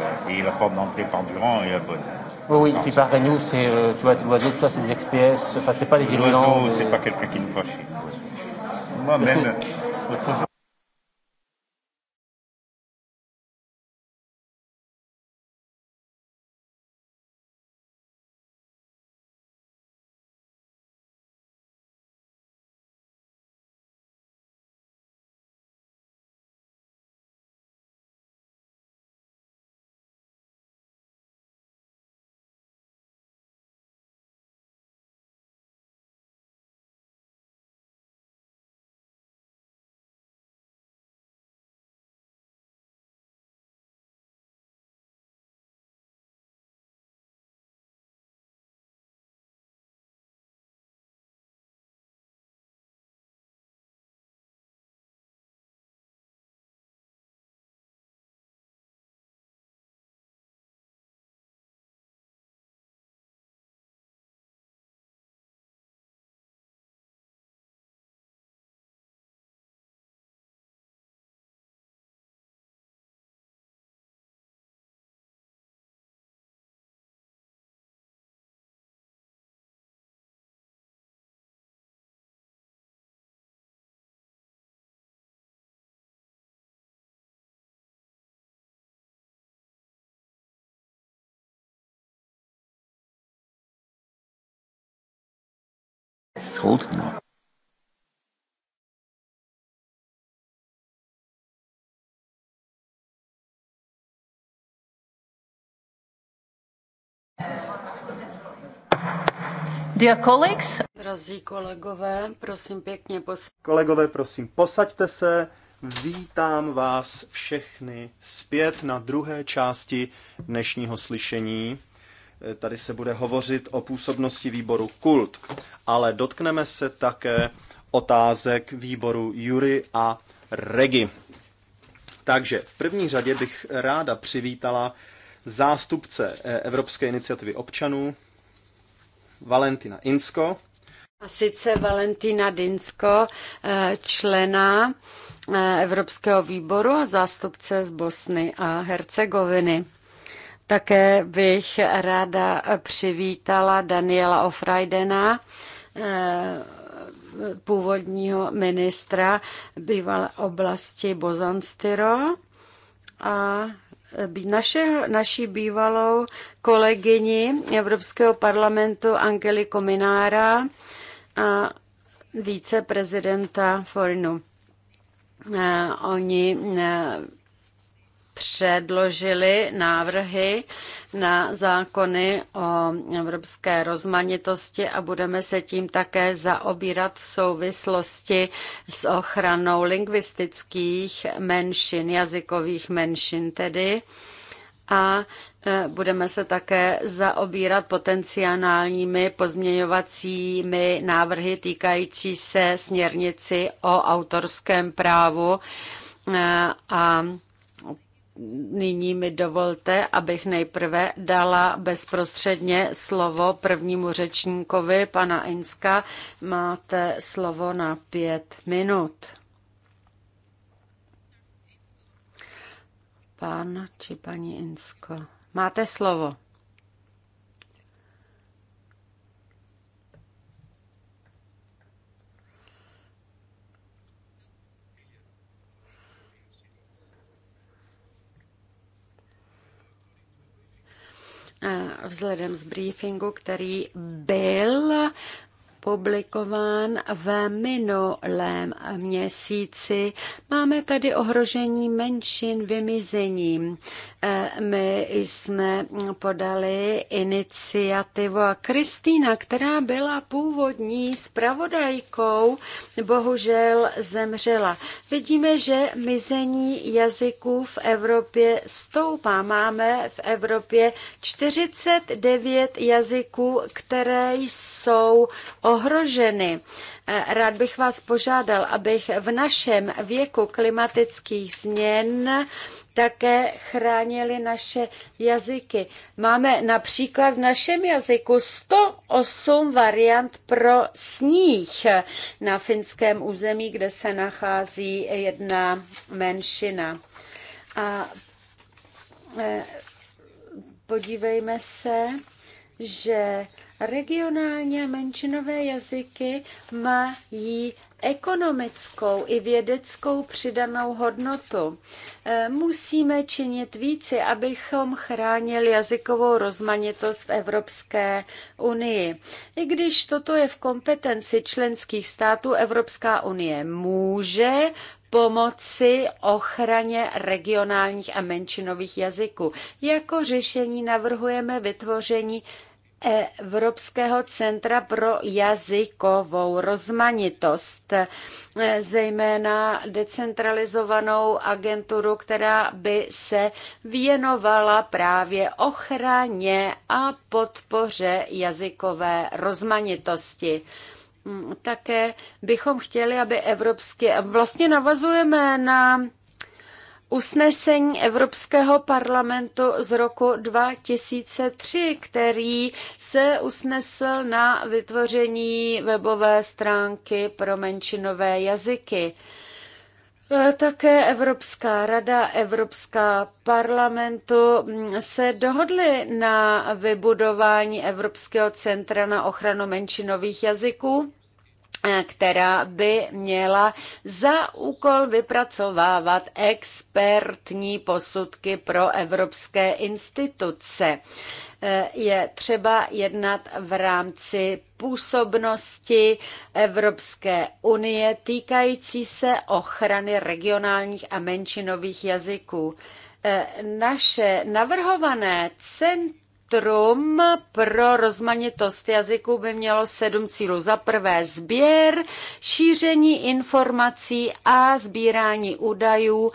Euh, et la porte d'entrée par Durand il la bonne. Oui, oui, puis par Renou, c'est, euh, tu vois, l'oiseau, tout ça, c'est des XPS, enfin, c'est pas des virulents. L'oiseau, mais... c'est pas quelqu'un qui nous fâche. Moi-même, schudnul no. Dear colleagues. Drazí kolegové, prosím pěkně posaďte. Kolegové, prosím, posaďte se. Vítám vás všechny zpět na druhé části dnešního slyšení. Tady se bude hovořit o působnosti výboru Kult, ale dotkneme se také otázek výboru Jury a Regi. Takže v první řadě bych ráda přivítala zástupce eh, Evropské iniciativy občanů Valentina Insko. A sice Valentina Dinsko, eh, člena eh, Evropského výboru a zástupce z Bosny a Hercegoviny. Také bych ráda přivítala Daniela Ofrajdena, eh, původního ministra bývalé oblasti Bozanstyro a naše, naší bývalou kolegyni Evropského parlamentu Angeliku Minára a viceprezidenta Forinu. Eh, oni eh, předložili návrhy na zákony o evropské rozmanitosti a budeme se tím také zaobírat v souvislosti s ochranou lingvistických menšin, jazykových menšin tedy. A e, budeme se také zaobírat potenciálními pozměňovacími návrhy týkající se směrnici o autorském právu e, a Nyní mi dovolte, abych nejprve dala bezprostředně slovo prvnímu řečníkovi, pana Inska. Máte slovo na pět minut. Pán či paní Insko, máte slovo. Eh, vzhledem z briefingu, který byl publikován v minulém měsíci. Máme tady ohrožení menšin vymizením. E, my jsme podali iniciativu a Kristýna, která byla původní spravodajkou, bohužel zemřela. Vidíme, že mizení jazyků v Evropě stoupá. Máme v Evropě 49 jazyků, které jsou ohroženy ohroženy. Eh, rád bych vás požádal, abych v našem věku klimatických změn také chránili naše jazyky. Máme například v našem jazyku 108 variant pro sníh na finském území, kde se nachází jedna menšina. A eh, podívejme se, že Regionálně menšinové jazyky mají ekonomickou i vědeckou přidanou hodnotu. E, musíme činit více, abychom chránili jazykovou rozmanitost v Evropské unii. I když toto je v kompetenci členských států, Evropská unie může pomoci ochraně regionálních a menšinových jazyků. Jako řešení navrhujeme vytvoření Evropského centra pro jazykovou rozmanitost, eh, zejména decentralizovanou agenturu, která by se věnovala právě ochraně a podpoře jazykové rozmanitosti. Mm, také bychom chtěli, aby evropské, vlastně navazujeme na usnesení Evropského parlamentu z roku 2003, který se usnesl na vytvoření webové stránky pro menšinové jazyky. Také Evropská rada, Evropská parlamentu se dohodly na vybudování Evropského centra na ochranu menšinových jazyků která by měla za úkol vypracovávat expertní posudky pro evropské instituce. Je třeba jednat v rámci působnosti Evropské unie týkající se ochrany regionálních a menšinových jazyků naše navrhované centrum Centrum pro rozmanitost jazyků by mělo sedm cílů. Za prvé sběr, šíření informací a sbírání údajů,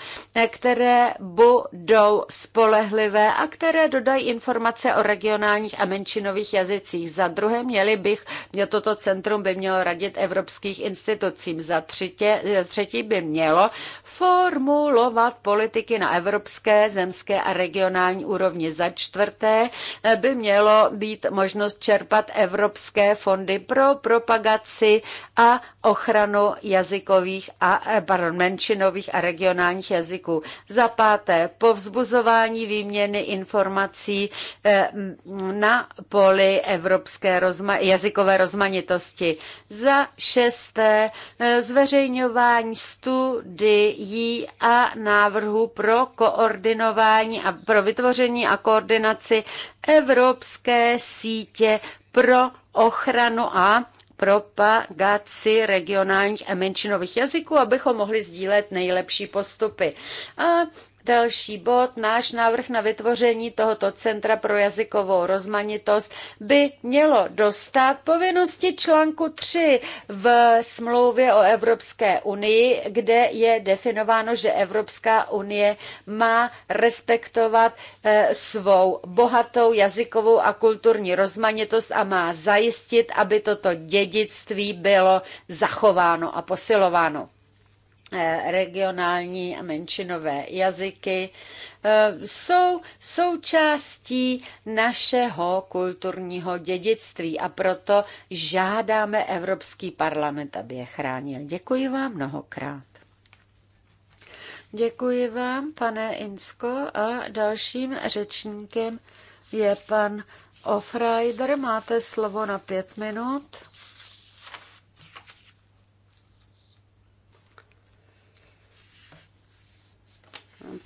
které budou spolehlivé a které dodají informace o regionálních a menšinových jazycích. Za druhé měli bych, mě toto centrum by mělo radit evropských institucím. Za za třetí by mělo formulovat politiky na evropské, zemské a regionální úrovni. Za čtvrté by mělo být možnost čerpat evropské fondy pro propagaci a ochranu jazykových a eh, pardon, menšinových a regionálních jazyků. Za páté, povzbuzování výměny informací eh, na poli evropské rozma- jazykové rozmanitosti. Za šesté, eh, zveřejňování studií a návrhů pro koordinování a pro vytvoření a koordinaci evropské sítě pro ochranu a propagaci regionálních a menšinových jazyků, abychom mohli sdílet nejlepší postupy. A Další bod, náš návrh na vytvoření tohoto Centra pro jazykovou rozmanitost by mělo dostat povinnosti článku 3 v smlouvě o Evropské unii, kde je definováno, že Evropská unie má respektovat eh, svou bohatou jazykovou a kulturní rozmanitost a má zajistit, aby toto dědictví bylo zachováno a posilováno. Eh, regionální a menšinové jazyky eh, jsou součástí našeho kulturního dědictví a proto žádáme Evropský parlament, aby je chránil. Děkuji vám mnohokrát. Děkuji vám, pane Insko, a dalším řečníkem je pan Ofreider. Máte slovo na pět minut.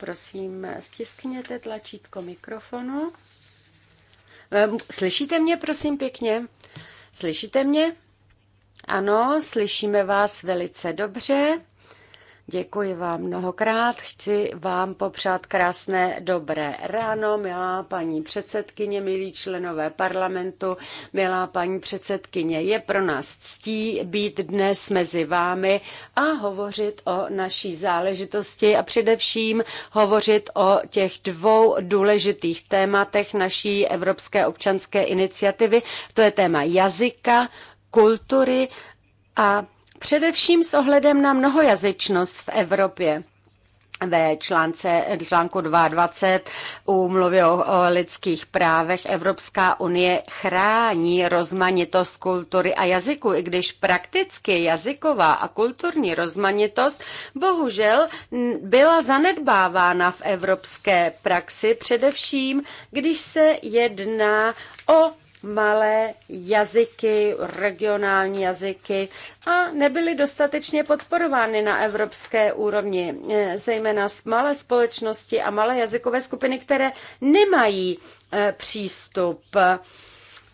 Prosím, stiskněte tlačítko mikrofonu. Slyšíte mě, prosím, pěkně? Slyšíte mě? Ano, slyšíme vás velice dobře. Děkuji vám mnohokrát. Chci vám popřát krásné dobré ráno, milá paní předsedkyně, milí členové parlamentu, milá paní předsedkyně. Je pro nás ctí být dnes mezi vámi a hovořit o naší záležitosti a především hovořit o těch dvou důležitých tématech naší Evropské občanské iniciativy. To je téma jazyka, kultury a Především s ohledem na mnohojazyčnost v Evropě ve článce, článku 22 úmluvy o, o lidských právech Evropská unie chrání rozmanitost kultury a jazyku, i když prakticky jazyková a kulturní rozmanitost bohužel byla zanedbávána v evropské praxi, především když se jedná o malé jazyky, regionální jazyky a nebyly dostatečně podporovány na evropské úrovni, eh, zejména malé společnosti a malé jazykové skupiny, které nemají eh, přístup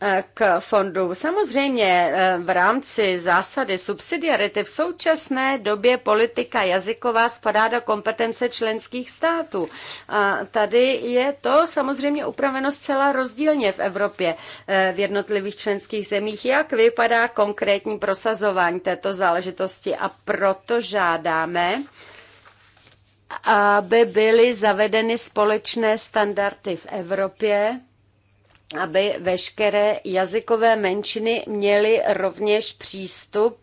Eh, k fondu. Samozřejmě eh, v rámci zásady subsidiarity v současné době politika jazyková spadá do kompetence členských států. A tady je to samozřejmě upraveno zcela rozdílně v Evropě, eh, v jednotlivých členských zemích, jak vypadá konkrétní prosazování této záležitosti. A proto žádáme, aby byly zavedeny společné standardy v Evropě, aby veškeré jazykové menšiny měly rovněž přístup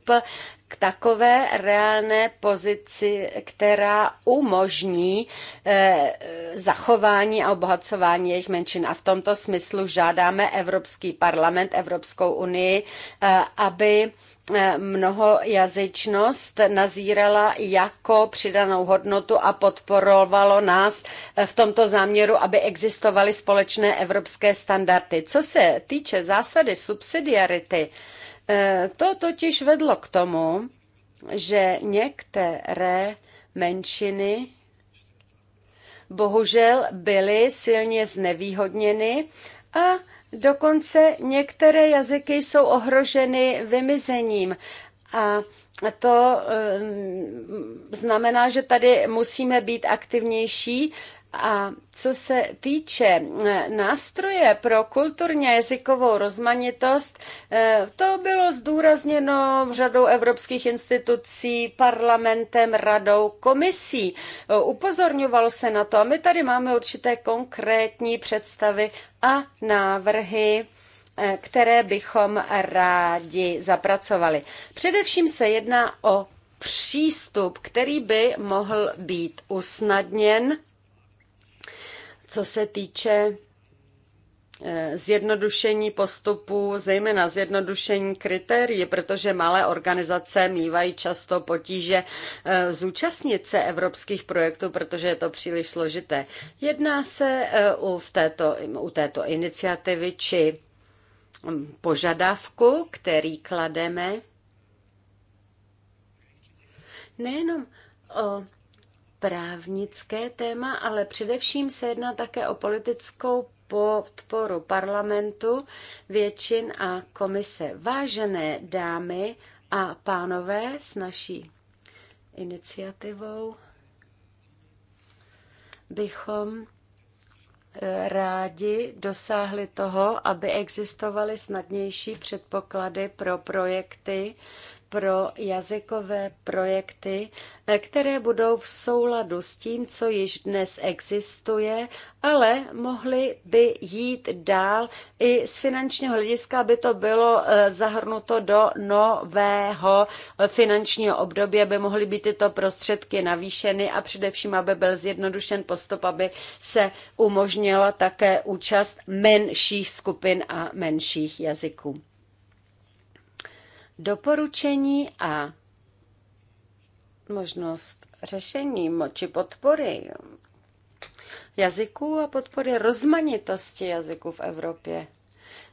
k takové reálné pozici, která umožní eh, zachování a obohacování jejich menšin. A v tomto smyslu žádáme Evropský parlament, Evropskou unii, eh, aby Eh, mnohojazyčnost nazírala jako přidanou hodnotu a podporovalo nás eh, v tomto záměru, aby existovaly společné evropské standardy. Co se týče zásady subsidiarity, eh, to totiž vedlo k tomu, že některé menšiny bohužel byly silně znevýhodněny a Dokonce některé jazyky jsou ohroženy vymizením a to eh, znamená, že tady musíme být aktivnější a co se týče eh, nástroje pro kulturně jazykovou rozmanitost, eh, to bylo zdůrazněno řadou evropských institucí, parlamentem, radou, komisí. Eh, upozorňovalo se na to a my tady máme určité konkrétní představy a návrhy které bychom rádi zapracovali. Především se jedná o přístup, který by mohl být usnadněn co se týče eh, zjednodušení postupů, zejména zjednodušení kritérií, protože malé organizace mývají často potíže eh, zúčastnit se evropských projektů, protože je to příliš složité. Jedná se eh, u, v této, u této iniciativy či hm, požadavku, který klademe nejenom o právnické téma, ale především se jedná také o politickou podporu parlamentu, většin a komise. Vážené dámy a pánové, s naší iniciativou bychom eh, rádi dosáhli toho, aby existovaly snadnější předpoklady pro projekty pro jazykové projekty, eh, které budou v souladu s tím, co již dnes existuje, ale mohly by jít dál i z finančního hlediska, aby to bylo eh, zahrnuto do nového finančního období, aby mohly být tyto prostředky navýšeny a především, aby byl zjednodušen postup, aby se umožnila také účast menších skupin a menších jazyků. Doporučení a možnost řešení či podpory jazyků a podpory rozmanitosti jazyků v Evropě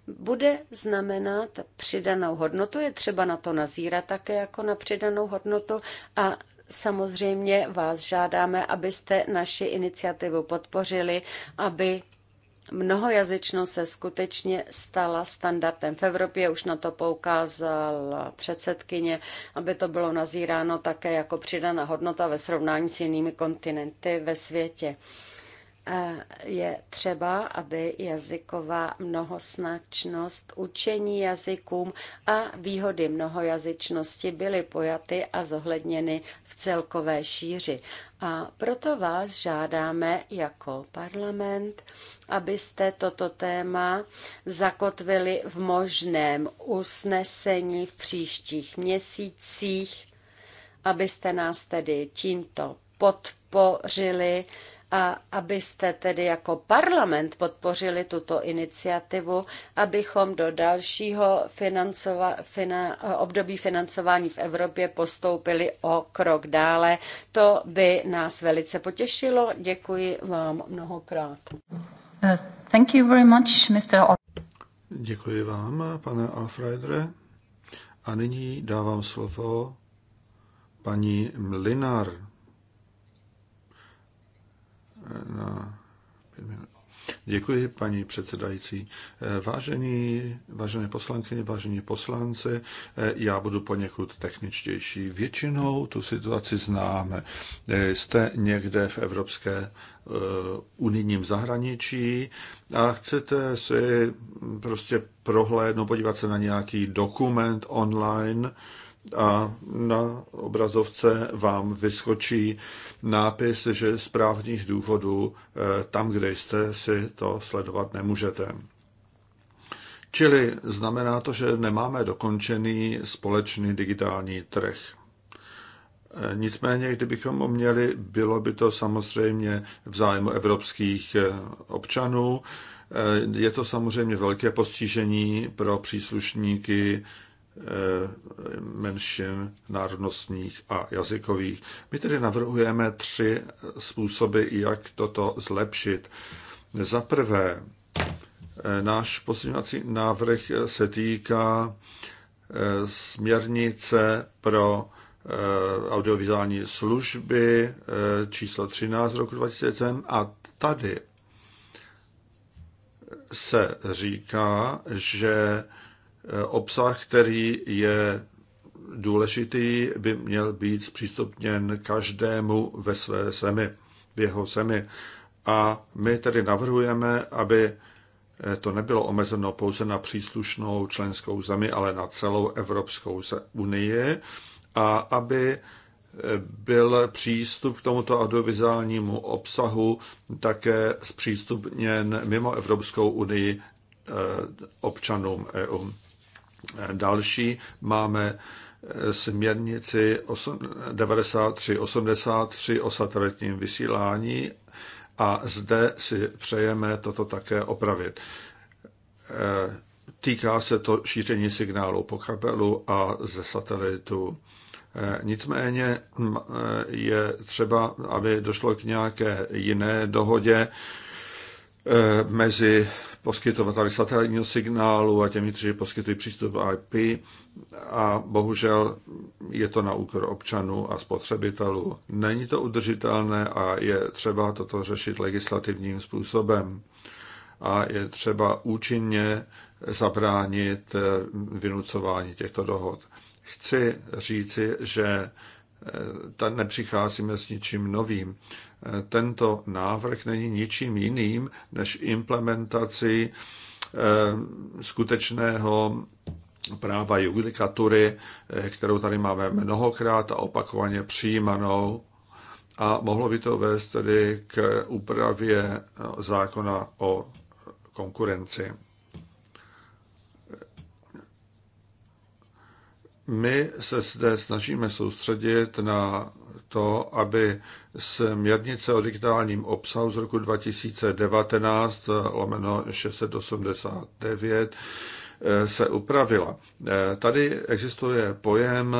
bude znamenat přidanou hodnotu. Je třeba na to nazírat také jako na přidanou hodnotu a samozřejmě vás žádáme, abyste naši iniciativu podpořili, aby Mnohojazyčnost se skutečně stala standardem. V Evropě už na to poukázal předsedkyně, aby to bylo nazíráno také jako přidaná hodnota ve srovnání s jinými kontinenty ve světě je třeba, aby jazyková mnohosnačnost, učení jazykům a výhody mnohojazyčnosti byly pojaty a zohledněny v celkové šíři. A proto vás žádáme jako parlament, abyste toto téma zakotvili v možném usnesení v příštích měsících, abyste nás tedy tímto podpořili a abyste tedy jako parlament podpořili tuto iniciativu, abychom do dalšího financova, fina, období financování v Evropě postoupili o krok dále. To by nás velice potěšilo. Děkuji vám mnohokrát. Uh, thank you very much, Mr. Děkuji vám, pane Alfredre. A nyní dávám slovo paní Mlinar na pět minut. Děkuji, paní předsedající. Eh, vážení, vážené poslankyně, vážení poslanci, eh, já budu poněkud techničtější. Většinou tu situaci známe. Eh, jste někde v Evropské unijním zahraničí a chcete si prostě prohlédnout, podívat se na nějaký dokument online, a na obrazovce vám vyskočí nápis, že z právních důvodů eh, tam, kde jste, si to sledovat nemůžete. Čili znamená to, že nemáme dokončený společný digitální trh. Eh, nicméně, kdybychom ho měli, bylo by to samozřejmě v zájmu evropských eh, občanů. Je to samozřejmě velké postižení pro příslušníky Eh, menšin národnostních a jazykových. My tedy navrhujeme tři způsoby, jak toto zlepšit. Za prvé, eh, náš pozměňovací návrh se týká eh, směrnice pro audiovizuální služby číslo 13 roku 2007 a tady se říká, že Eh, obsah, který je důležitý, by měl být zpřístupněn každému ve své zemi, v jeho zemi. A my tedy navrhujeme, aby eh, to nebylo omezeno pouze na příslušnou členskou zemi, ale na celou Evropskou unii a aby eh, byl přístup k tomuto audiovizuálnímu obsahu také zpřístupněn mimo Evropskou unii občanům EU. Eh, další máme eh, směrnici 9383 o satelitním vysílání a zde si přejeme toto také opravit. Eh, týká se to šíření signálu po kabelu a ze satelitu. Nicméně hm, je třeba, aby došlo k nějaké jiné dohodě mezi poskytovateli satelitního signálu a těmi, kteří poskytují přístup IP a bohužel je to na úkor občanů a spotřebitelů. Není to udržitelné a je třeba toto řešit legislativním způsobem a je třeba účinně zabránit eh, vynucování těchto dohod. Chci říci, že eh, nepřicházíme s ničím novým tento návrh není ničím jiným než implementací eh, skutečného práva judikatury, eh, kterou tady máme mnohokrát a opakovaně přijímanou. A mohlo by to vést tedy k úpravě eh, zákona o konkurenci. My se zde snažíme soustředit na to, aby směrnice o digitálním obsahu z roku 2019 lomeno 689 se upravila. Tady existuje pojem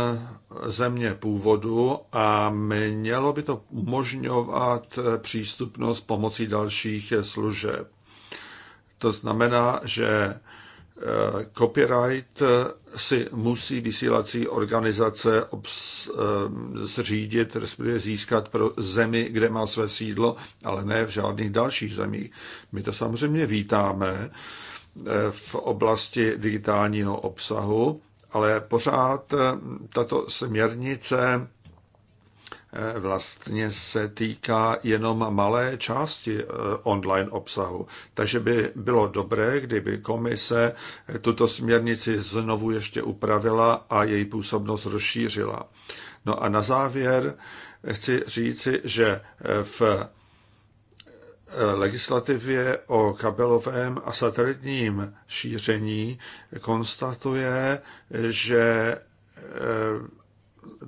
země původu a mělo by to umožňovat přístupnost pomocí dalších služeb. To znamená, že Eh, copyright eh, si musí vysílací organizace obs, eh, zřídit, respektive získat pro zemi, kde má své sídlo, ale ne v žádných dalších zemích. My to samozřejmě vítáme v oblasti digitálního obsahu, ale pořád tato směrnice Eh, vlastně se týká jenom malé části eh, online obsahu. Takže by bylo dobré, kdyby komise eh, tuto směrnici znovu ještě upravila a její působnost rozšířila. No a na závěr chci říci, že v legislativě o kabelovém a satelitním šíření konstatuje, že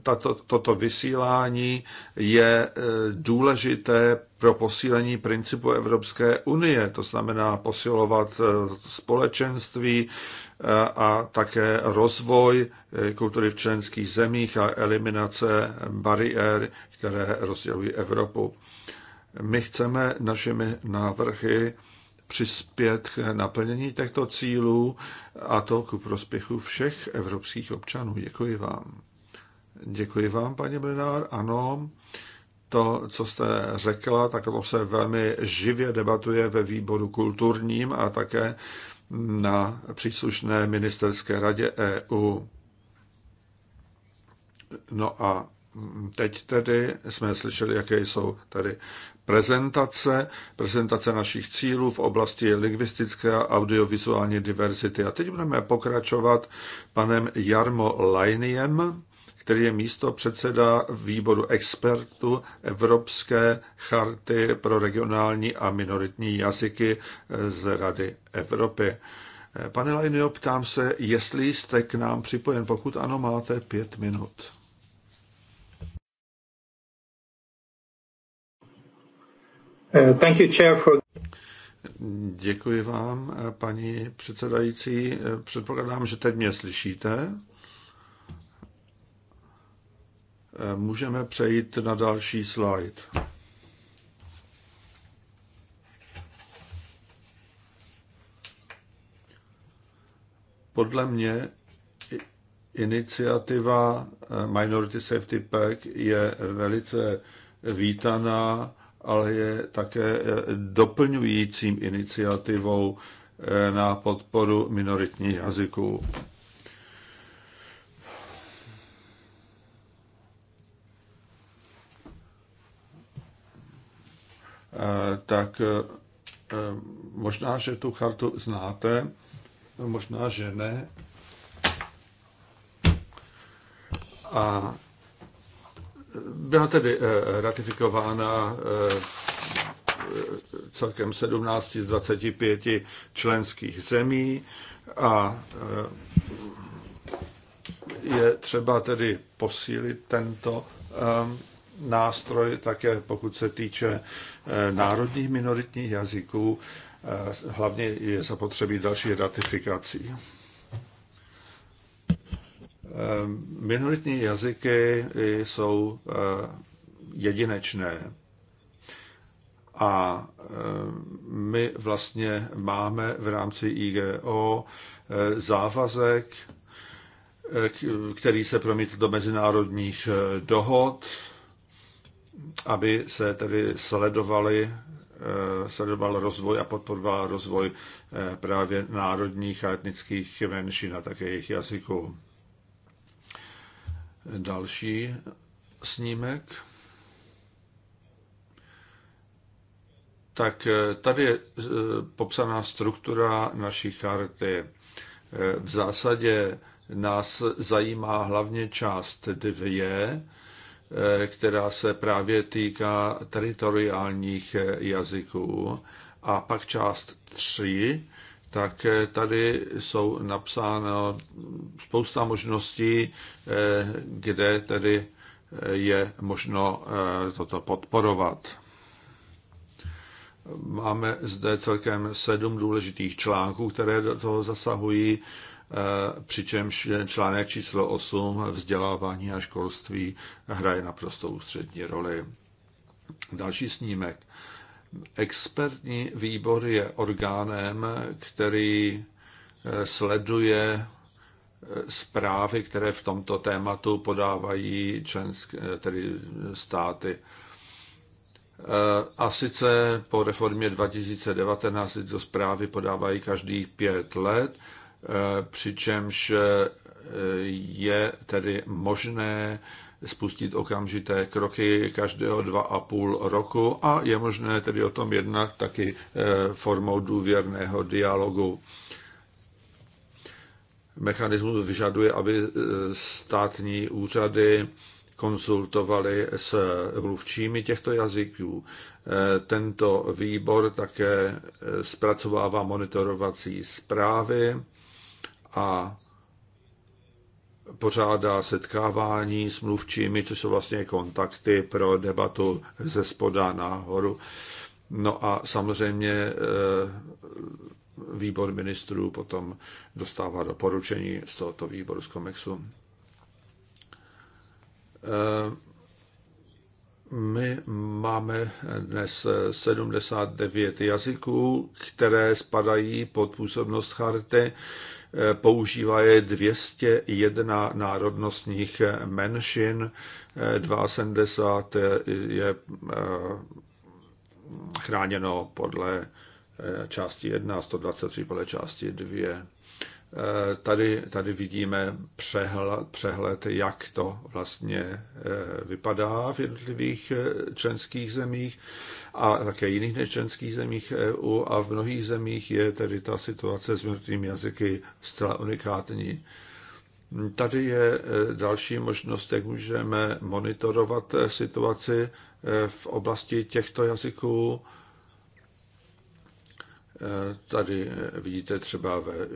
tato, toto vysílání je e, důležité pro posílení principu Evropské unie, to znamená posilovat e, společenství e, a také rozvoj kultury v členských zemích a eliminace bariér, které rozdělují Evropu. My chceme našimi návrhy přispět k naplnění těchto cílů a to ku prospěchu všech evropských občanů. Děkuji vám. Děkuji vám, paní Mlinár. Ano, to, co jste řekla, tak to se velmi živě debatuje ve výboru kulturním a také na příslušné ministerské radě EU. No a teď tedy jsme slyšeli, jaké jsou tady prezentace, prezentace našich cílů v oblasti lingvistické a audiovizuální diverzity. A teď budeme pokračovat panem Jarmo Lajniem, který je místo předseda výboru expertu Evropské charty pro regionální a minoritní jazyky z Rady Evropy. Pane Lajnio, ptám se, jestli jste k nám připojen. Pokud ano, máte pět minut. Uh, thank you, chair, for... Děkuji vám, paní předsedající. Předpokládám, že teď mě slyšíte. Eh, můžeme přejít na další slide. Podle mě iniciativa eh, Minority Safety Pack je velice vítaná, ale je také eh, doplňujícím iniciativou na podporu minoritních jazyků. Eh, tak eh, eh, možná, že tu chartu znáte, možná, že ne. A byla tedy ratifikována celkem 17 z 25 členských zemí a je třeba tedy posílit tento nástroj také, pokud se týče eh, národních minoritních jazyků, eh, hlavně je zapotřebí další ratifikací. Eh, minoritní jazyky jsou jedinečné a my vlastně máme v rámci IGO závazek, který se promítl do mezinárodních dohod, aby se tedy sledovali, eh, sledoval rozvoj a podporoval rozvoj eh, právě národních a etnických menšin a také jejich jazyků. Další snímek. Tak eh, tady je popsaná struktura naší karty. V zásadě nás zajímá hlavně část dvě, Eh, která se právě týká teritoriálních eh, jazyků. A pak část 3, tak eh, tady jsou napsáno spousta možností, kde tedy je možno toto podporovat. Máme zde celkem sedm důležitých článků, které do toho zasahují. Eh, přičemž článek číslo 8 vzdělávání a školství hraje naprosto ústřední roli. Další snímek. Expertní výbor je orgánem, který eh, sleduje eh, zprávy, které v tomto tématu podávají členské, tedy státy. A sice po reformě 2019 tyto zprávy podávají každých pět let Eh, přičemž eh, je tedy možné spustit okamžité kroky každého dva a půl roku a je možné tedy o tom jednat taky eh, formou důvěrného dialogu. Mechanismus vyžaduje, aby státní úřady konzultovali s mluvčími těchto jazyků. Tento výbor také zpracovává monitorovací zprávy a pořádá setkávání s mluvčími, což jsou vlastně kontakty pro debatu ze spoda nahoru. No a samozřejmě eh, výbor ministrů potom dostává doporučení z tohoto výboru z Komexu. Eh, my máme dnes 79 jazyků, které spadají pod působnost charty. Používá je 201 národnostních menšin, 72 je eh, chráněno podle eh, části 1, 123 podle části 2. Eh, tady, tady vidíme přehled, přehled, jak to vlastně eh, vypadá v jednotlivých eh, členských zemích a také jiných nečlenských zemích EU a v mnohých zemích je tedy ta situace s mrtvými jazyky zcela unikátní. Tady je další možnost, jak můžeme monitorovat situaci v oblasti těchto jazyků Eh, tady eh, vidíte třeba ve, eh,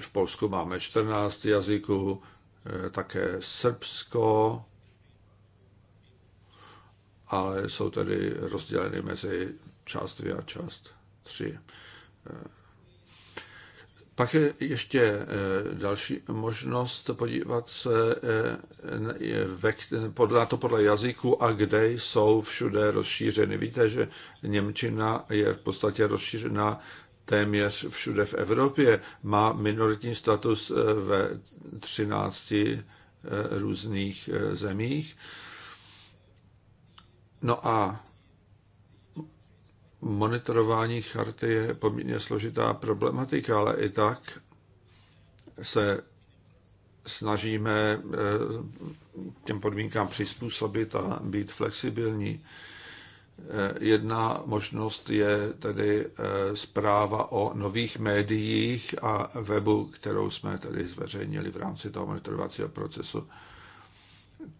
v Polsku máme 14 jazyků, také Srbsko, ale jsou tedy rozděleny mezi část 2 a část 3. Pak je ještě další možnost podívat se na to podle jazyku a kde jsou všude rozšířeny. Víte, že Němčina je v podstatě rozšířena téměř všude v Evropě, má minoritní status eh, ve 13 eh, různých eh, zemích. No a monitorování charty je poměrně složitá problematika, ale i tak se snažíme těm podmínkám přizpůsobit a být flexibilní. Eh, jedna možnost je tedy eh, zpráva o nových médiích a webu, kterou jsme tedy zveřejnili v rámci toho monitorovacího procesu.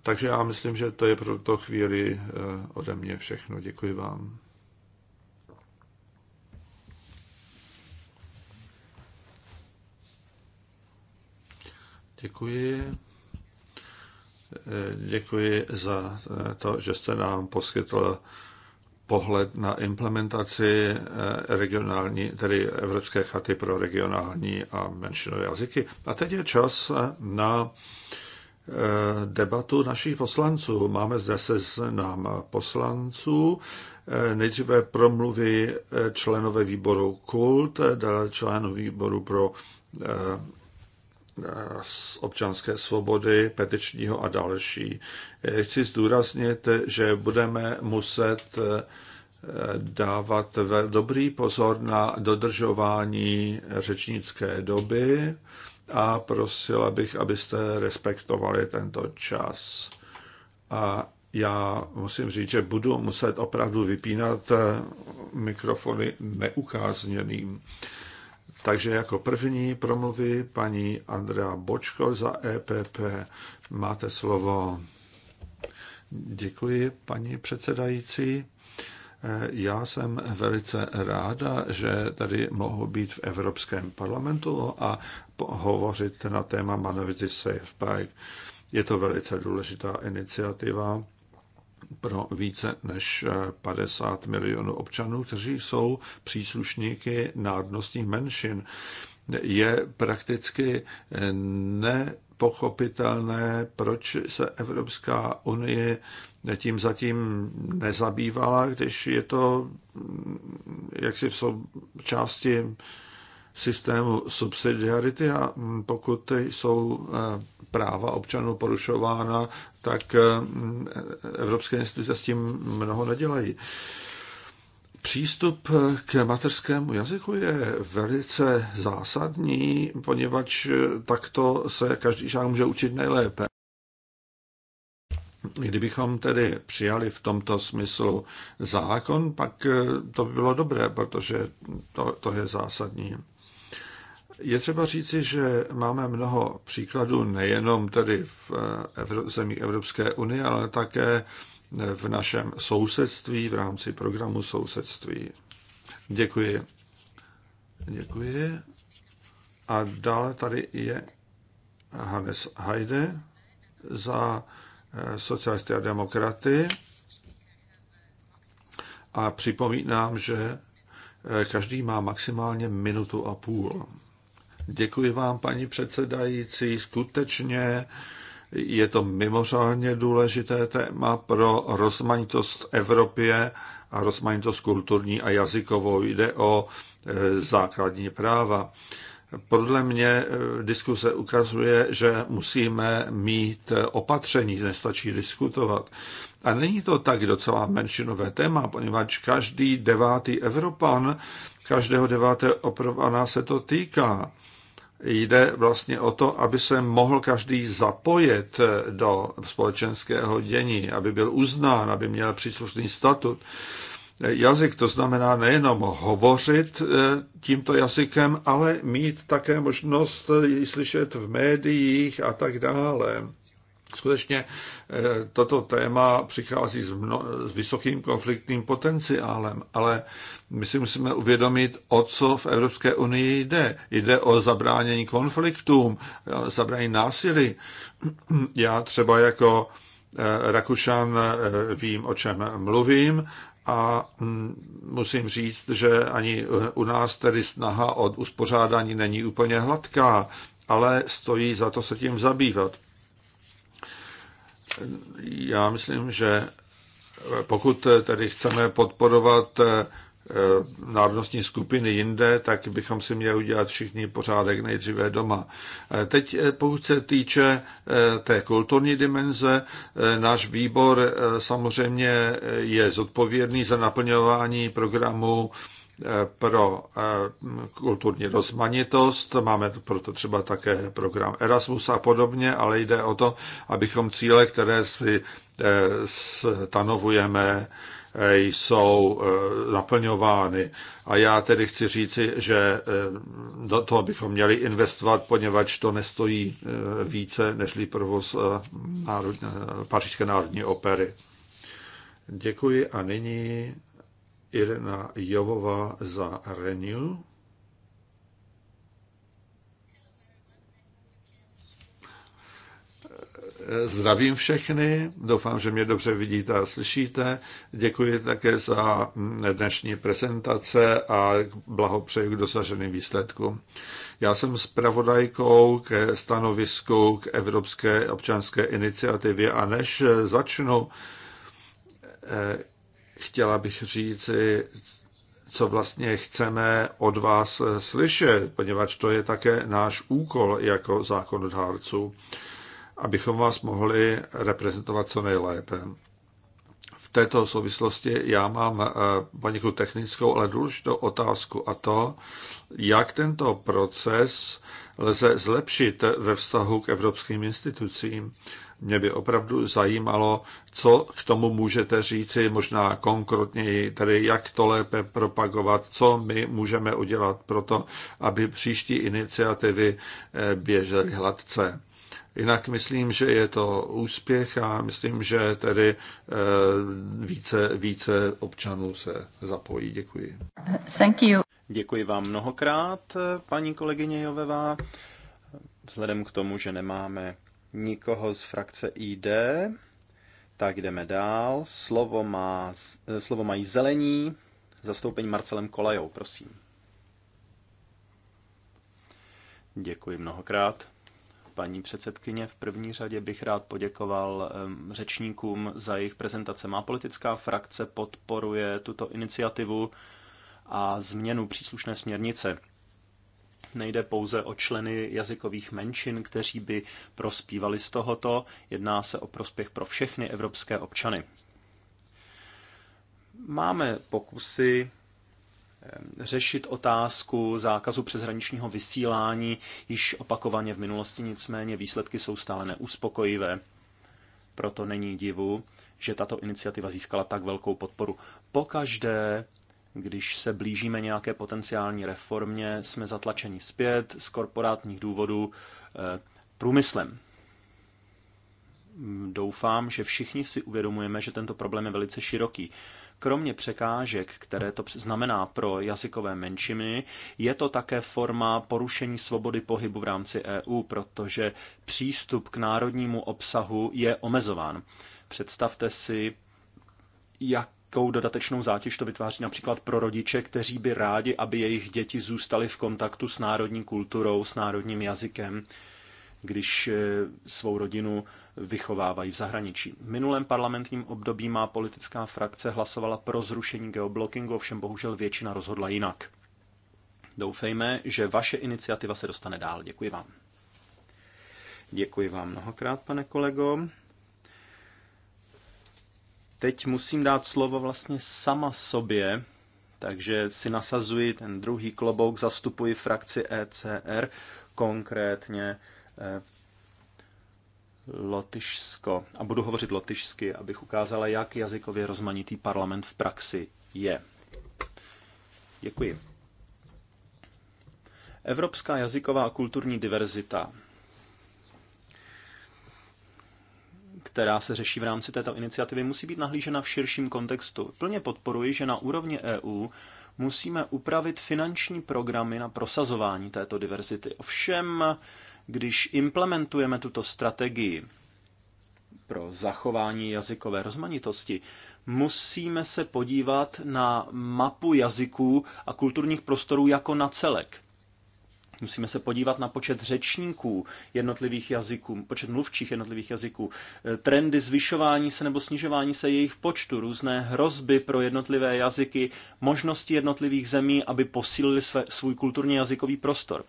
Takže já myslím, že to je pro tuto chvíli eh, ode mě všechno. Děkuji vám. Děkuji. Děkuji za to, že jste nám poskytl pohled na implementaci eh, regionální, tedy Evropské chaty pro regionální a menšinové jazyky. A teď je čas eh, na eh, debatu našich poslanců. Máme zde nám poslanců. Nejdříve promluví členové výboru KULT, dále členové výboru pro z občanské svobody, petičního a další. Chci zdůraznit, že budeme muset eh, dávat dobrý pozor na dodržování řečnické doby a prosila bych, abyste respektovali tento čas. A já musím říct, že budu muset opravdu vypínat eh, mikrofony neukázněným. Takže jako první promluví paní Andrea Bočko za EPP. Máte slovo. Děkuji, paní předsedající. Já jsem velice ráda, že tady mohu být v Evropském parlamentu a hovořit na téma Manovity Safe Bike. Je to velice důležitá iniciativa pro více než 50 eh, milionů občanů, kteří jsou příslušníky národnostních menšin. Je prakticky eh, nepochopitelné, proč se Evropská unie tím zatím nezabývala, když je to mm, jaksi v části systému subsidiarity a mm, pokud jsou eh, práva občanů porušována, tak eh, evropské instituce s tím mnoho nedělají. Přístup k mateřskému jazyku je velice zásadní, poněvadž takto se každý žák může učit nejlépe. Kdybychom tedy přijali v tomto smyslu zákon, pak eh, to by bylo dobré, protože to, to je zásadní. Je třeba říci, že máme mnoho příkladů nejenom tedy v eh, zemích Evropské unie, ale také v našem sousedství, v rámci programu sousedství. Děkuji. Děkuji. A dále tady je Hannes Heide za eh, socialisty a demokraty. A připomínám, že eh, každý má maximálně minutu a půl. Děkuji vám, paní předsedající. Skutečně je to mimořádně důležité téma pro rozmanitost Evropě a rozmanitost kulturní a jazykovou. Jde o e, základní práva. Podle mě e, diskuse ukazuje, že musíme mít opatření, nestačí diskutovat. A není to tak docela menšinové téma, poněvadž každý devátý Evropan, každého devátého Evropana se to týká jde vlastně o to, aby se mohl každý zapojit do společenského dění, aby byl uznán, aby měl příslušný statut. Jazyk to znamená nejenom hovořit eh, tímto jazykem, ale mít také možnost ji eh, slyšet v médiích a tak dále skutečně eh, toto téma přichází s, mno, s vysokým konfliktním potenciálem, ale my si musíme uvědomit, o co v Evropské unii jde. Jde o zabránění konfliktům, eh, zabránění násilí. (clears throat) Já třeba jako eh, Rakušan vím, o čem mluvím, a mm, musím říct, že ani u nás tedy snaha od uspořádání není úplně hladká, ale stojí za to se tím zabývat já myslím, že eh, pokud eh, tedy chceme podporovat eh, národnostní skupiny jinde, tak bychom si měli udělat všichni pořádek nejdříve doma. Teď pokud se týče té kulturní dimenze, náš výbor samozřejmě je zodpovědný za naplňování programu pro eh, kulturní rozmanitost, máme proto třeba také program Erasmus a podobně, ale jde o to, abychom cíle, které si eh, stanovujeme, eh, jsou naplňovány. A já tedy chci říci, že do toho bychom měli investovat, poněvadž to nestojí více než provoz národ, Pařížské národní opery. Děkuji a nyní Irena Jovová za Renew. Zdravím všechny, doufám, že mě dobře vidíte a slyšíte. Děkuji také za dnešní prezentace a blahopřeji k dosaženým výsledkům. Já jsem s pravodajkou ke stanovisku k Evropské občanské iniciativě a než začnu, chtěla bych říci, co vlastně chceme od vás slyšet, poněvadž to je také náš úkol jako zákonodárců, abychom vás mohli reprezentovat co nejlépe. V této souvislosti já mám eh, poněkud technickou, ale důležitou otázku a to, jak tento proces lze zlepšit ve vztahu k evropským institucím. Mě by opravdu zajímalo, co k tomu můžete říci, možná konkrétněji, tedy jak to lépe propagovat, co my můžeme udělat pro to, aby příští iniciativy eh, běžely hladce. Jinak myslím, že je to úspěch a myslím, že tedy eh, více, více občanů se zapojí. Děkuji. Thank you. Děkuji vám mnohokrát, paní kolegyně Jovevá. Vzhledem k tomu, že nemáme nikoho z frakce ID, tak jdeme dál. Slovo, má, eh, slovo mají zelení, zastoupení Marcelem Kolajou, prosím. Děkuji mnohokrát. Paní předsedkyně, v první řadě bych rád poděkoval řečníkům za jejich prezentace. Má politická frakce podporuje tuto iniciativu a změnu příslušné směrnice. Nejde pouze o členy jazykových menšin, kteří by prospívali z tohoto, jedná se o prospěch pro všechny evropské občany. Máme pokusy řešit otázku zákazu přeshraničního vysílání již opakovaně v minulosti, nicméně výsledky jsou stále neuspokojivé. Proto není divu, že tato iniciativa získala tak velkou podporu. Pokaždé, když se blížíme nějaké potenciální reformě, jsme zatlačeni zpět z korporátních důvodů eh, průmyslem. Mm, doufám, že všichni si uvědomujeme, že tento problém je velice široký. Kromě překážek, které to znamená pro jazykové menšiny, je to také forma porušení svobody pohybu v rámci EU, protože přístup k národnímu obsahu je omezován. Představte si, jak jakou dodatečnou zátěž to vytváří například pro rodiče, kteří by rádi, aby jejich děti zůstaly v kontaktu s národní kulturou, s národním jazykem, když eh, svou rodinu vychovávají v zahraničí. V minulém parlamentním období má politická frakce hlasovala pro zrušení geoblockingu, ovšem bohužel většina rozhodla jinak. Doufejme, že vaše iniciativa se dostane dál. Děkuji vám. Děkuji vám mnohokrát, pane kolego teď musím dát slovo vlastně sama sobě, takže si nasazuji ten druhý klobouk, zastupuji frakci ECR, konkrétně eh, Lotyšsko. A budu hovořit lotyšsky, abych ukázala, jak jazykově rozmanitý parlament v praxi je. Děkuji. Evropská jazyková a kulturní diverzita která se řeší v rámci této iniciativy, musí být nahlížena v širším kontextu. Plně podporuji, že na úrovni EU musíme upravit finanční programy na prosazování této diverzity. Ovšem, když implementujeme tuto strategii pro zachování jazykové rozmanitosti, musíme se podívat na mapu jazyků a kulturních prostorů jako na celek. Musíme se podívat na počet řečníků jednotlivých jazyků, počet mluvčích jednotlivých jazyků, e, trendy zvyšování se nebo snižování se jejich počtu, různé hrozby pro jednotlivé jazyky, možnosti jednotlivých zemí, aby posílili své, svůj kulturně jazykový prostor.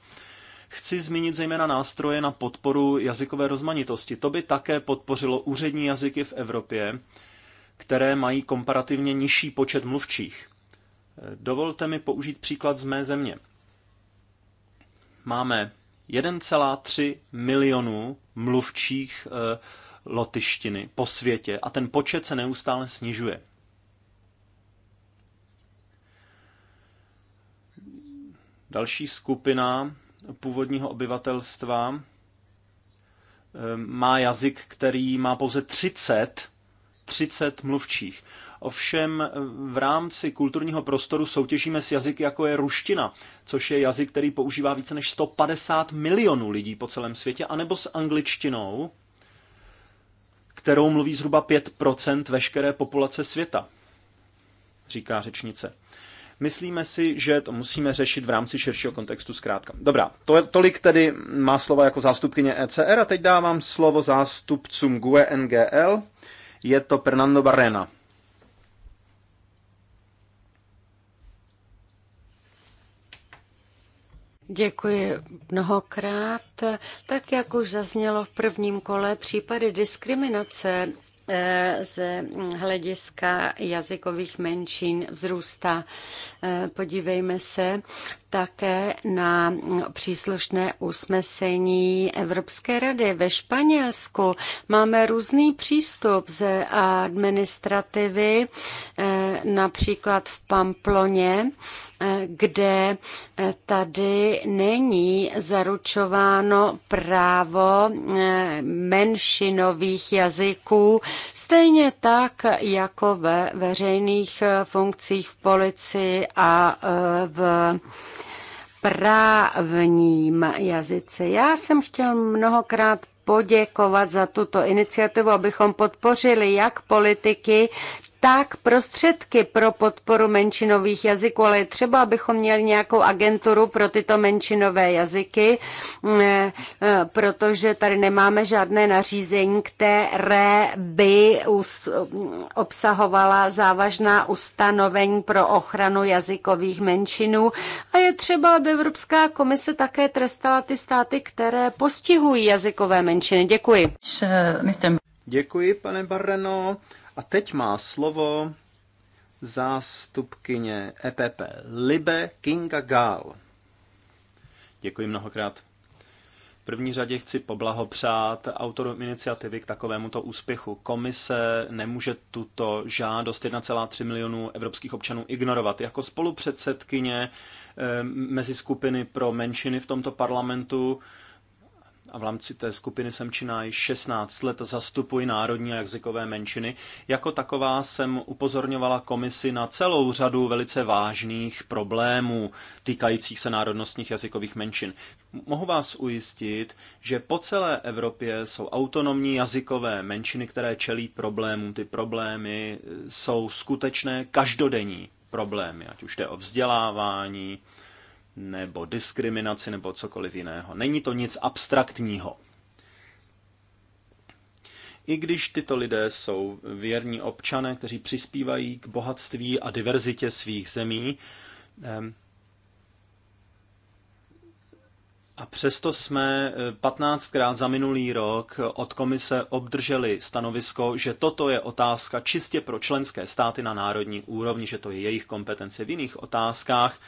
Chci zmínit zejména nástroje na podporu jazykové rozmanitosti. To by také podpořilo úřední jazyky v Evropě, které mají komparativně nižší počet mluvčích. E, dovolte mi použít příklad z mé země máme 1,3 milionů mluvčích eh, lotyštiny po světě a ten počet se neustále snižuje. Další skupina původního obyvatelstva eh, má jazyk, který má pouze 30, 30 mluvčích. Ovšem v rámci kulturního prostoru soutěžíme s jazyky, jako je ruština, což je jazyk, který používá více než 150 milionů lidí po celém světě, anebo s angličtinou, kterou mluví zhruba 5% veškeré populace světa, říká řečnice. Myslíme si, že to musíme řešit v rámci širšího kontextu zkrátka. Dobrá, to je, tolik tedy má slova jako zástupkyně ECR a teď dávám slovo zástupcům GUE NGL. Je to Fernando Barrena. Děkuji mnohokrát. Tak, jak už zaznělo v prvním kole, případy diskriminace eh, z hlediska jazykových menšin vzrůstá. Eh, podívejme se také na příslušné usmesení Evropské rady. Ve Španělsku máme různý přístup ze administrativy, eh, například v Pamploně, eh, kde eh, tady není zaručováno právo menšinových jazyků, stejně tak jako ve veřejných funkcích v policii a v správním jazyce. Já jsem chtěl mnohokrát poděkovat za tuto iniciativu, abychom podpořili jak politiky, tak prostředky pro podporu menšinových jazyků, ale je třeba, abychom měli nějakou agenturu pro tyto menšinové jazyky, mm, eh, protože tady nemáme žádné nařízení, které by obsahovala závažná ustanovení pro ochranu jazykových menšinů. A je třeba, aby Evropská komise také trestala ty státy, které postihují jazykové menšiny. Děkuji. Děkuji, pane Barreno. A teď má slovo zástupkyně EPP Libe Kinga Gál. Děkuji mnohokrát. V první řadě chci poblahopřát autorům iniciativy k takovémuto úspěchu. Komise nemůže tuto žádost 1,3 milionů evropských občanů ignorovat. Jako spolupředsedkyně eh, mezi skupiny pro menšiny v tomto parlamentu a v rámci té skupiny jsem činná 16 let, zastupuji národní a jazykové menšiny. Jako taková jsem upozorňovala komisi na celou řadu velice vážných problémů týkajících se národnostních jazykových menšin. Mohu vás ujistit, že po celé Evropě jsou autonomní jazykové menšiny, které čelí problémům. Ty problémy eh, jsou skutečné každodenní problémy, ať už jde o vzdělávání, nebo diskriminaci nebo cokoliv jiného. Není to nic abstraktního. I když tyto lidé jsou věrní občané, kteří přispívají k bohatství a diverzitě svých zemí, a přesto jsme 15krát eh, za minulý rok od komise obdrželi stanovisko, že toto je otázka čistě pro členské státy na národní úrovni, že to je jejich kompetence v jiných otázkách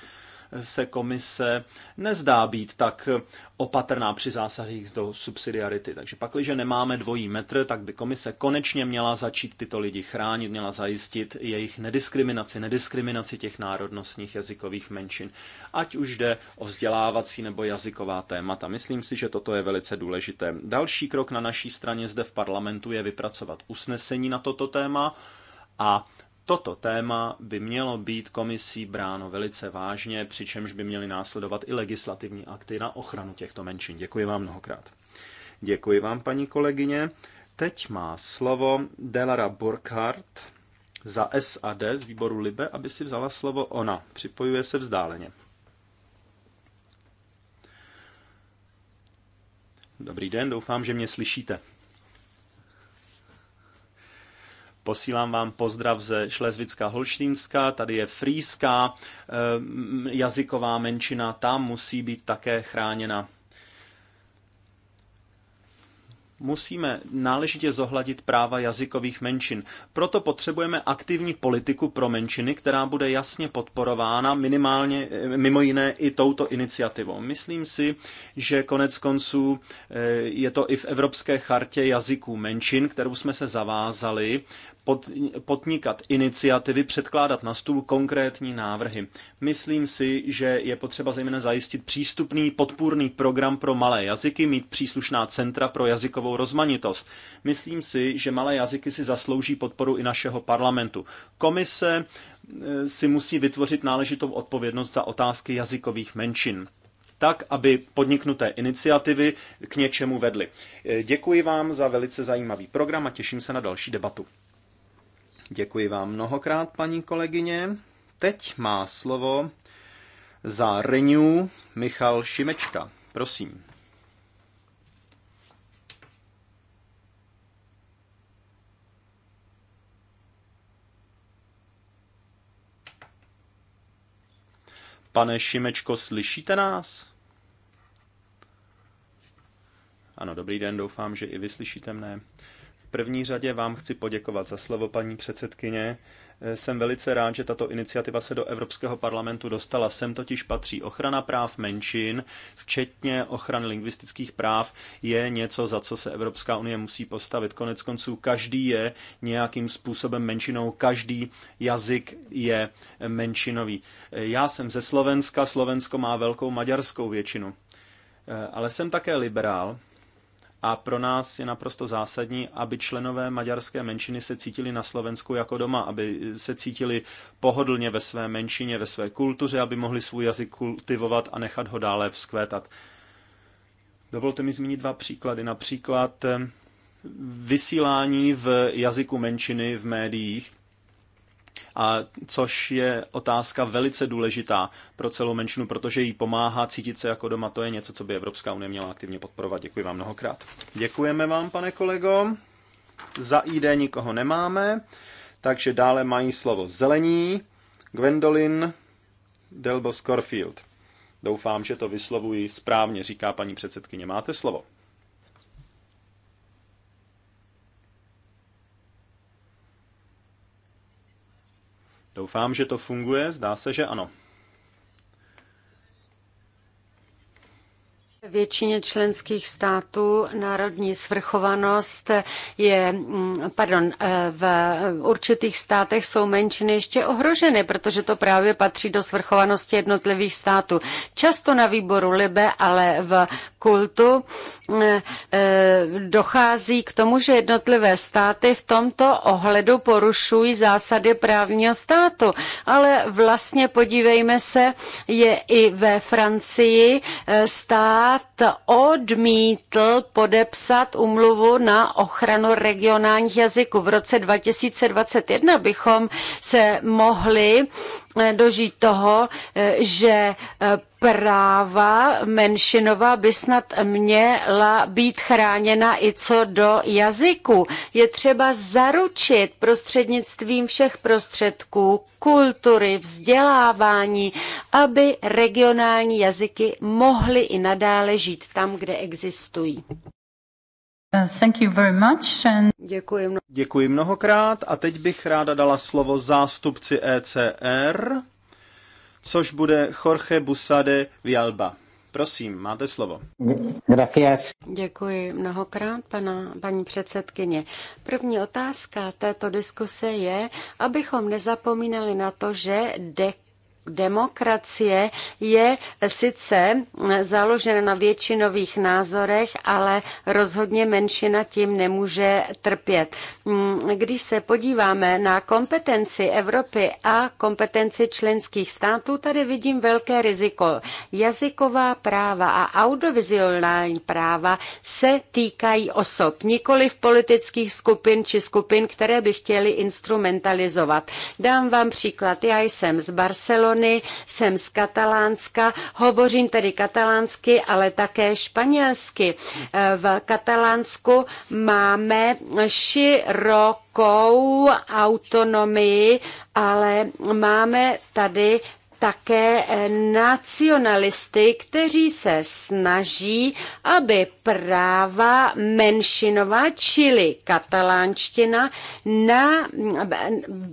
se komise nezdá být tak opatrná při zásahích do subsidiarity. Takže pakliže nemáme dvojí metr, tak by komise konečně měla začít tyto lidi chránit, měla zajistit jejich nediskriminaci, nediskriminaci těch národnostních jazykových menšin, ať už jde o vzdělávací nebo jazyková témata. Myslím si, že toto je velice důležité. Další krok na naší straně zde v parlamentu je vypracovat usnesení na toto téma a Toto téma by mělo být komisí bráno velice vážně, přičemž by měly následovat i legislativní akty na ochranu těchto menšin. Děkuji vám mnohokrát. Děkuji vám, paní kolegyně. Teď má slovo Delara Burkhardt za SAD z výboru Libe, aby si vzala slovo ona. Připojuje se vzdáleně. Dobrý den, doufám, že mě slyšíte. Posílám vám pozdrav ze Šlezvická Holštínska, tady je frýská eh, jazyková menšina, tam musí být také chráněna. Musíme náležitě zohladit práva jazykových menšin. Proto potřebujeme aktivní politiku pro menšiny, která bude jasně podporována minimálně, eh, mimo jiné, i touto iniciativou. Myslím si, že konec konců eh, je to i v Evropské chartě jazyků menšin, kterou jsme se zavázali pod, podnikat iniciativy, předkládat na stůl konkrétní návrhy. Myslím si, že je potřeba zejména zajistit přístupný podpůrný program pro malé jazyky, mít příslušná centra pro jazykovou rozmanitost. Myslím si, že malé jazyky si zaslouží podporu i našeho parlamentu. Komise e, si musí vytvořit náležitou odpovědnost za otázky jazykových menšin tak, aby podniknuté iniciativy k něčemu vedly. E, děkuji vám za velice zajímavý program a těším se na další debatu. Děkuji vám mnohokrát, paní kolegyně. Teď má slovo za Renew Michal Šimečka. Prosím. Pane Šimečko, slyšíte nás? Ano, dobrý den, doufám, že i vy slyšíte mne první řadě vám chci poděkovat za slovo, paní předsedkyně. Eh, jsem velice rád, že tato iniciativa se do Evropského parlamentu dostala. Sem totiž patří ochrana práv menšin, včetně ochrany lingvistických práv, je něco, za co se Evropská unie musí postavit. Konec konců každý je nějakým způsobem menšinou, každý jazyk je eh, menšinový. Eh, já jsem ze Slovenska, Slovensko má velkou maďarskou většinu. Ale jsem také liberál a pro nás je naprosto zásadní, aby členové maďarské menšiny se cítili na Slovensku jako doma, aby se cítili pohodlně ve své menšině, ve své kultuře, aby mohli svůj jazyk kultivovat a nechat ho dále vzkvétat. Dovolte mi zmínit dva příklady. Například eh, vysílání v jazyku menšiny v médiích a což je otázka velice důležitá pro celou menšinu, protože jí pomáhá cítit se jako doma. To je něco, co by Evropská unie měla aktivně podporovat. Děkuji vám mnohokrát. Děkujeme vám, pane kolego. Za ID nikoho nemáme, takže dále mají slovo zelení, Gwendolyn, Delbos Corfield. Doufám, že to vyslovuji správně, říká paní předsedkyně. Máte slovo. Doufám, že to funguje. Zdá se, že ano. většině členských států národní svrchovanost je, mm, pardon, eh, v určitých státech jsou menšiny ještě ohroženy, protože to právě patří do svrchovanosti jednotlivých států. Často na výboru Libe, ale v kultu eh, eh, dochází k tomu, že jednotlivé státy v tomto ohledu porušují zásady právního státu. Ale vlastně podívejme se, je i ve Francii stát, Senát odmítl podepsat umluvu na ochranu regionálních jazyků. V roce 2021 bychom se mohli dožít toho, že práva menšinová by snad měla být chráněna i co do jazyku. Je třeba zaručit prostřednictvím všech prostředků kultury, vzdělávání, aby regionální jazyky mohly i nadále žít tam, kde existují. Uh, thank you very much and... Děkuji, mno... Děkuji mnohokrát a teď bych ráda dala slovo zástupci ECR což bude Jorge Busade Vialba. Prosím, máte slovo. Gracias. Děkuji mnohokrát, pana, paní předsedkyně. První otázka této diskuse je, abychom nezapomínali na to, že dek demokracie je sice založena na většinových názorech, ale rozhodně menšina tím nemůže trpět. Mm, když se podíváme na kompetenci Evropy a kompetenci členských států, tady vidím velké riziko. Jazyková práva a audiovizuální práva se týkají osob, nikoli v politických skupin či skupin, které by chtěly instrumentalizovat. Dám vám příklad. Já jsem z Barcelony, Barcelony, jsem z Katalánska, hovořím tedy katalánsky, ale také španělsky. Eh, v Katalánsku máme širokou autonomii, ale máme tady také eh, nacionalisty, kteří se snaží, aby práva menšinová, čili katalánština, na,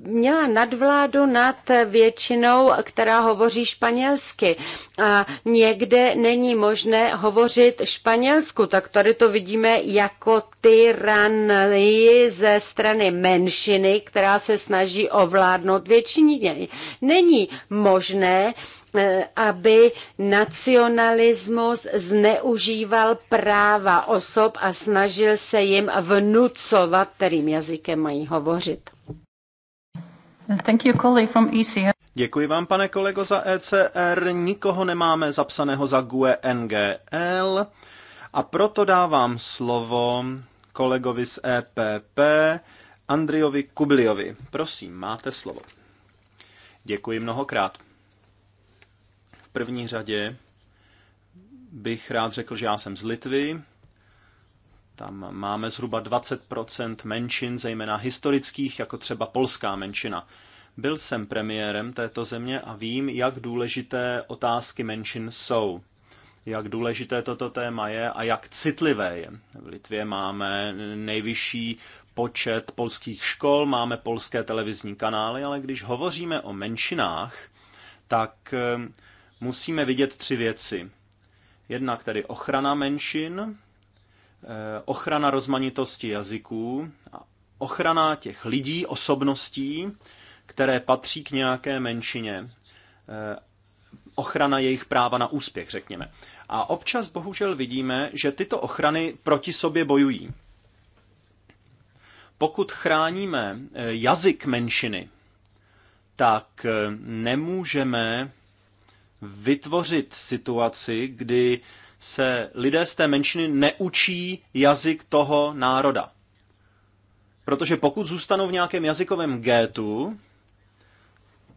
měla nadvládu nad většinou, která hovoří španělsky. A někde není možné hovořit španělsku, tak tady to vidíme jako tyranii ze strany menšiny, která se snaží ovládnout většině. Není možné možné, eh, aby nacionalismus zneužíval práva osob a snažil se jim vnucovat, kterým jazykem mají hovořit. Thank you, from ECR. Děkuji vám, pane kolego, za ECR. Nikoho nemáme zapsaného za GUE NGL a proto dávám slovo kolegovi z EPP, Andriovi Kubliovi. Prosím, máte slovo. Děkuji mnohokrát první řadě bych rád řekl, že já jsem z Litvy. Tam máme zhruba 20% menšin, zejména historických, jako třeba polská menšina. Byl jsem premiérem této země a vím, jak důležité otázky menšin jsou. Jak důležité toto téma je a jak citlivé je. V Litvě máme nejvyšší počet polských škol, máme polské televizní kanály, ale když hovoříme o menšinách, tak musíme vidět tři věci. Jednak tedy ochrana menšin, eh, ochrana rozmanitosti jazyků, ochrana těch lidí, osobností, které patří k nějaké menšině, eh, ochrana jejich práva na úspěch, řekněme. A občas bohužel vidíme, že tyto ochrany proti sobě bojují. Pokud chráníme eh, jazyk menšiny, tak nemůžeme vytvořit situaci, kdy se lidé z té menšiny neučí jazyk toho národa. Protože pokud zůstanou v nějakém jazykovém gétu,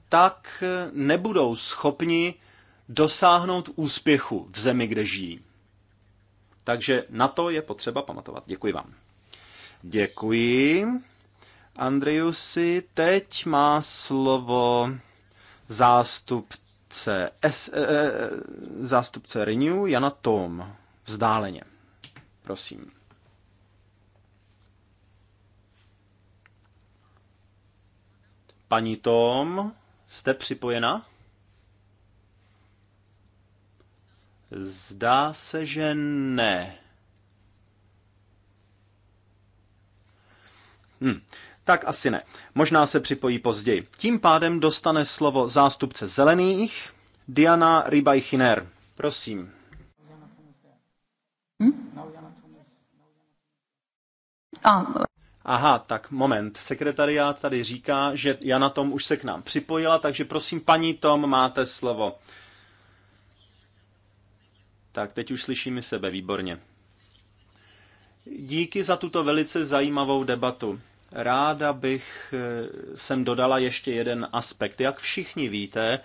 tak nebudou schopni dosáhnout úspěchu v zemi, kde žijí. Takže na to je potřeba pamatovat. Děkuji vám. Děkuji. Andrejusi, teď má slovo zástup CS, eh, eh, zástupce Renew Jana Tom. Vzdáleně. Prosím. Paní Tom, jste připojena? Zdá se, že ne. Hm. Tak asi ne. Možná se připojí později. Tím pádem dostane slovo zástupce zelených Diana Rybajchiner. Prosím. Hm? Aha, tak moment. Sekretariát tady říká, že Jana Tom už se k nám připojila, takže prosím, paní Tom, máte slovo. Tak, teď už slyšíme sebe výborně. Díky za tuto velice zajímavou debatu. Ráda bych eh, sem dodala ještě jeden aspekt. Jak všichni víte,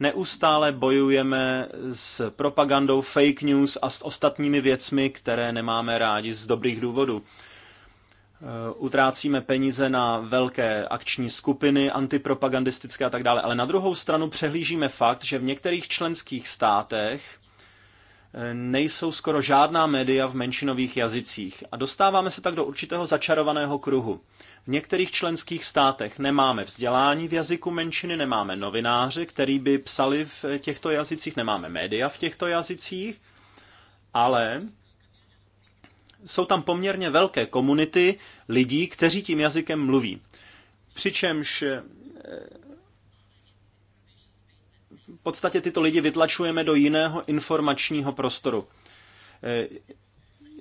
neustále bojujeme s propagandou fake news a s ostatními věcmi, které nemáme rádi z dobrých důvodů. Eh, utrácíme peníze na velké akční skupiny, antipropagandistické a tak dále, ale na druhou stranu přehlížíme fakt, že v některých členských státech eh, nejsou skoro žádná média v menšinových jazycích a dostáváme se tak do určitého začarovaného kruhu. V některých členských státech nemáme vzdělání v jazyku menšiny, nemáme novináře, který by psali v těchto jazycích, nemáme média v těchto jazycích, ale jsou tam poměrně velké komunity lidí, kteří tím jazykem mluví. Přičemž eh, v podstatě tyto lidi vytlačujeme do jiného informačního prostoru. Eh,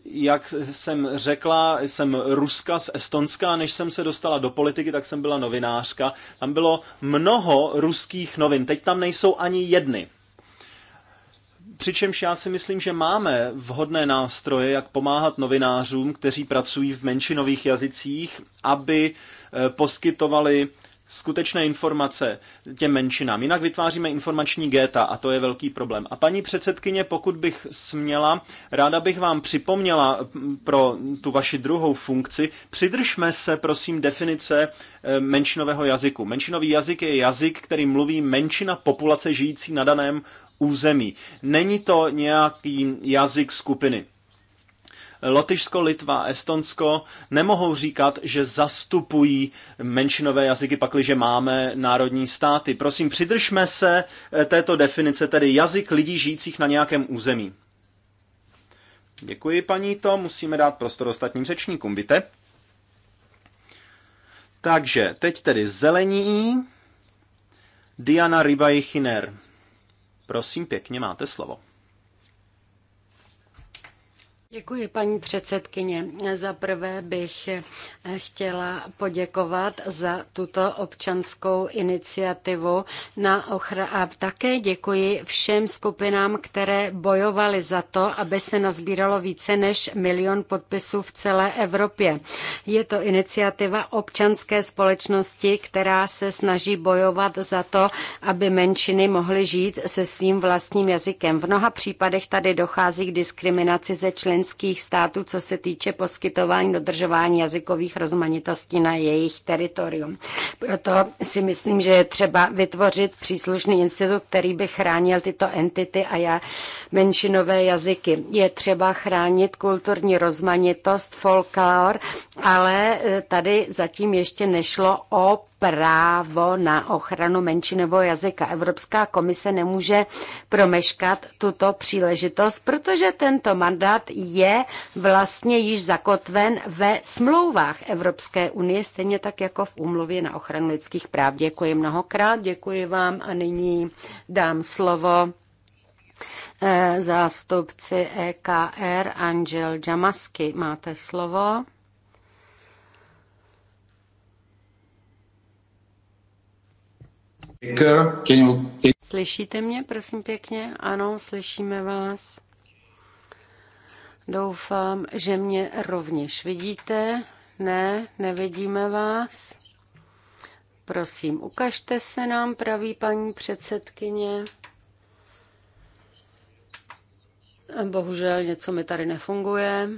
jak jsem řekla, jsem Ruska z Estonska, než jsem se dostala do politiky, tak jsem byla novinářka. Tam bylo mnoho ruských novin, teď tam nejsou ani jedny. Přičemž já si myslím, že máme vhodné nástroje, jak pomáhat novinářům, kteří pracují v menšinových jazycích, aby eh, poskytovali skutečné informace těm menšinám. Jinak vytváříme informační géta a to je velký problém. A paní předsedkyně, pokud bych směla, ráda bych vám připomněla pro tu vaši druhou funkci, přidržme se, prosím, definice e, menšinového jazyku. Menšinový jazyk je jazyk, který mluví menšina populace žijící na daném území. Není to nějaký jazyk skupiny. Lotyšsko, Litva, Estonsko nemohou říkat, že zastupují menšinové jazyky, pakliže máme národní státy. Prosím, přidržme se eh, této definice, tedy jazyk lidí žijících na nějakém území. Děkuji, paní to. Musíme dát prostor ostatním řečníkům, víte? Takže, teď tedy zelení. Diana Ribajchiner. Prosím, pěkně máte slovo. Děkuji, paní předsedkyně. Za prvé bych chtěla poděkovat za tuto občanskou iniciativu na ochra- a také děkuji všem skupinám, které bojovaly za to, aby se nazbíralo více než milion podpisů v celé Evropě. Je to iniciativa občanské společnosti, která se snaží bojovat za to, aby menšiny mohly žít se svým vlastním jazykem. V mnoha případech tady dochází k diskriminaci ze členů členských států, co se týče poskytování dodržování jazykových rozmanitostí na jejich teritorium. Proto si myslím, že je třeba vytvořit příslušný institut, který by chránil tyto entity a já menšinové jazyky. Je třeba chránit kulturní rozmanitost, folklor, ale eh, tady zatím ještě nešlo o právo na ochranu menšinového jazyka. Evropská komise nemůže promeškat tuto příležitost, protože tento mandát je vlastně již zakotven ve smlouvách Evropské unie, stejně tak jako v úmluvě na ochranu lidských práv. Děkuji mnohokrát, děkuji vám a nyní dám slovo eh, zástupci EKR Angel Jamasky. Máte slovo. Slyšíte mě, prosím pěkně? Ano, slyšíme vás. Doufám, že mě rovněž vidíte. Ne, nevidíme vás. Prosím, ukažte se nám, praví paní předsedkyně. Bohužel něco mi tady nefunguje.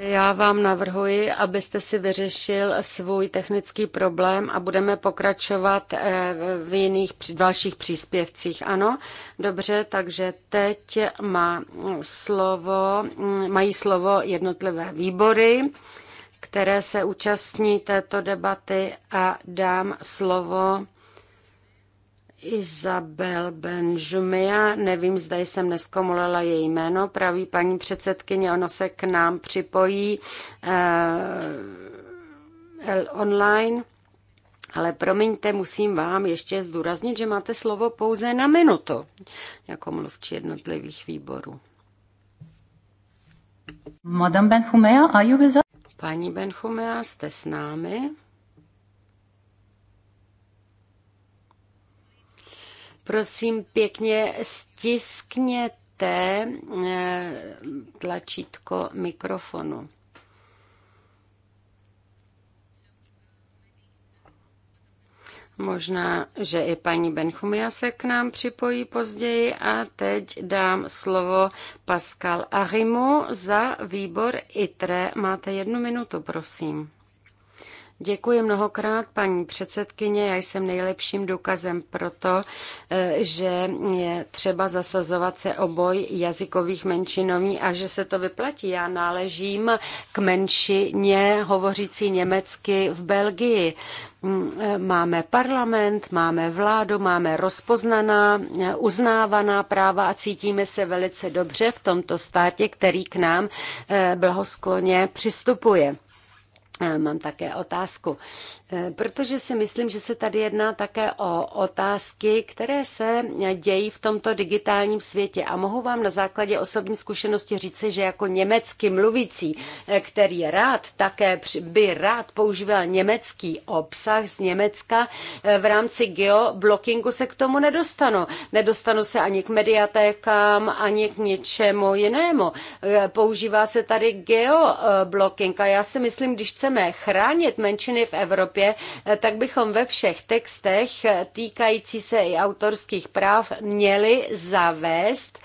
Já vám navrhuji, abyste si vyřešil svůj technický problém a budeme pokračovat eh, v jiných v dalších příspěvcích. Ano, dobře, takže teď má slovo, mm, mají slovo jednotlivé výbory které se účastní této debaty a dám slovo Izabel Benžumia, nevím, zda jsem neskomolila její jméno, praví paní předsedkyně, ona se k nám připojí eh, online, ale promiňte, musím vám ještě zdůraznit, že máte slovo pouze na minutu, jako mluvčí jednotlivých výborů. Madame Benchumea, a Paní Benchumea, jste s námi? Prosím pěkně, stiskněte eh, tlačítko mikrofonu. Možná, že i paní Benchumia se k nám připojí později a teď dám slovo Pascal Arimu za výbor ITRE. Máte jednu minutu, prosím. Děkuji mnohokrát, paní předsedkyně. Já jsem nejlepším důkazem pro to, eh, že je třeba zasazovat se o boj jazykových menšinový a že se to vyplatí. Já náležím k menšině hovořící německy v Belgii. Mm, eh, máme parlament, máme vládu, máme rozpoznaná, eh, uznávaná práva a cítíme se velice dobře v tomto státě, který k nám blahoskloně přistupuje. Mám také otázku. Eh, protože si myslím, že se tady jedná také o otázky, které se dějí v tomto digitálním světě. A mohu vám na základě osobní zkušenosti říci, že jako německy mluvící, eh, který rád také by rád používal německý obsah z Německa, eh, v rámci geoblockingu se k tomu nedostanu. Nedostanu se ani k mediatékám, ani k ničemu jinému. Používá se tady geoblocking a já si myslím, když chceme chránit menšiny v Evropě, Evropě, tak bychom ve všech textech týkající se i autorských práv měli zavést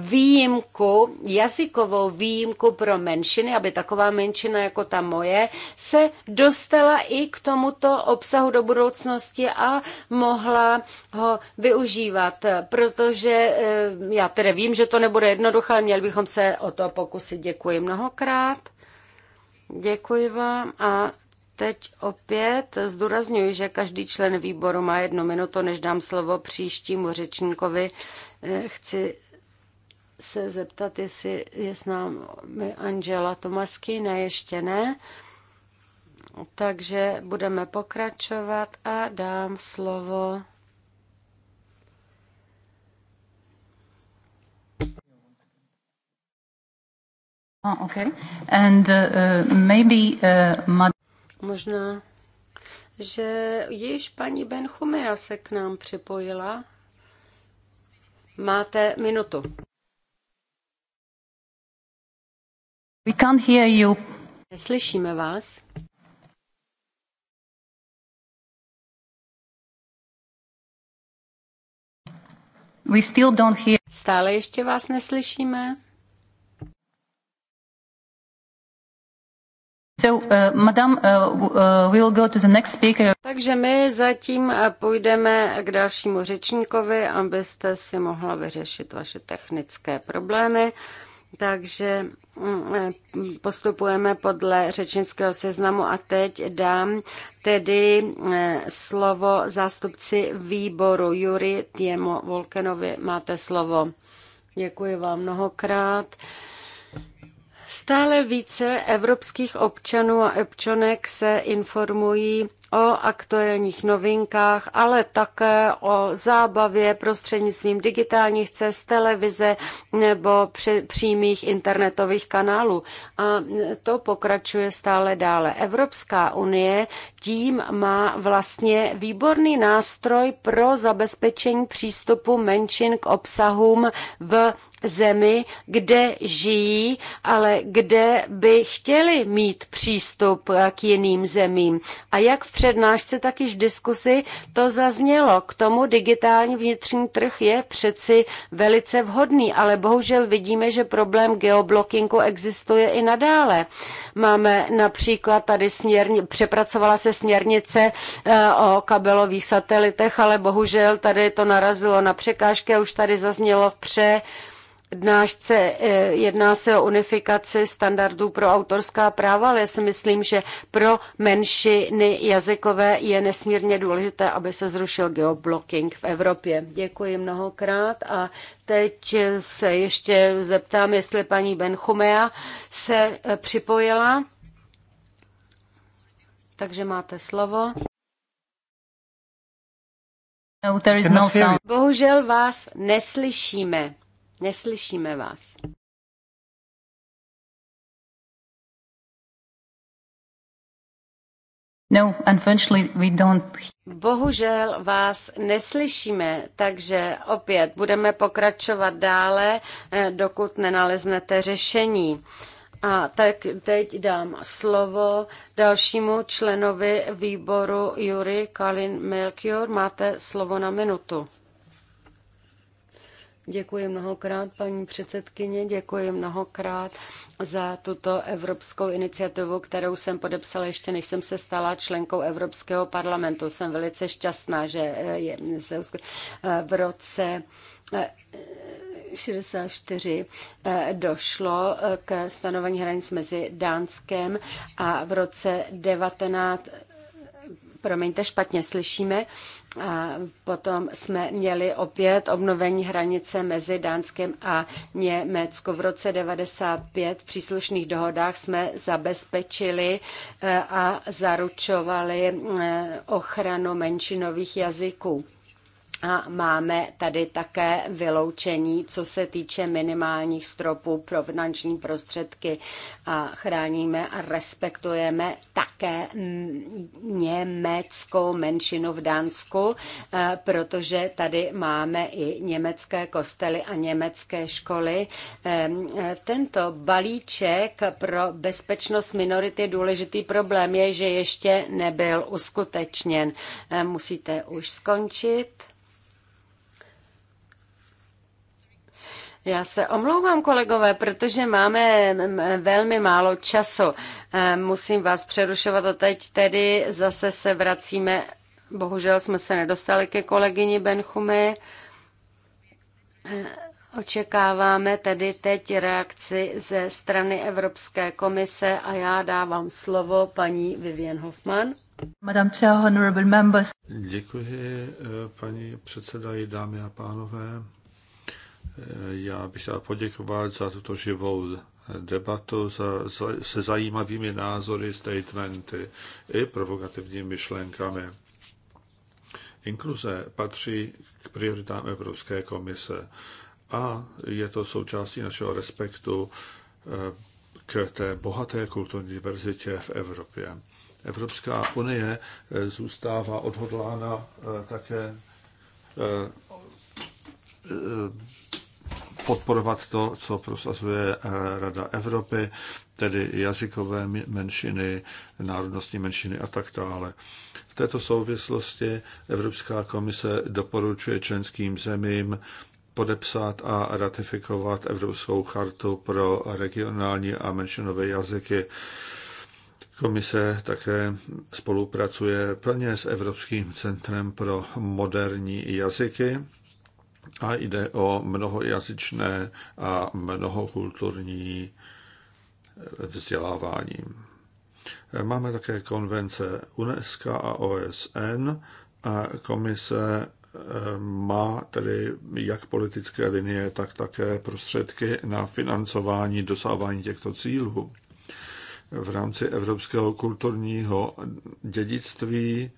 výjimku, jazykovou výjimku pro menšiny, aby taková menšina jako ta moje se dostala i k tomuto obsahu do budoucnosti a mohla ho využívat, protože eh, já tedy vím, že to nebude jednoduché, ale měli bychom se o to pokusit. Děkuji mnohokrát. Děkuji vám a Teď opět zdůraznuju, že každý člen výboru má jednu minutu, než dám slovo příštímu řečníkovi. Eh, chci se zeptat, jestli je s námi Angela Tomasky, ne, ještě ne. Takže budeme pokračovat a dám slovo Oh, okay. And uh, uh maybe uh, Možná, že již paní Benchumea se k nám připojila. Máte minutu. We can't hear you. Neslyšíme vás. We still don't hear. Stále ještě vás neslyšíme. So, uh, madam, uh, uh go to the next speaker. Takže my zatím uh, půjdeme k dalšímu řečníkovi, abyste si mohla vyřešit vaše technické problémy. Takže mm, eh, postupujeme podle řečnického seznamu a teď dám tedy eh, slovo zástupci výboru juri Tiemo Volkenovi. Máte slovo. Děkuji vám mnohokrát. Uh, Stále více evropských občanů a občanek se informují o aktuálních novinkách, ale také o zábavě prostřednictvím digitálních cest, televize nebo při, přímých internetových kanálů. A to pokračuje stále dále. Evropská unie tím má vlastně výborný nástroj pro zabezpečení přístupu menšin k obsahům v zemi, kde žijí, ale kde by chtěli mít přístup k jiným zemím. A jak v přednášce, tak i v diskusi to zaznělo. K tomu digitální vnitřní trh je přeci velice vhodný, ale bohužel vidíme, že problém geoblockingu existuje i nadále. Máme například tady směrně, přepracovala se směrnice eh, o kabelových satelitech, ale bohužel tady to narazilo na překážky a už tady zaznělo v pře Dnášce eh, Jedná se o unifikaci standardů pro autorská práva, ale já si myslím, že pro menšiny jazykové je nesmírně důležité, aby se zrušil geoblocking v Evropě. Děkuji mnohokrát a teď se ještě zeptám, jestli paní Benchumea se eh, připojila. Takže máte slovo. No, there is no sound. Bohužel vás neslyšíme. Neslyšíme vás. No, unfortunately we don't. Bohužel vás neslyšíme, takže opět budeme pokračovat dále, eh, dokud nenaleznete řešení. A tak teď dám slovo dalšímu členovi výboru Jury Kalin Melchior. Máte slovo na minutu. Děkuji mnohokrát, paní předsedkyně, děkuji mnohokrát za tuto evropskou iniciativu, kterou jsem podepsala ještě než jsem se stala členkou Evropského parlamentu. Jsem velice šťastná, že eh, je, se eh, v roce 64 eh, došlo k stanovení hranic mezi Dánskem a v roce 19 promiňte, špatně slyšíme. A potom jsme měli opět obnovení hranice mezi Dánskem a Německo. V roce 95 v příslušných dohodách jsme zabezpečili eh, a zaručovali eh, ochranu menšinových jazyků. A máme tady také vyloučení, co se týče minimálních stropů pro finanční prostředky a chráníme a respektujeme také německou menšinu v Dánsku, eh, protože tady máme i německé kostely a německé školy. Eh, tento balíček pro bezpečnost minority je důležitý problém je, že ještě nebyl uskutečněn. Eh, musíte už skončit. Já se omlouvám, kolegové, protože máme velmi málo času. Eh, musím vás přerušovat a teď tedy zase se vracíme. Bohužel jsme se nedostali ke kolegyni Benchumy. Eh, očekáváme tedy teď reakci ze strany Evropské komise a já dávám slovo paní Vivian Hoffman. Madame, Chair, honorable members. Děkuji, eh, paní předsedají, dámy a pánové. Já bych chtěl poděkovat za tuto živou debatu za, za, se zajímavými názory, statementy i provokativními myšlenkami. Inkluze patří k prioritám Evropské komise a je to součástí našeho respektu eh, k té bohaté kulturní diverzitě v Evropě. Evropská unie eh, zůstává odhodlána eh, také podporovat to, co prosazuje eh, Rada Evropy, tedy jazykové menšiny, národnostní menšiny a tak dále. V této souvislosti Evropská komise doporučuje členským zemím podepsat a ratifikovat Evropskou chartu pro regionální a menšinové jazyky. Komise také spolupracuje plně s Evropským centrem pro moderní jazyky a jde o mnohojazyčné a mnohokulturní eh, vzdělávání. Máme také konvence UNESCO a OSN a komise eh, má tedy jak politické linie, tak také prostředky na financování dosávání těchto cílů. V rámci evropského kulturního dědictví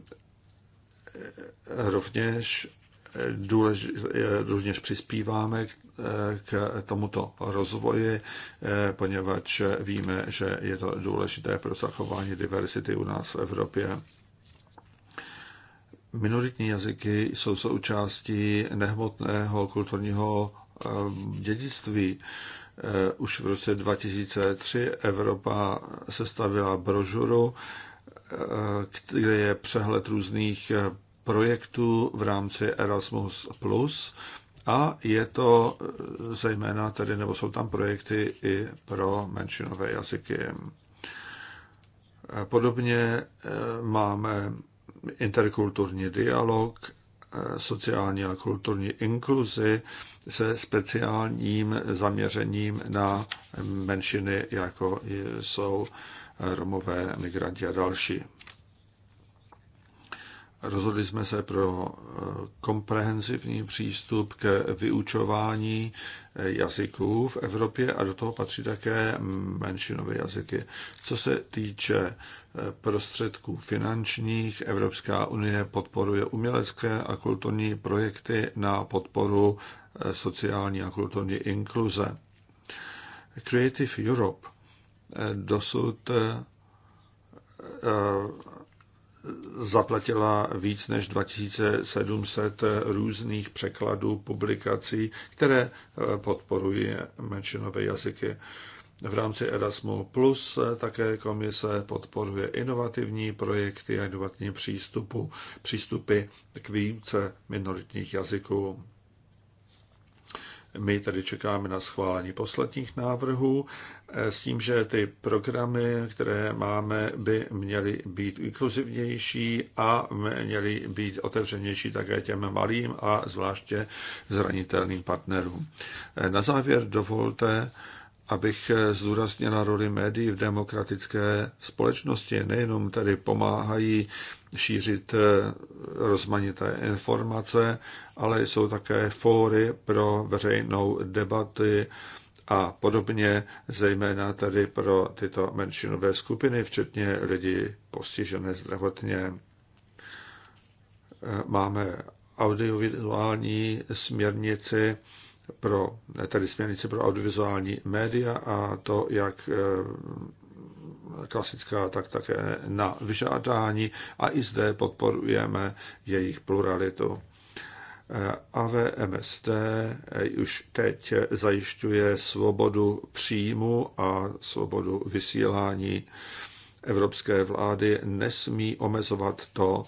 eh, rovněž důležitě, přispíváme k tomuto rozvoji, poněvadž víme, že je to důležité pro zachování diverzity u nás v Evropě. Minoritní jazyky jsou součástí nehmotného kulturního eh, dědictví. Eh, už v roce 2003 Evropa sestavila brožuru, eh, kde je přehled různých projektu v rámci Erasmus+, Plus a je to eh, zejména tedy, nebo jsou tam projekty i pro menšinové jazyky. Eh, podobně eh, máme interkulturní dialog, sociální a kulturní inkluzi se speciálním zaměřením na menšiny, jako jsou Romové, migranti a další. Rozhodli jsme se pro eh, komprehensivní přístup k vyučování eh, jazyků v Evropě a do toho patří také menšinové jazyky. Co se týče eh, prostředků finančních, Evropská unie podporuje umělecké a kulturní projekty na podporu sociální a kulturní inkluze. Creative Europe dosud zaplatila víc než 2700 různých překladů, publikací, které eh, podporují menšinové jazyky. V rámci Erasmu Plus eh, také komise podporuje inovativní projekty a inovativní přístupu, přístupy k výuce minoritních jazyků. My tady čekáme na schválení posledních návrhů eh, s tím, že ty programy, které máme, by měly být inkluzivnější a měly být otevřenější také těm malým a zvláště zranitelným partnerům. Eh, na závěr dovolte, abych na roli médií v demokratické společnosti. Nejenom tedy pomáhají šířit eh, rozmanité informace, ale jsou také fóry pro veřejnou debaty a podobně, zejména tedy pro tyto menšinové skupiny, včetně lidí postižené zdravotně. Eh, máme audiovizuální směrnici, pro, tedy směrnici pro audiovizuální média a to jak eh, klasická, tak také na vyžádání a i zde podporujeme jejich pluralitu. Eh, AVMST eh, už teď zajišťuje svobodu příjmu a svobodu vysílání evropské vlády nesmí omezovat to,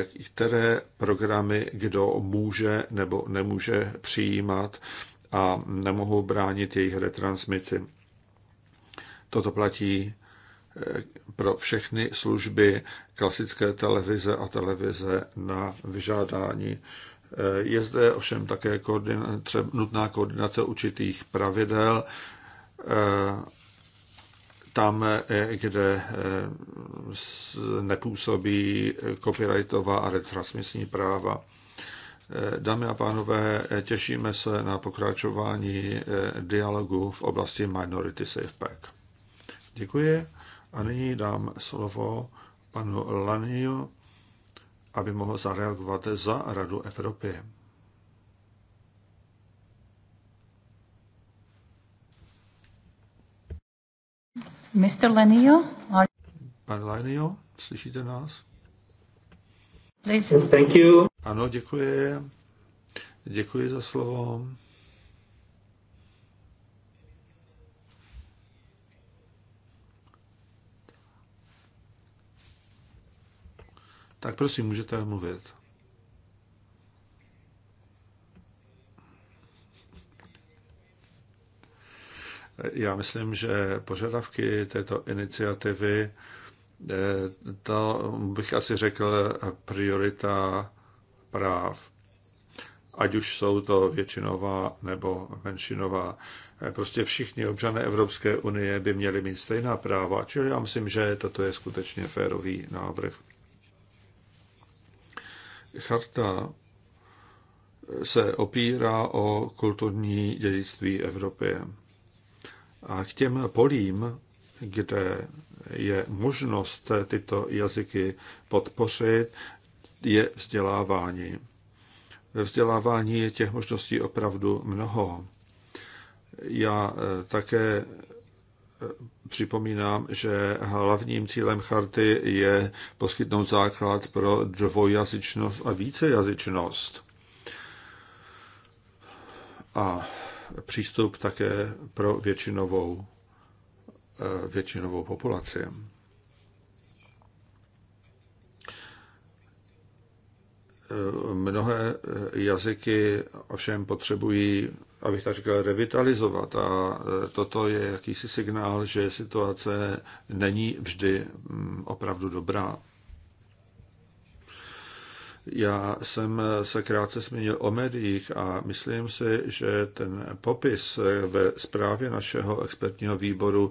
eh, které programy kdo může nebo nemůže přijímat a nemohou bránit jejich retransmici. Toto platí eh, pro všechny služby klasické televize a televize na vyžádání. Eh, je zde ovšem také koordinace, nutná koordinace určitých pravidel tam, eh, kde eh, nepůsobí copyrightová a retransmisní práva. Eh, dámy a pánové, těšíme se na pokračování dialogu v oblasti Minority Safe Pack. Děkuji a nyní dám slovo panu Lanio, aby mohl zareagovat za Radu Evropy. Mr. Lenio? Are... Pan Lenio, slyšíte nás? Please. Thank you. Ano, děkuji. Děkuji za slovo. Tak prosím, můžete mluvit. Já myslím, že požadavky této iniciativy, eh, to bych asi řekl priorita práv. Ať už jsou to většinová nebo menšinová. Eh, prostě všichni občané Evropské unie by měli mít stejná práva, čili já myslím, že toto je skutečně férový návrh. Charta eh, se opírá o kulturní dědictví Evropy. A k těm polím, kde je možnost tyto jazyky podpořit, je vzdělávání. Ve vzdělávání je těch možností opravdu mnoho. Já eh, také eh, připomínám, že hlavním cílem charty je poskytnout základ pro dvojazyčnost a vícejazyčnost. A přístup také pro většinovou, eh, většinovou populaci. Eh, mnohé eh, jazyky ovšem potřebují, abych tak říkal, revitalizovat a toto je jakýsi signál, že situace není vždy mm, opravdu dobrá. Já jsem se krátce zmínil o médiích a myslím si, že ten popis ve zprávě našeho expertního výboru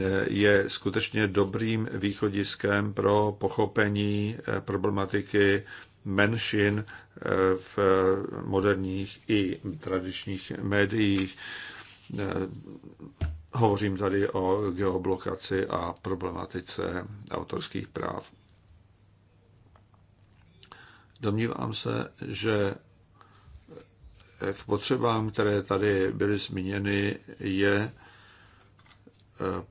eh, je skutečně dobrým východiskem pro pochopení eh, problematiky menšin eh, v moderních i tradičních médiích. Hovořím tady o geoblokaci a problematice autorských práv. Domnívám se, že k potřebám, které tady byly zmíněny, je eh,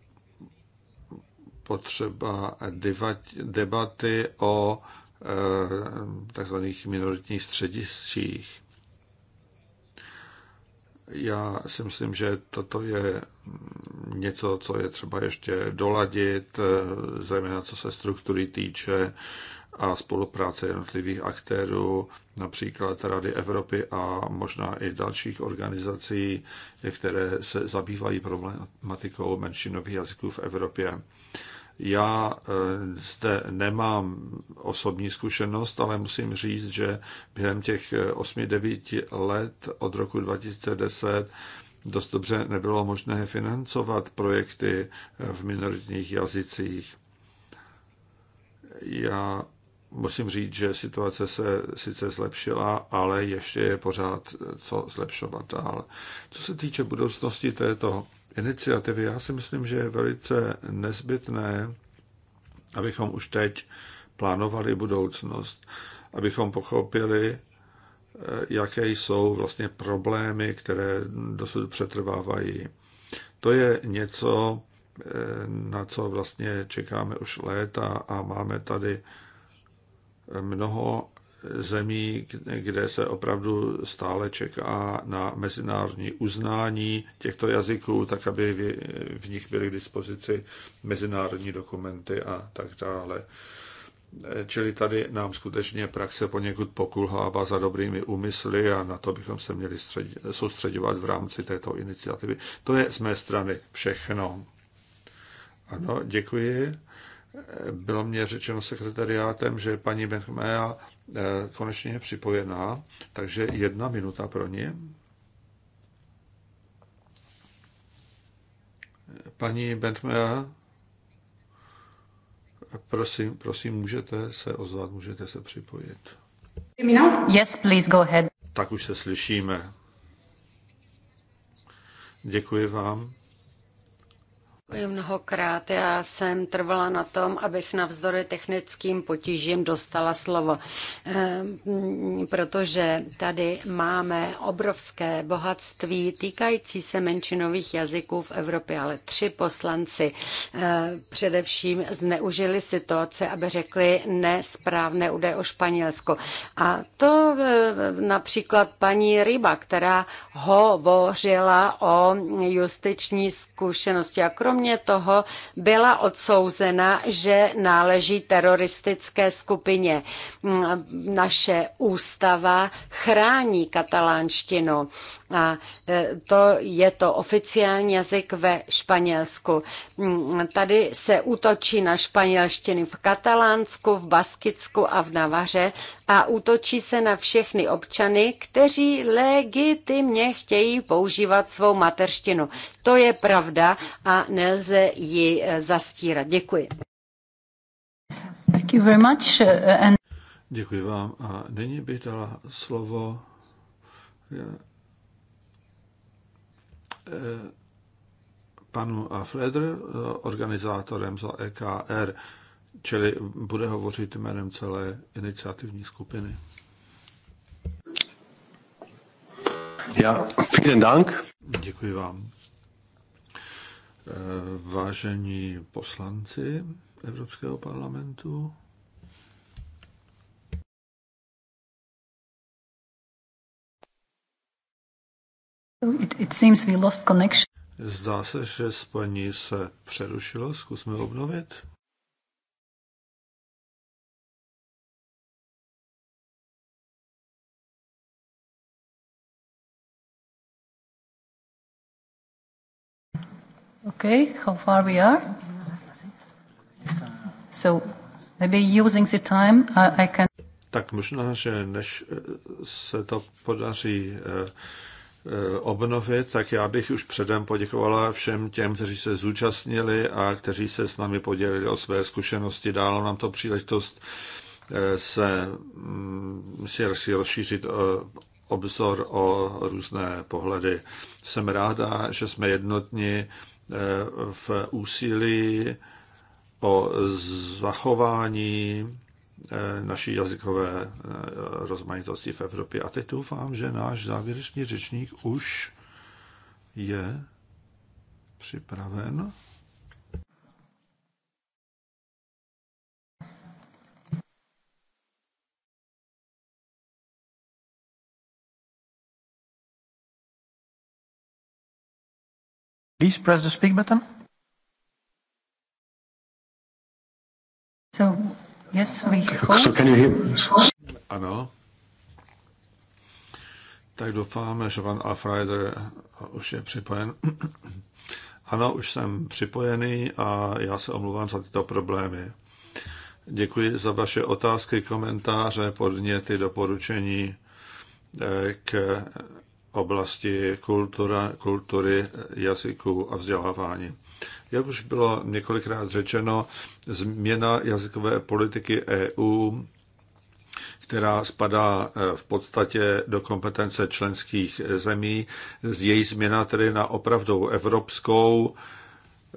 potřeba debaty o eh, takzvaných minoritních střediscích. Já si myslím, že toto je něco, co je třeba ještě doladit, eh, zejména co se struktury týče, a spolupráce jednotlivých aktérů, například Rady Evropy a možná i dalších organizací, které se zabývají problematikou menšinových jazyků v Evropě. Já eh, zde nemám osobní zkušenost, ale musím říct, že během těch 8-9 eh, let od roku 2010 dost dobře nebylo možné financovat projekty eh, v minoritních jazycích. Já musím říct, že situace se sice zlepšila, ale ještě je pořád eh, co zlepšovat dál. Co se týče budoucnosti této iniciativy, já si myslím, že je velice nezbytné, abychom už teď plánovali budoucnost, abychom pochopili, eh, jaké jsou vlastně problémy, které dosud přetrvávají. To je něco, eh, na co vlastně čekáme už léta a máme tady mnoho zemí, kde se opravdu stále čeká na mezinárodní uznání těchto jazyků, tak aby v nich byly k dispozici mezinárodní dokumenty a tak dále. Čili tady nám skutečně praxe poněkud pokulhává za dobrými úmysly a na to bychom se měli soustředovat v rámci této iniciativy. To je z mé strany všechno. Ano, děkuji. Bylo mě řečeno sekretariátem, že paní Benchmea eh, konečně je připojená, takže jedna minuta pro ně. Paní Bentmea, prosím, prosím, můžete se ozvat, můžete se připojit. Yes, please go ahead. Tak už se slyšíme. Děkuji vám. Mnohokrát já jsem trvala na tom, abych navzdory technickým potížím dostala slovo, ehm, protože tady máme obrovské bohatství týkající se menšinových jazyků v Evropě, ale tři poslanci eh, především zneužili situace, aby řekli nesprávné údaje o Španělsku. A to eh, například paní Ryba, která hovořila o justiční zkušenosti a kromě kromě toho byla odsouzena, že náleží teroristické skupině. Mm, naše ústava chrání katalánštinu a e, to je to oficiální jazyk ve Španělsku. Mm, tady se útočí na španělštiny v Katalánsku, v Baskicku a v Navaře a útočí se na všechny občany, kteří legitimně chtějí používat svou materštinu. To je pravda a nelze ji e, zastírat. Děkuji. Thank you very much. Uh, and... Děkuji vám a nyní bych dala slovo panu Fledr, organizátorem za EKR, čili bude hovořit jménem celé iniciativní skupiny. Já, vielen Dank. Děkuji vám. Eh, vážení poslanci Evropského parlamentu, Zdá se, že spojení se přerušilo. Zkusme obnovit. Okay, how far we are? So maybe using the time I, uh, I can... Tak možná, že než eh, se to podaří uh, Eh, obnovit, tak já bych už předem poděkovala všem těm, kteří se zúčastnili a kteří se s námi podělili o své zkušenosti. Dálo nám to příležitost eh, se mm, si rozšířit eh, obzor o různé pohledy. Jsem ráda, že jsme jednotní v úsilí o zachování Eh, naší jazykové eh, rozmanitosti v Evropě. A teď doufám, že náš závěrečný řečník už je připraven. Please press the speak button. So Yes, So jako can you hear? Ano. Tak doufáme, že pan Alfreider už je připojen. (clears throat) Ano, už jsem připojený a já se omluvám za tyto problémy. Děkuji za vaše otázky, komentáře, podněty, doporučení eh, k oblasti kultura, kultury, jazyku a vzdělávání. Jak už bylo několikrát řečeno, změna jazykové politiky EU která spadá eh, v podstatě do kompetence členských zemí. z Její změna tedy na opravdu evropskou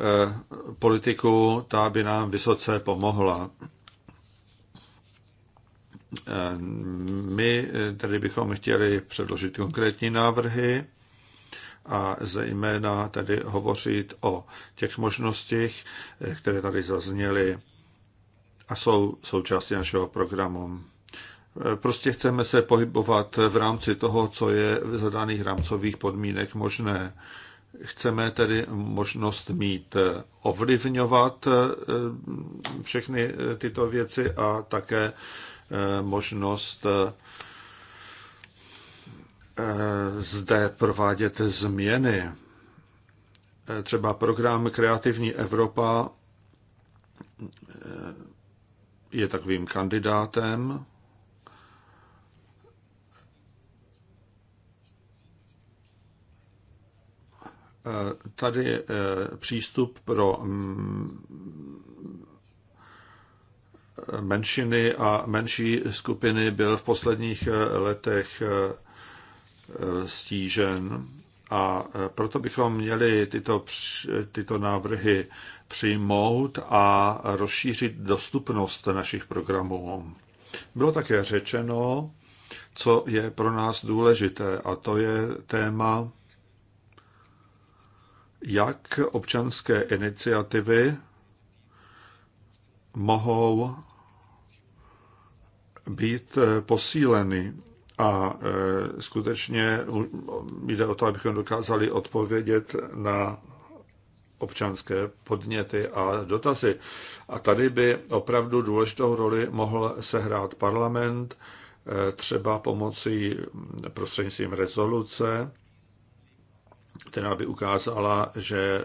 eh, politiku, ta by nám vysoce pomohla. Eh, my tedy bychom chtěli předložit konkrétní návrhy a zejména tedy hovořit o těch možnostech, které tady zazněly a jsou součástí našeho programu. Prostě chceme se pohybovat v rámci toho, co je za daných rámcových podmínek možné. Chceme tedy možnost mít ovlivňovat eh, všechny tyto věci a také eh, možnost eh, Eh, zde provádět změny. Eh, třeba program Kreativní Evropa eh, je takovým kandidátem. Tady přístup pro mm, menšiny a menší skupiny byl v posledních letech Eh, stížen a eh, proto bychom měli tyto, tyto návrhy přijmout a rozšířit dostupnost našich programů. Bylo také řečeno, co je pro nás důležité, a to je téma, jak občanské iniciativy mohou být eh, posíleny a e, skutečně jde o to, abychom dokázali odpovědět na občanské podněty a dotazy. A tady by opravdu důležitou roli mohl sehrát parlament, e, třeba pomocí prostřednictvím rezoluce, která by ukázala, že e,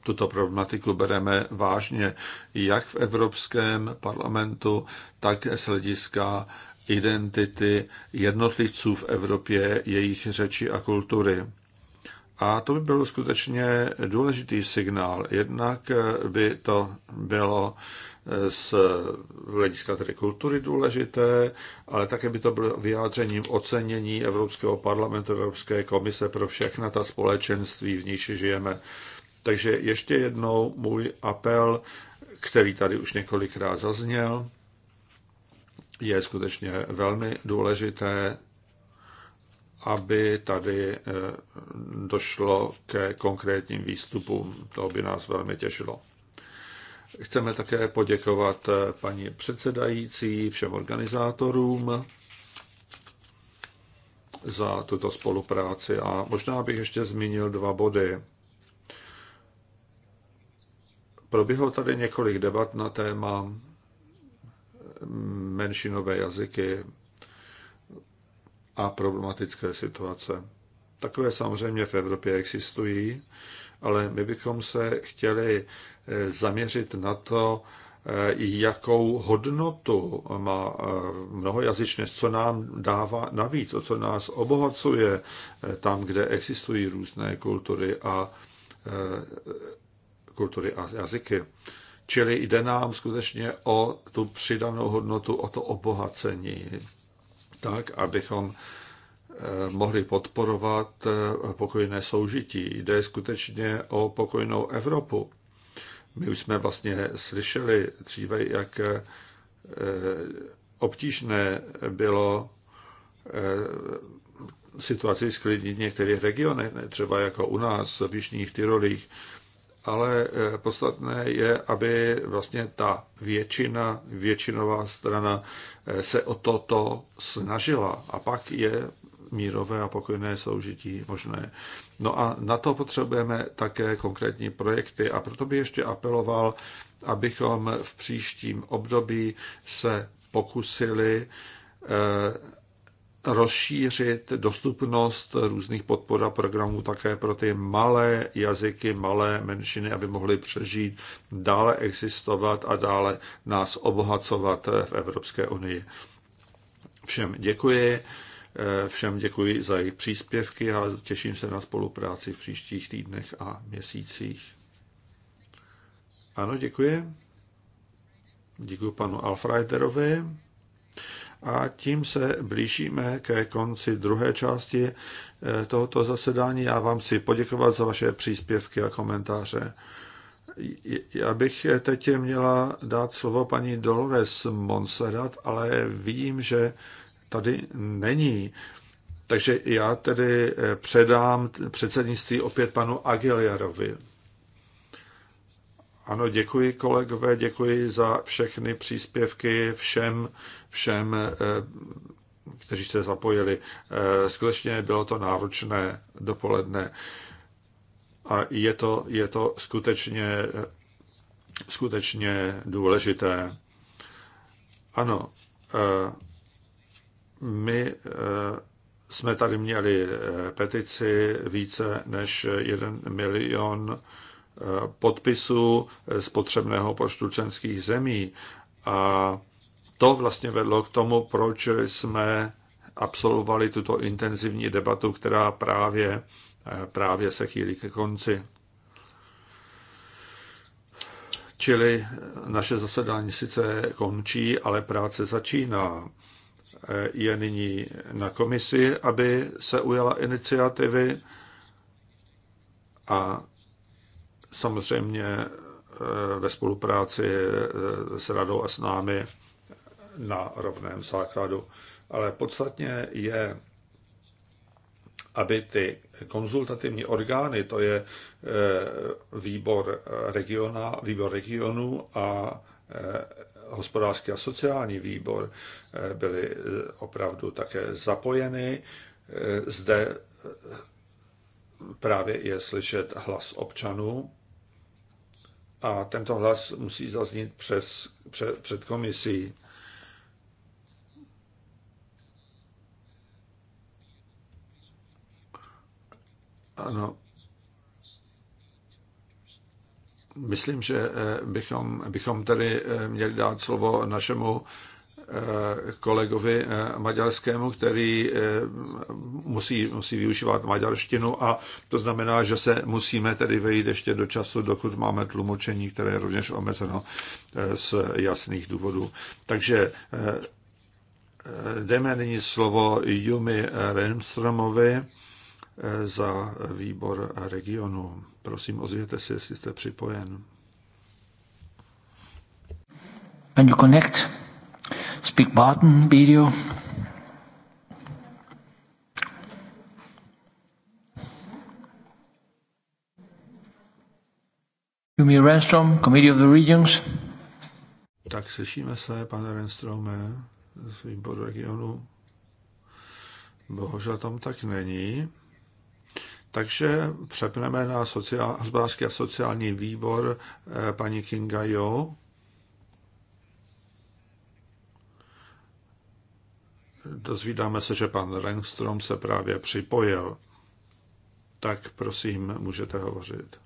tuto problematiku bereme vážně jak v Evropském parlamentu, tak z hlediska identity jednotlivců v Evropě, jejich řeči a kultury. A to by byl skutečně důležitý signál. Jednak by to bylo z hlediska tedy kultury důležité, ale také by to bylo vyjádřením ocenění Evropského parlamentu, Evropské komise pro všechna ta společenství, v níž žijeme. Takže ještě jednou můj apel, který tady už několikrát zazněl, je skutečně velmi důležité, aby tady eh, došlo ke konkrétním výstupům. To by nás velmi těšilo. Chceme také poděkovat eh, paní předsedající, všem organizátorům za tuto spolupráci. A možná bych ještě zmínil dva body. Proběhlo tady několik debat na téma menšinové jazyky a problematické situace. Takové samozřejmě v Evropě existují, ale my bychom se chtěli eh, zaměřit na to, eh, jakou hodnotu má eh, mnohojazyčnost, co nám dává navíc, o co nás obohacuje tam, kde existují různé kultury a kultury a jazyky. Čili jde nám skutečně o tu přidanou hodnotu, o to obohacení, tak, abychom eh, mohli podporovat eh, pokojné soužití. Jde skutečně o pokojnou Evropu. My už jsme vlastně slyšeli dříve, jak eh, obtížné bylo situaci sklidnit v některých regionech, třeba jako u nás v Jižních Tyrolích, ale eh, podstatné je, aby vlastně ta většina, většinová strana eh, se o toto snažila a pak je mírové a pokojné soužití možné. No a na to potřebujeme také konkrétní projekty a proto bych ještě apeloval, abychom v příštím období se pokusili eh, rozšířit dostupnost různých podpor a programů také pro ty malé jazyky, malé menšiny, aby mohly přežít, dále existovat a dále nás obohacovat v Evropské unii. Všem děkuji, všem děkuji za jejich příspěvky a těším se na spolupráci v příštích týdnech a měsících. Ano, děkuji. Děkuji panu Alfreiterovi. A tím se blížíme ke konci druhé části eh, tohoto zasedání. Já vám chci poděkovat za vaše příspěvky a komentáře. Já bych teď měla dát slovo paní Dolores Monserrat, ale vím, že tady není. Takže já tedy eh, předám předsednictví opět panu Aguilarovi. Ano, děkuji kolegové, děkuji za všechny příspěvky všem, všem, eh, kteří se zapojili. Eh, skutečně bylo to náročné dopoledne. A je to, je to skutečně, skutečně důležité. Ano, eh, my jsme tady měli petici více než jeden milion podpisu z potřebného počtu členských zemí. A to vlastně vedlo k tomu, proč jsme absolvovali tuto intenzivní debatu, která právě, právě se chýlí ke konci. Čili naše zasedání sice končí, ale práce začíná. Je nyní na komisi, aby se ujala iniciativy a samozřejmě eh, ve spolupráci eh, s radou a s námi na rovném základu. Ale podstatně je, aby ty konzultativní orgány, to je eh, výbor, regiona, výbor regionu a hospodářský a sociální výbor, byly opravdu také zapojeny. Zde právě je slyšet hlas občanů a tento hlas musí zaznít přes, před, před komisí. Ano. Myslím, že eh, bychom, bychom tedy eh, měli dát slovo našemu kolegovi eh, maďarskému, který eh, musí, musí využívat maďarštinu a to znamená, že se musíme tedy vejít ještě do času, dokud máme tlumočení, které je rovněž omezeno eh, z jasných důvodů. Takže jdeme nyní slovo Jumi Remstromovi za výbor regionu. Prosím, ozvěte se, jestli jste připojen. Can you connect? speak button video. Jumi Renstrom, Committee of the Regions. Tak slyšíme se, pane Renstrome, z výboru regionu. Bohužel tam tak není. Takže přepneme na sociál, hospodářský a sociální výbor eh, paní Kinga Jo. dozvídáme se, že pan Rengstrom se právě připojil. Tak prosím, můžete hovořit.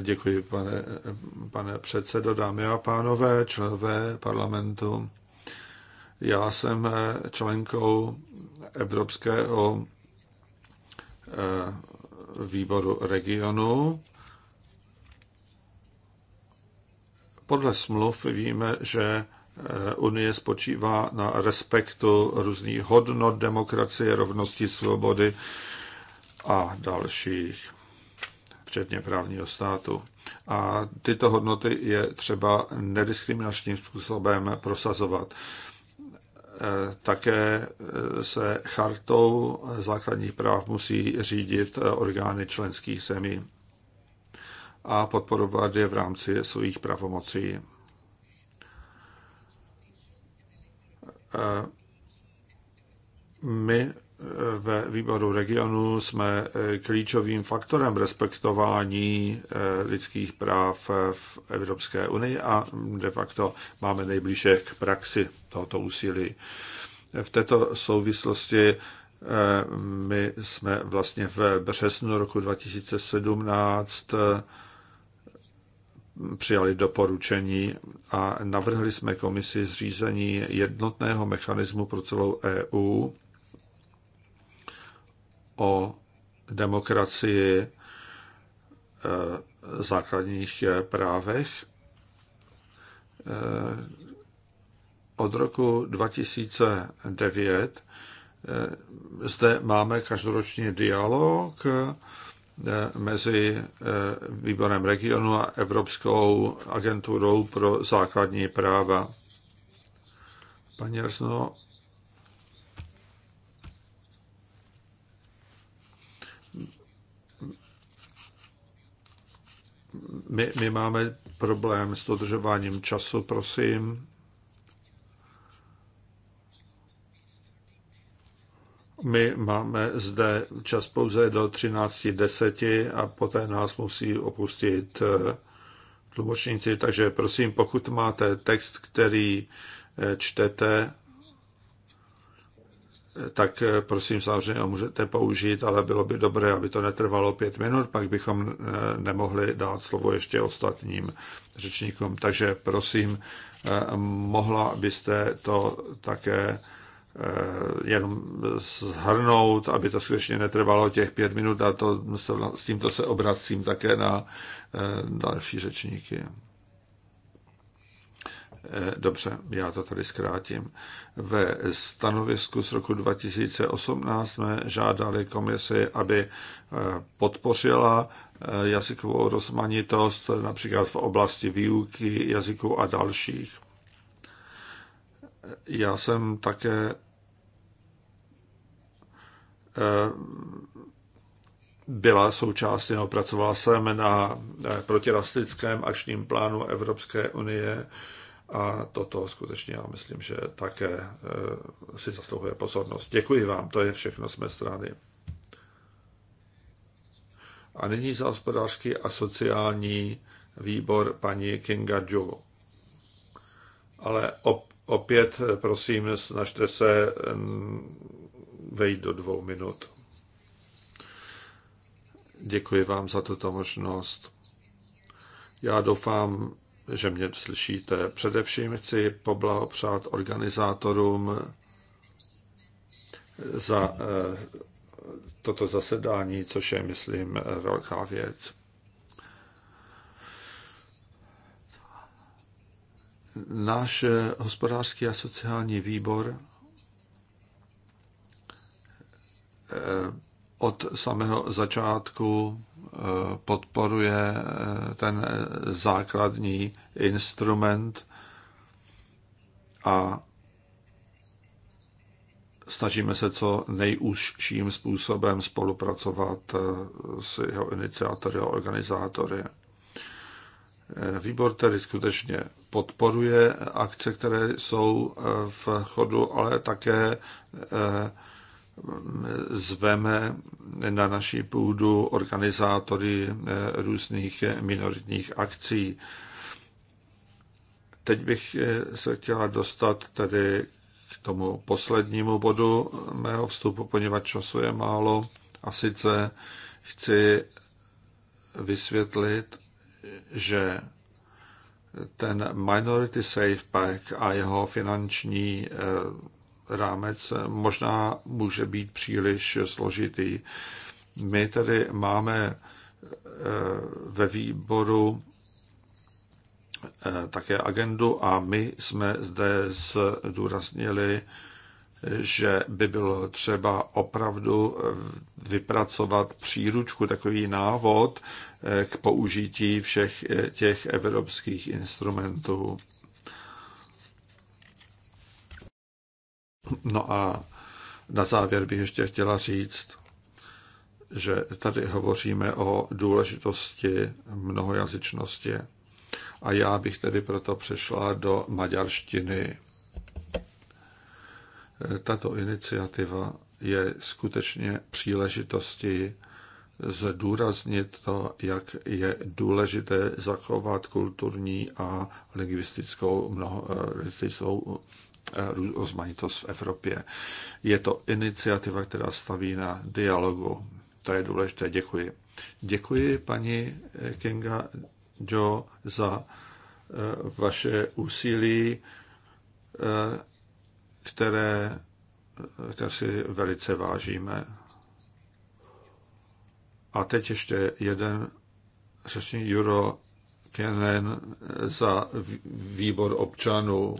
Děkuji, pane, pane předsedo, dámy a pánové, členové parlamentu. Já jsem členkou Evropského eh, výboru regionu Podle smluv víme, že eh, Unie spočívá na respektu různých hodnot demokracie, rovnosti, svobody a dalších, včetně právního státu. A tyto hodnoty je třeba nediskriminačním způsobem prosazovat. Eh, také eh, se chartou základních práv musí řídit orgány členských zemí a podporovat je v rámci svých pravomocí. Eh, my eh, ve výboru regionu jsme eh, klíčovým faktorem respektování lidských práv v Evropské unii a de facto máme nejblíže k praxi tohoto úsilí. V této souvislosti my jsme vlastně v březnu roku 2017 přijali doporučení a navrhli jsme komisi zřízení jednotného mechanismu pro celou EU o demokracii, e, základních právech. E, od roku 2009 e, zde máme každoročně dialog Eh, mezi eh, výborem regionu a Evropskou agenturou pro základní práva. Paní Arsno, my, my máme problém s dodržováním času, prosím. my máme zde čas pouze do 13.10 a poté nás musí opustit eh, tlumočníci, takže prosím, pokud máte text, který eh, čtete, eh, tak prosím samozřejmě ho můžete použít, ale bylo by dobré, aby to netrvalo pět minut, pak bychom nemohli dát slovo ještě ostatním řečníkům. Takže prosím, mohla byste to také Eh, jenom zhrnout, aby to skutečně netrvalo těch pět minut a to s tímto se obracím také na eh, další řečníky. Eh, dobře, já to tady zkrátím. Ve stanovisku z roku 2018 jsme žádali komisi, aby podpořila jazykovou rozmanitost, například v oblasti výuky jazyků a dalších. Já jsem také Eh, byla součástí, no, pracovala jsem na eh, protirastickém akčním plánu Evropské unie a toto skutečně já myslím, že také eh, si zasluhuje pozornost. Děkuji vám, to je všechno z mé strany. A nyní za hospodářský a sociální výbor paní Kinga Ju. Ale op, opět, prosím, snažte se mm, vejít do dvou minut. Děkuji vám za tuto možnost. Já doufám, že mě slyšíte. Především chci poblahopřát organizátorům za eh, toto zasedání, což je, myslím, velká věc. Náš hospodářský a sociální výbor od samého začátku eh, podporuje eh, ten základní instrument a snažíme se co nejúžším způsobem spolupracovat eh, s jeho iniciátory a organizátory. Výbor tedy skutečně podporuje akce, které jsou v chodu, ale také zveme na naší půdu organizátory eh, různých eh, minoritních akcí. Teď bych eh, se chtěla dostat tedy k tomu poslednímu bodu mého vstupu, poněvadž času je málo. A sice chci vysvětlit, že ten Minority Safe Pack a jeho finanční rámec možná může být příliš složitý. My tedy máme eh, ve výboru eh, také agendu a my jsme zde zdůraznili, že by bylo třeba opravdu eh, vypracovat příručku, takový návod k použití všech těch evropských instrumentů. No a na závěr bych ještě chtěla říct, že tady hovoříme o důležitosti mnohojazyčnosti. A já bych tedy proto přešla do maďarštiny. Tato iniciativa je skutečně příležitostí zdůraznit to, jak je důležité zachovat kulturní a lingvistickou, mnoho, rozmanitost v Evropě. Je to iniciativa, která staví na dialogu. To je důležité. Děkuji. Děkuji paní Kinga Jo za eh, vaše úsilí, eh, které, eh, které si velice vážíme. A teď ještě jeden řečník Juro Kenen za výbor občanů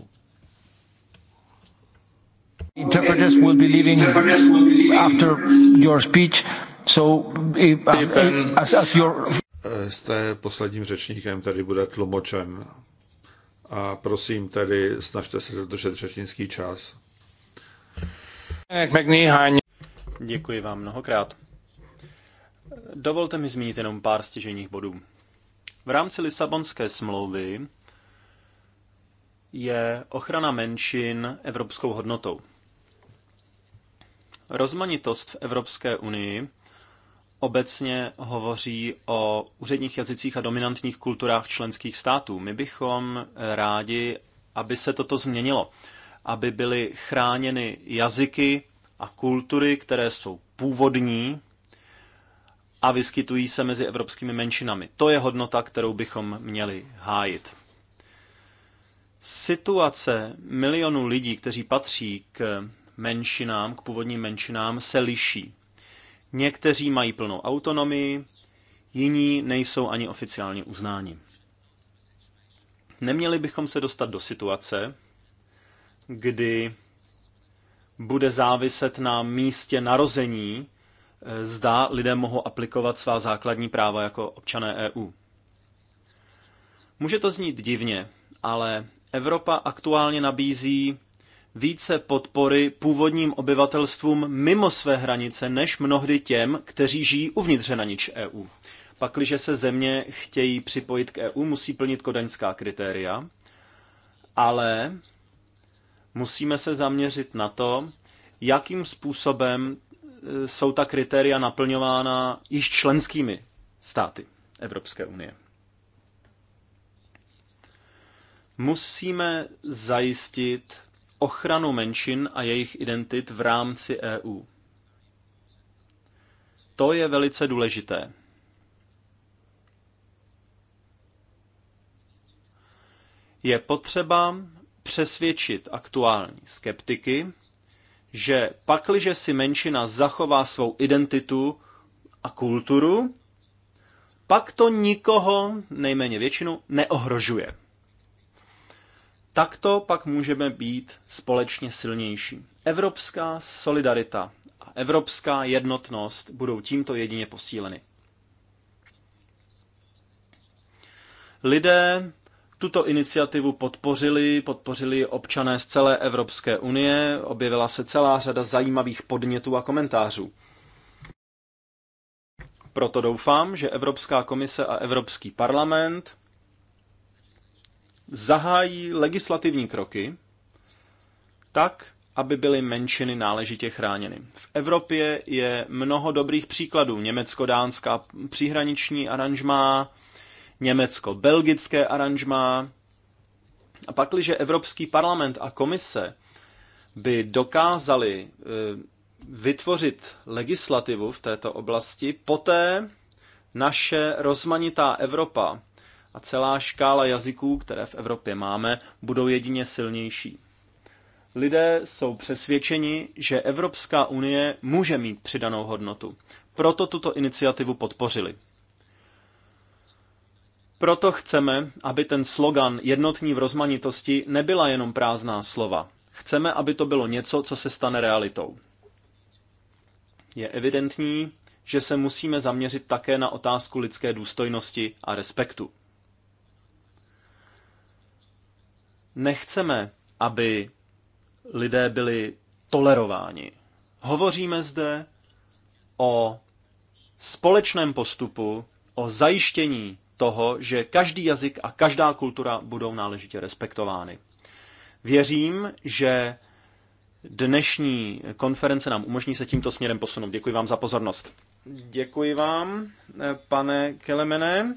Interpreters will be leaving after your speech, so as, as your... Eh, jste posledním řečníkem, tady bude tlumočen. A prosím tedy, snažte se dodržet řečnický čas. Děkuji vám mnohokrát. Dovolte mi zmínit jenom pár stěžejních bodů. V rámci Lisabonské smlouvy je ochrana menšin evropskou hodnotou. Rozmanitost v Evropské unii obecně hovoří o úředních jazycích a dominantních kulturách členských států. My bychom rádi, aby se toto změnilo, aby byly chráněny jazyky a kultury, které jsou původní a vyskytují se mezi evropskými menšinami. To je hodnota, kterou bychom měli hájit. Situace milionů lidí, kteří patří k menšinám, k původním menšinám, se liší. Někteří mají plnou autonomii, jiní nejsou ani oficiálně uznáni. Neměli bychom se dostat do situace, kdy bude záviset na místě narození, eh, zda lidé mohou aplikovat svá základní práva jako občané EU. Může to znít divně, ale Evropa aktuálně nabízí více podpory původním obyvatelstvům mimo své hranice, než mnohdy těm, kteří žijí uvnitř hranic EU. Pakliže se země chtějí připojit k EU, musí plnit kodaňská kritéria, ale musíme se zaměřit na to, jakým způsobem e, jsou ta kritéria naplňována již členskými státy Evropské unie. Musíme zajistit ochranu menšin a jejich identit v rámci EU. To je velice důležité. Je potřeba přesvědčit aktuální skeptiky, že pakliže si menšina zachová svou identitu a kulturu, pak to nikoho, nejméně většinu, neohrožuje. Takto pak můžeme být společně silnější. Evropská solidarita a evropská jednotnost budou tímto jedině posíleny. Lidé tuto iniciativu podpořili, podpořili občané z celé Evropské unie, objevila se celá řada zajímavých podnětů a komentářů. Proto doufám, že Evropská komise a Evropský parlament zahájí legislativní kroky tak, aby byly menšiny náležitě chráněny. V Evropě je mnoho dobrých příkladů. Německo-dánská příhraniční aranžmá, německo-belgické aranžmá. A pakliže Evropský parlament a komise by dokázali e, vytvořit legislativu v této oblasti, poté naše rozmanitá Evropa a celá škála jazyků, které v Evropě máme, budou jedině silnější. Lidé jsou přesvědčeni, že Evropská unie může mít přidanou hodnotu. Proto tuto iniciativu podpořili. Proto chceme, aby ten slogan jednotní v rozmanitosti nebyla jenom prázdná slova. Chceme, aby to bylo něco, co se stane realitou. Je evidentní, že se musíme zaměřit také na otázku lidské důstojnosti a respektu. Nechceme, aby lidé byli tolerováni. Hovoříme zde o společném postupu, o zajištění toho, že každý jazyk a každá kultura budou náležitě respektovány. Věřím, že dnešní konference nám umožní se tímto směrem posunout. Děkuji vám za pozornost. Děkuji vám, pane Kelemene.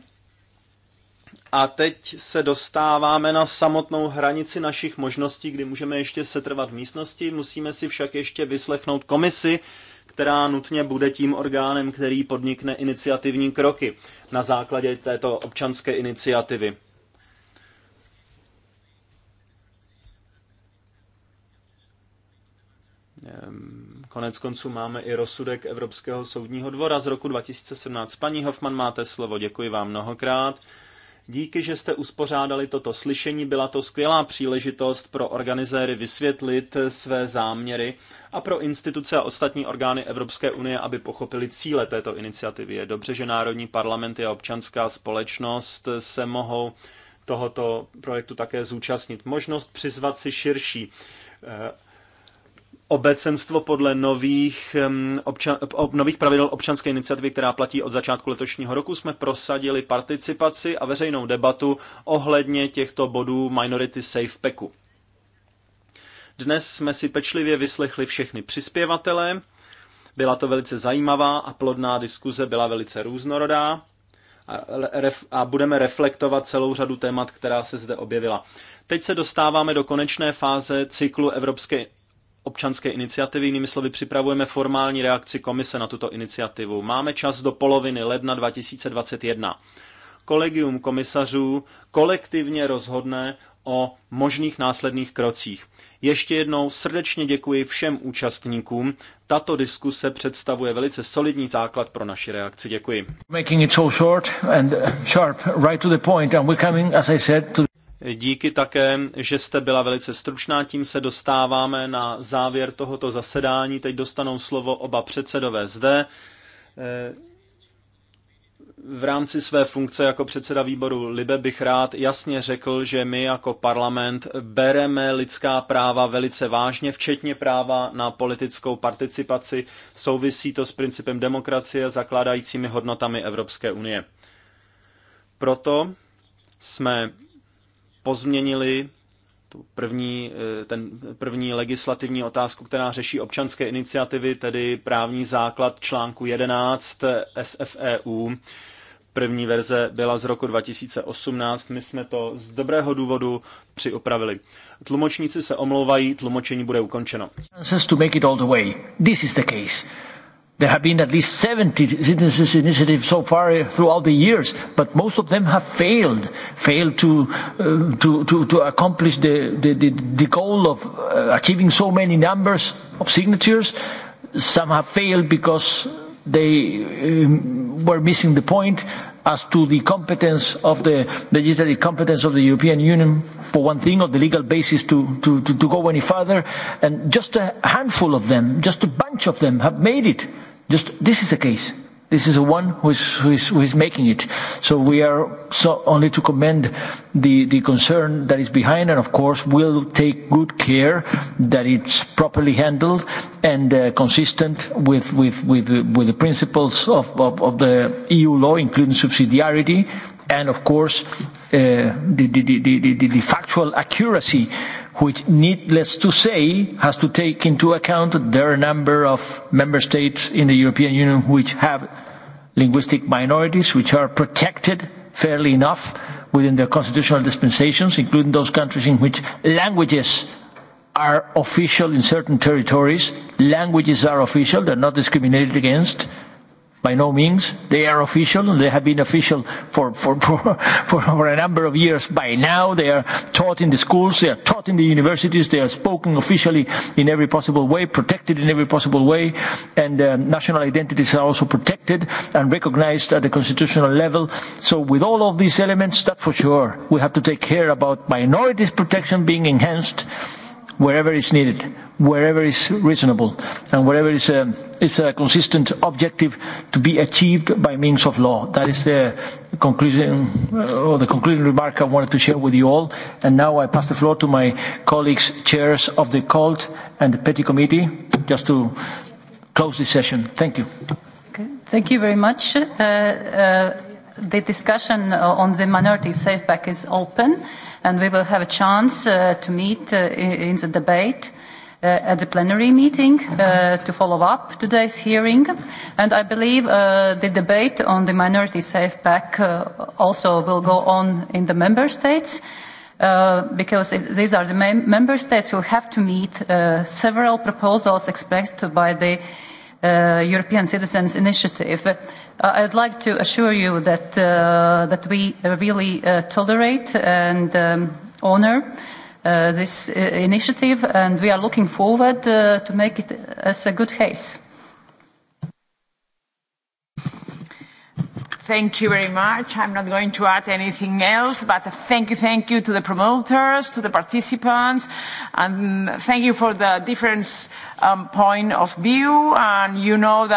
A teď se dostáváme na samotnou hranici našich možností, kdy můžeme ještě setrvat v místnosti. Musíme si však ještě vyslechnout komisi, která nutně bude tím orgánem, který podnikne iniciativní kroky na základě této občanské iniciativy. Ehm, konec konců máme i rozsudek Evropského soudního dvora z roku 2017. Paní Hoffman, máte slovo, děkuji vám mnohokrát. Díky, že jste uspořádali toto slyšení, byla to skvělá příležitost pro organizéry vysvětlit své záměry a pro instituce a ostatní orgány Evropské unie, aby pochopili cíle této iniciativy. Je dobře, že národní parlamenty a občanská společnost se mohou tohoto projektu také zúčastnit. Možnost přizvat si širší eh, obecenstvo podle nových, ob, nových pravidel občanské iniciativy, která platí od začátku letošního roku, jsme prosadili participaci a veřejnou debatu ohledně těchto bodů Minority Safe Packu. Dnes jsme si pečlivě vyslechli všechny přispěvatele. Byla to velice zajímavá a plodná diskuze, byla velice různorodá a, ref, a budeme reflektovat celou řadu témat, která se zde objevila. Teď se dostáváme do konečné fáze cyklu Evropské občanské iniciativy. Jinými slovy, připravujeme formální reakci komise na tuto iniciativu. Máme čas do poloviny ledna 2021. Kolegium komisařů kolektivně rozhodne o možných následných krocích. Ještě jednou srdečně děkuji všem účastníkům. Tato diskuse představuje velice solidní základ pro naši reakci. Děkuji. Díky také, že jste byla velice stručná, tím se dostáváme na závěr tohoto zasedání. Teď dostanou slovo oba předsedové zde. Eh, v rámci své funkce jako předseda výboru Libe bych rád jasně řekl, že my jako parlament bereme lidská práva velice vážně, včetně práva na politickou participaci. Souvisí to s principem demokracie a zakládajícími hodnotami Evropské unie. Proto jsme pozměnili tu první, eh, ten první legislativní otázku, která řeší občanské iniciativy, tedy právní základ článku 11 SFEU. První verze byla z roku 2018, my jsme to z dobrého důvodu přiupravili. Tlumočníci se omlouvají, tlumočení bude ukončeno. To make it all the way. This is the case. There have been at least 70 citizens' initiatives so far eh, throughout the years, but most of them have failed, failed to uh, to, to, to accomplish the, the, the, the goal of uh, achieving so many numbers of signatures. Some have failed because they um, were missing the point as to the competence of the legislative competence of the European Union, for one thing, of the legal basis to, to, to, to go any further. And just a handful of them, just a bunch of them have made it Just this is the case. This is the one who is, who is, who is making it. So we are so only to commend the, the concern that is behind and of course will take good care that it's properly handled and uh, consistent with, with, with, with the principles of, of, of the EU law, including subsidiarity and of course uh, the, the, the, the, the factual accuracy which, needless to say, has to take into account their number of member states in the European Union which have linguistic minorities, which are protected fairly enough within their constitutional dispensations, including those countries in which languages are official in certain territories. Languages are official, they're not discriminated against by no means. They are official. They have been official for, for, (laughs) for, for over a number of years by now. They are taught in the schools. They are taught in the universities. They are spoken officially in every possible way, protected in every possible way. And um, national identities are also protected and recognized at the constitutional level. So with all of these elements, that for sure, we have to take care about minorities protection being enhanced wherever is needed, wherever is reasonable, and wherever is a, is a consistent objective to be achieved by means of law. That is the conclusion or the concluding remark I wanted to share with you all. And now I pass the floor to my colleagues, chairs of the COLT and the Petty Committee, just to close this session. Thank you. Okay. Thank you very much. Uh, uh, the discussion on the minority safe pack is open and we will have a chance uh, to meet uh, in the debate uh, at the plenary meeting uh, to follow up today's hearing. And I believe uh, the debate on the Minority Safe Pack uh, also will go on in the member states. Uh, because it, these are the mem member states who have to meet uh, several proposals expressed by the uh, European Citizens Initiative. Uh, I'd like to assure you that, uh, that we really uh, tolerate and um, honor uh, this uh, initiative and we are looking forward uh, to make it as a good case. Thank you very much. I'm not going to add anything else, but thank you, thank you to the promoters, to the participants, and um, thank you for the different um, point of view. And you know that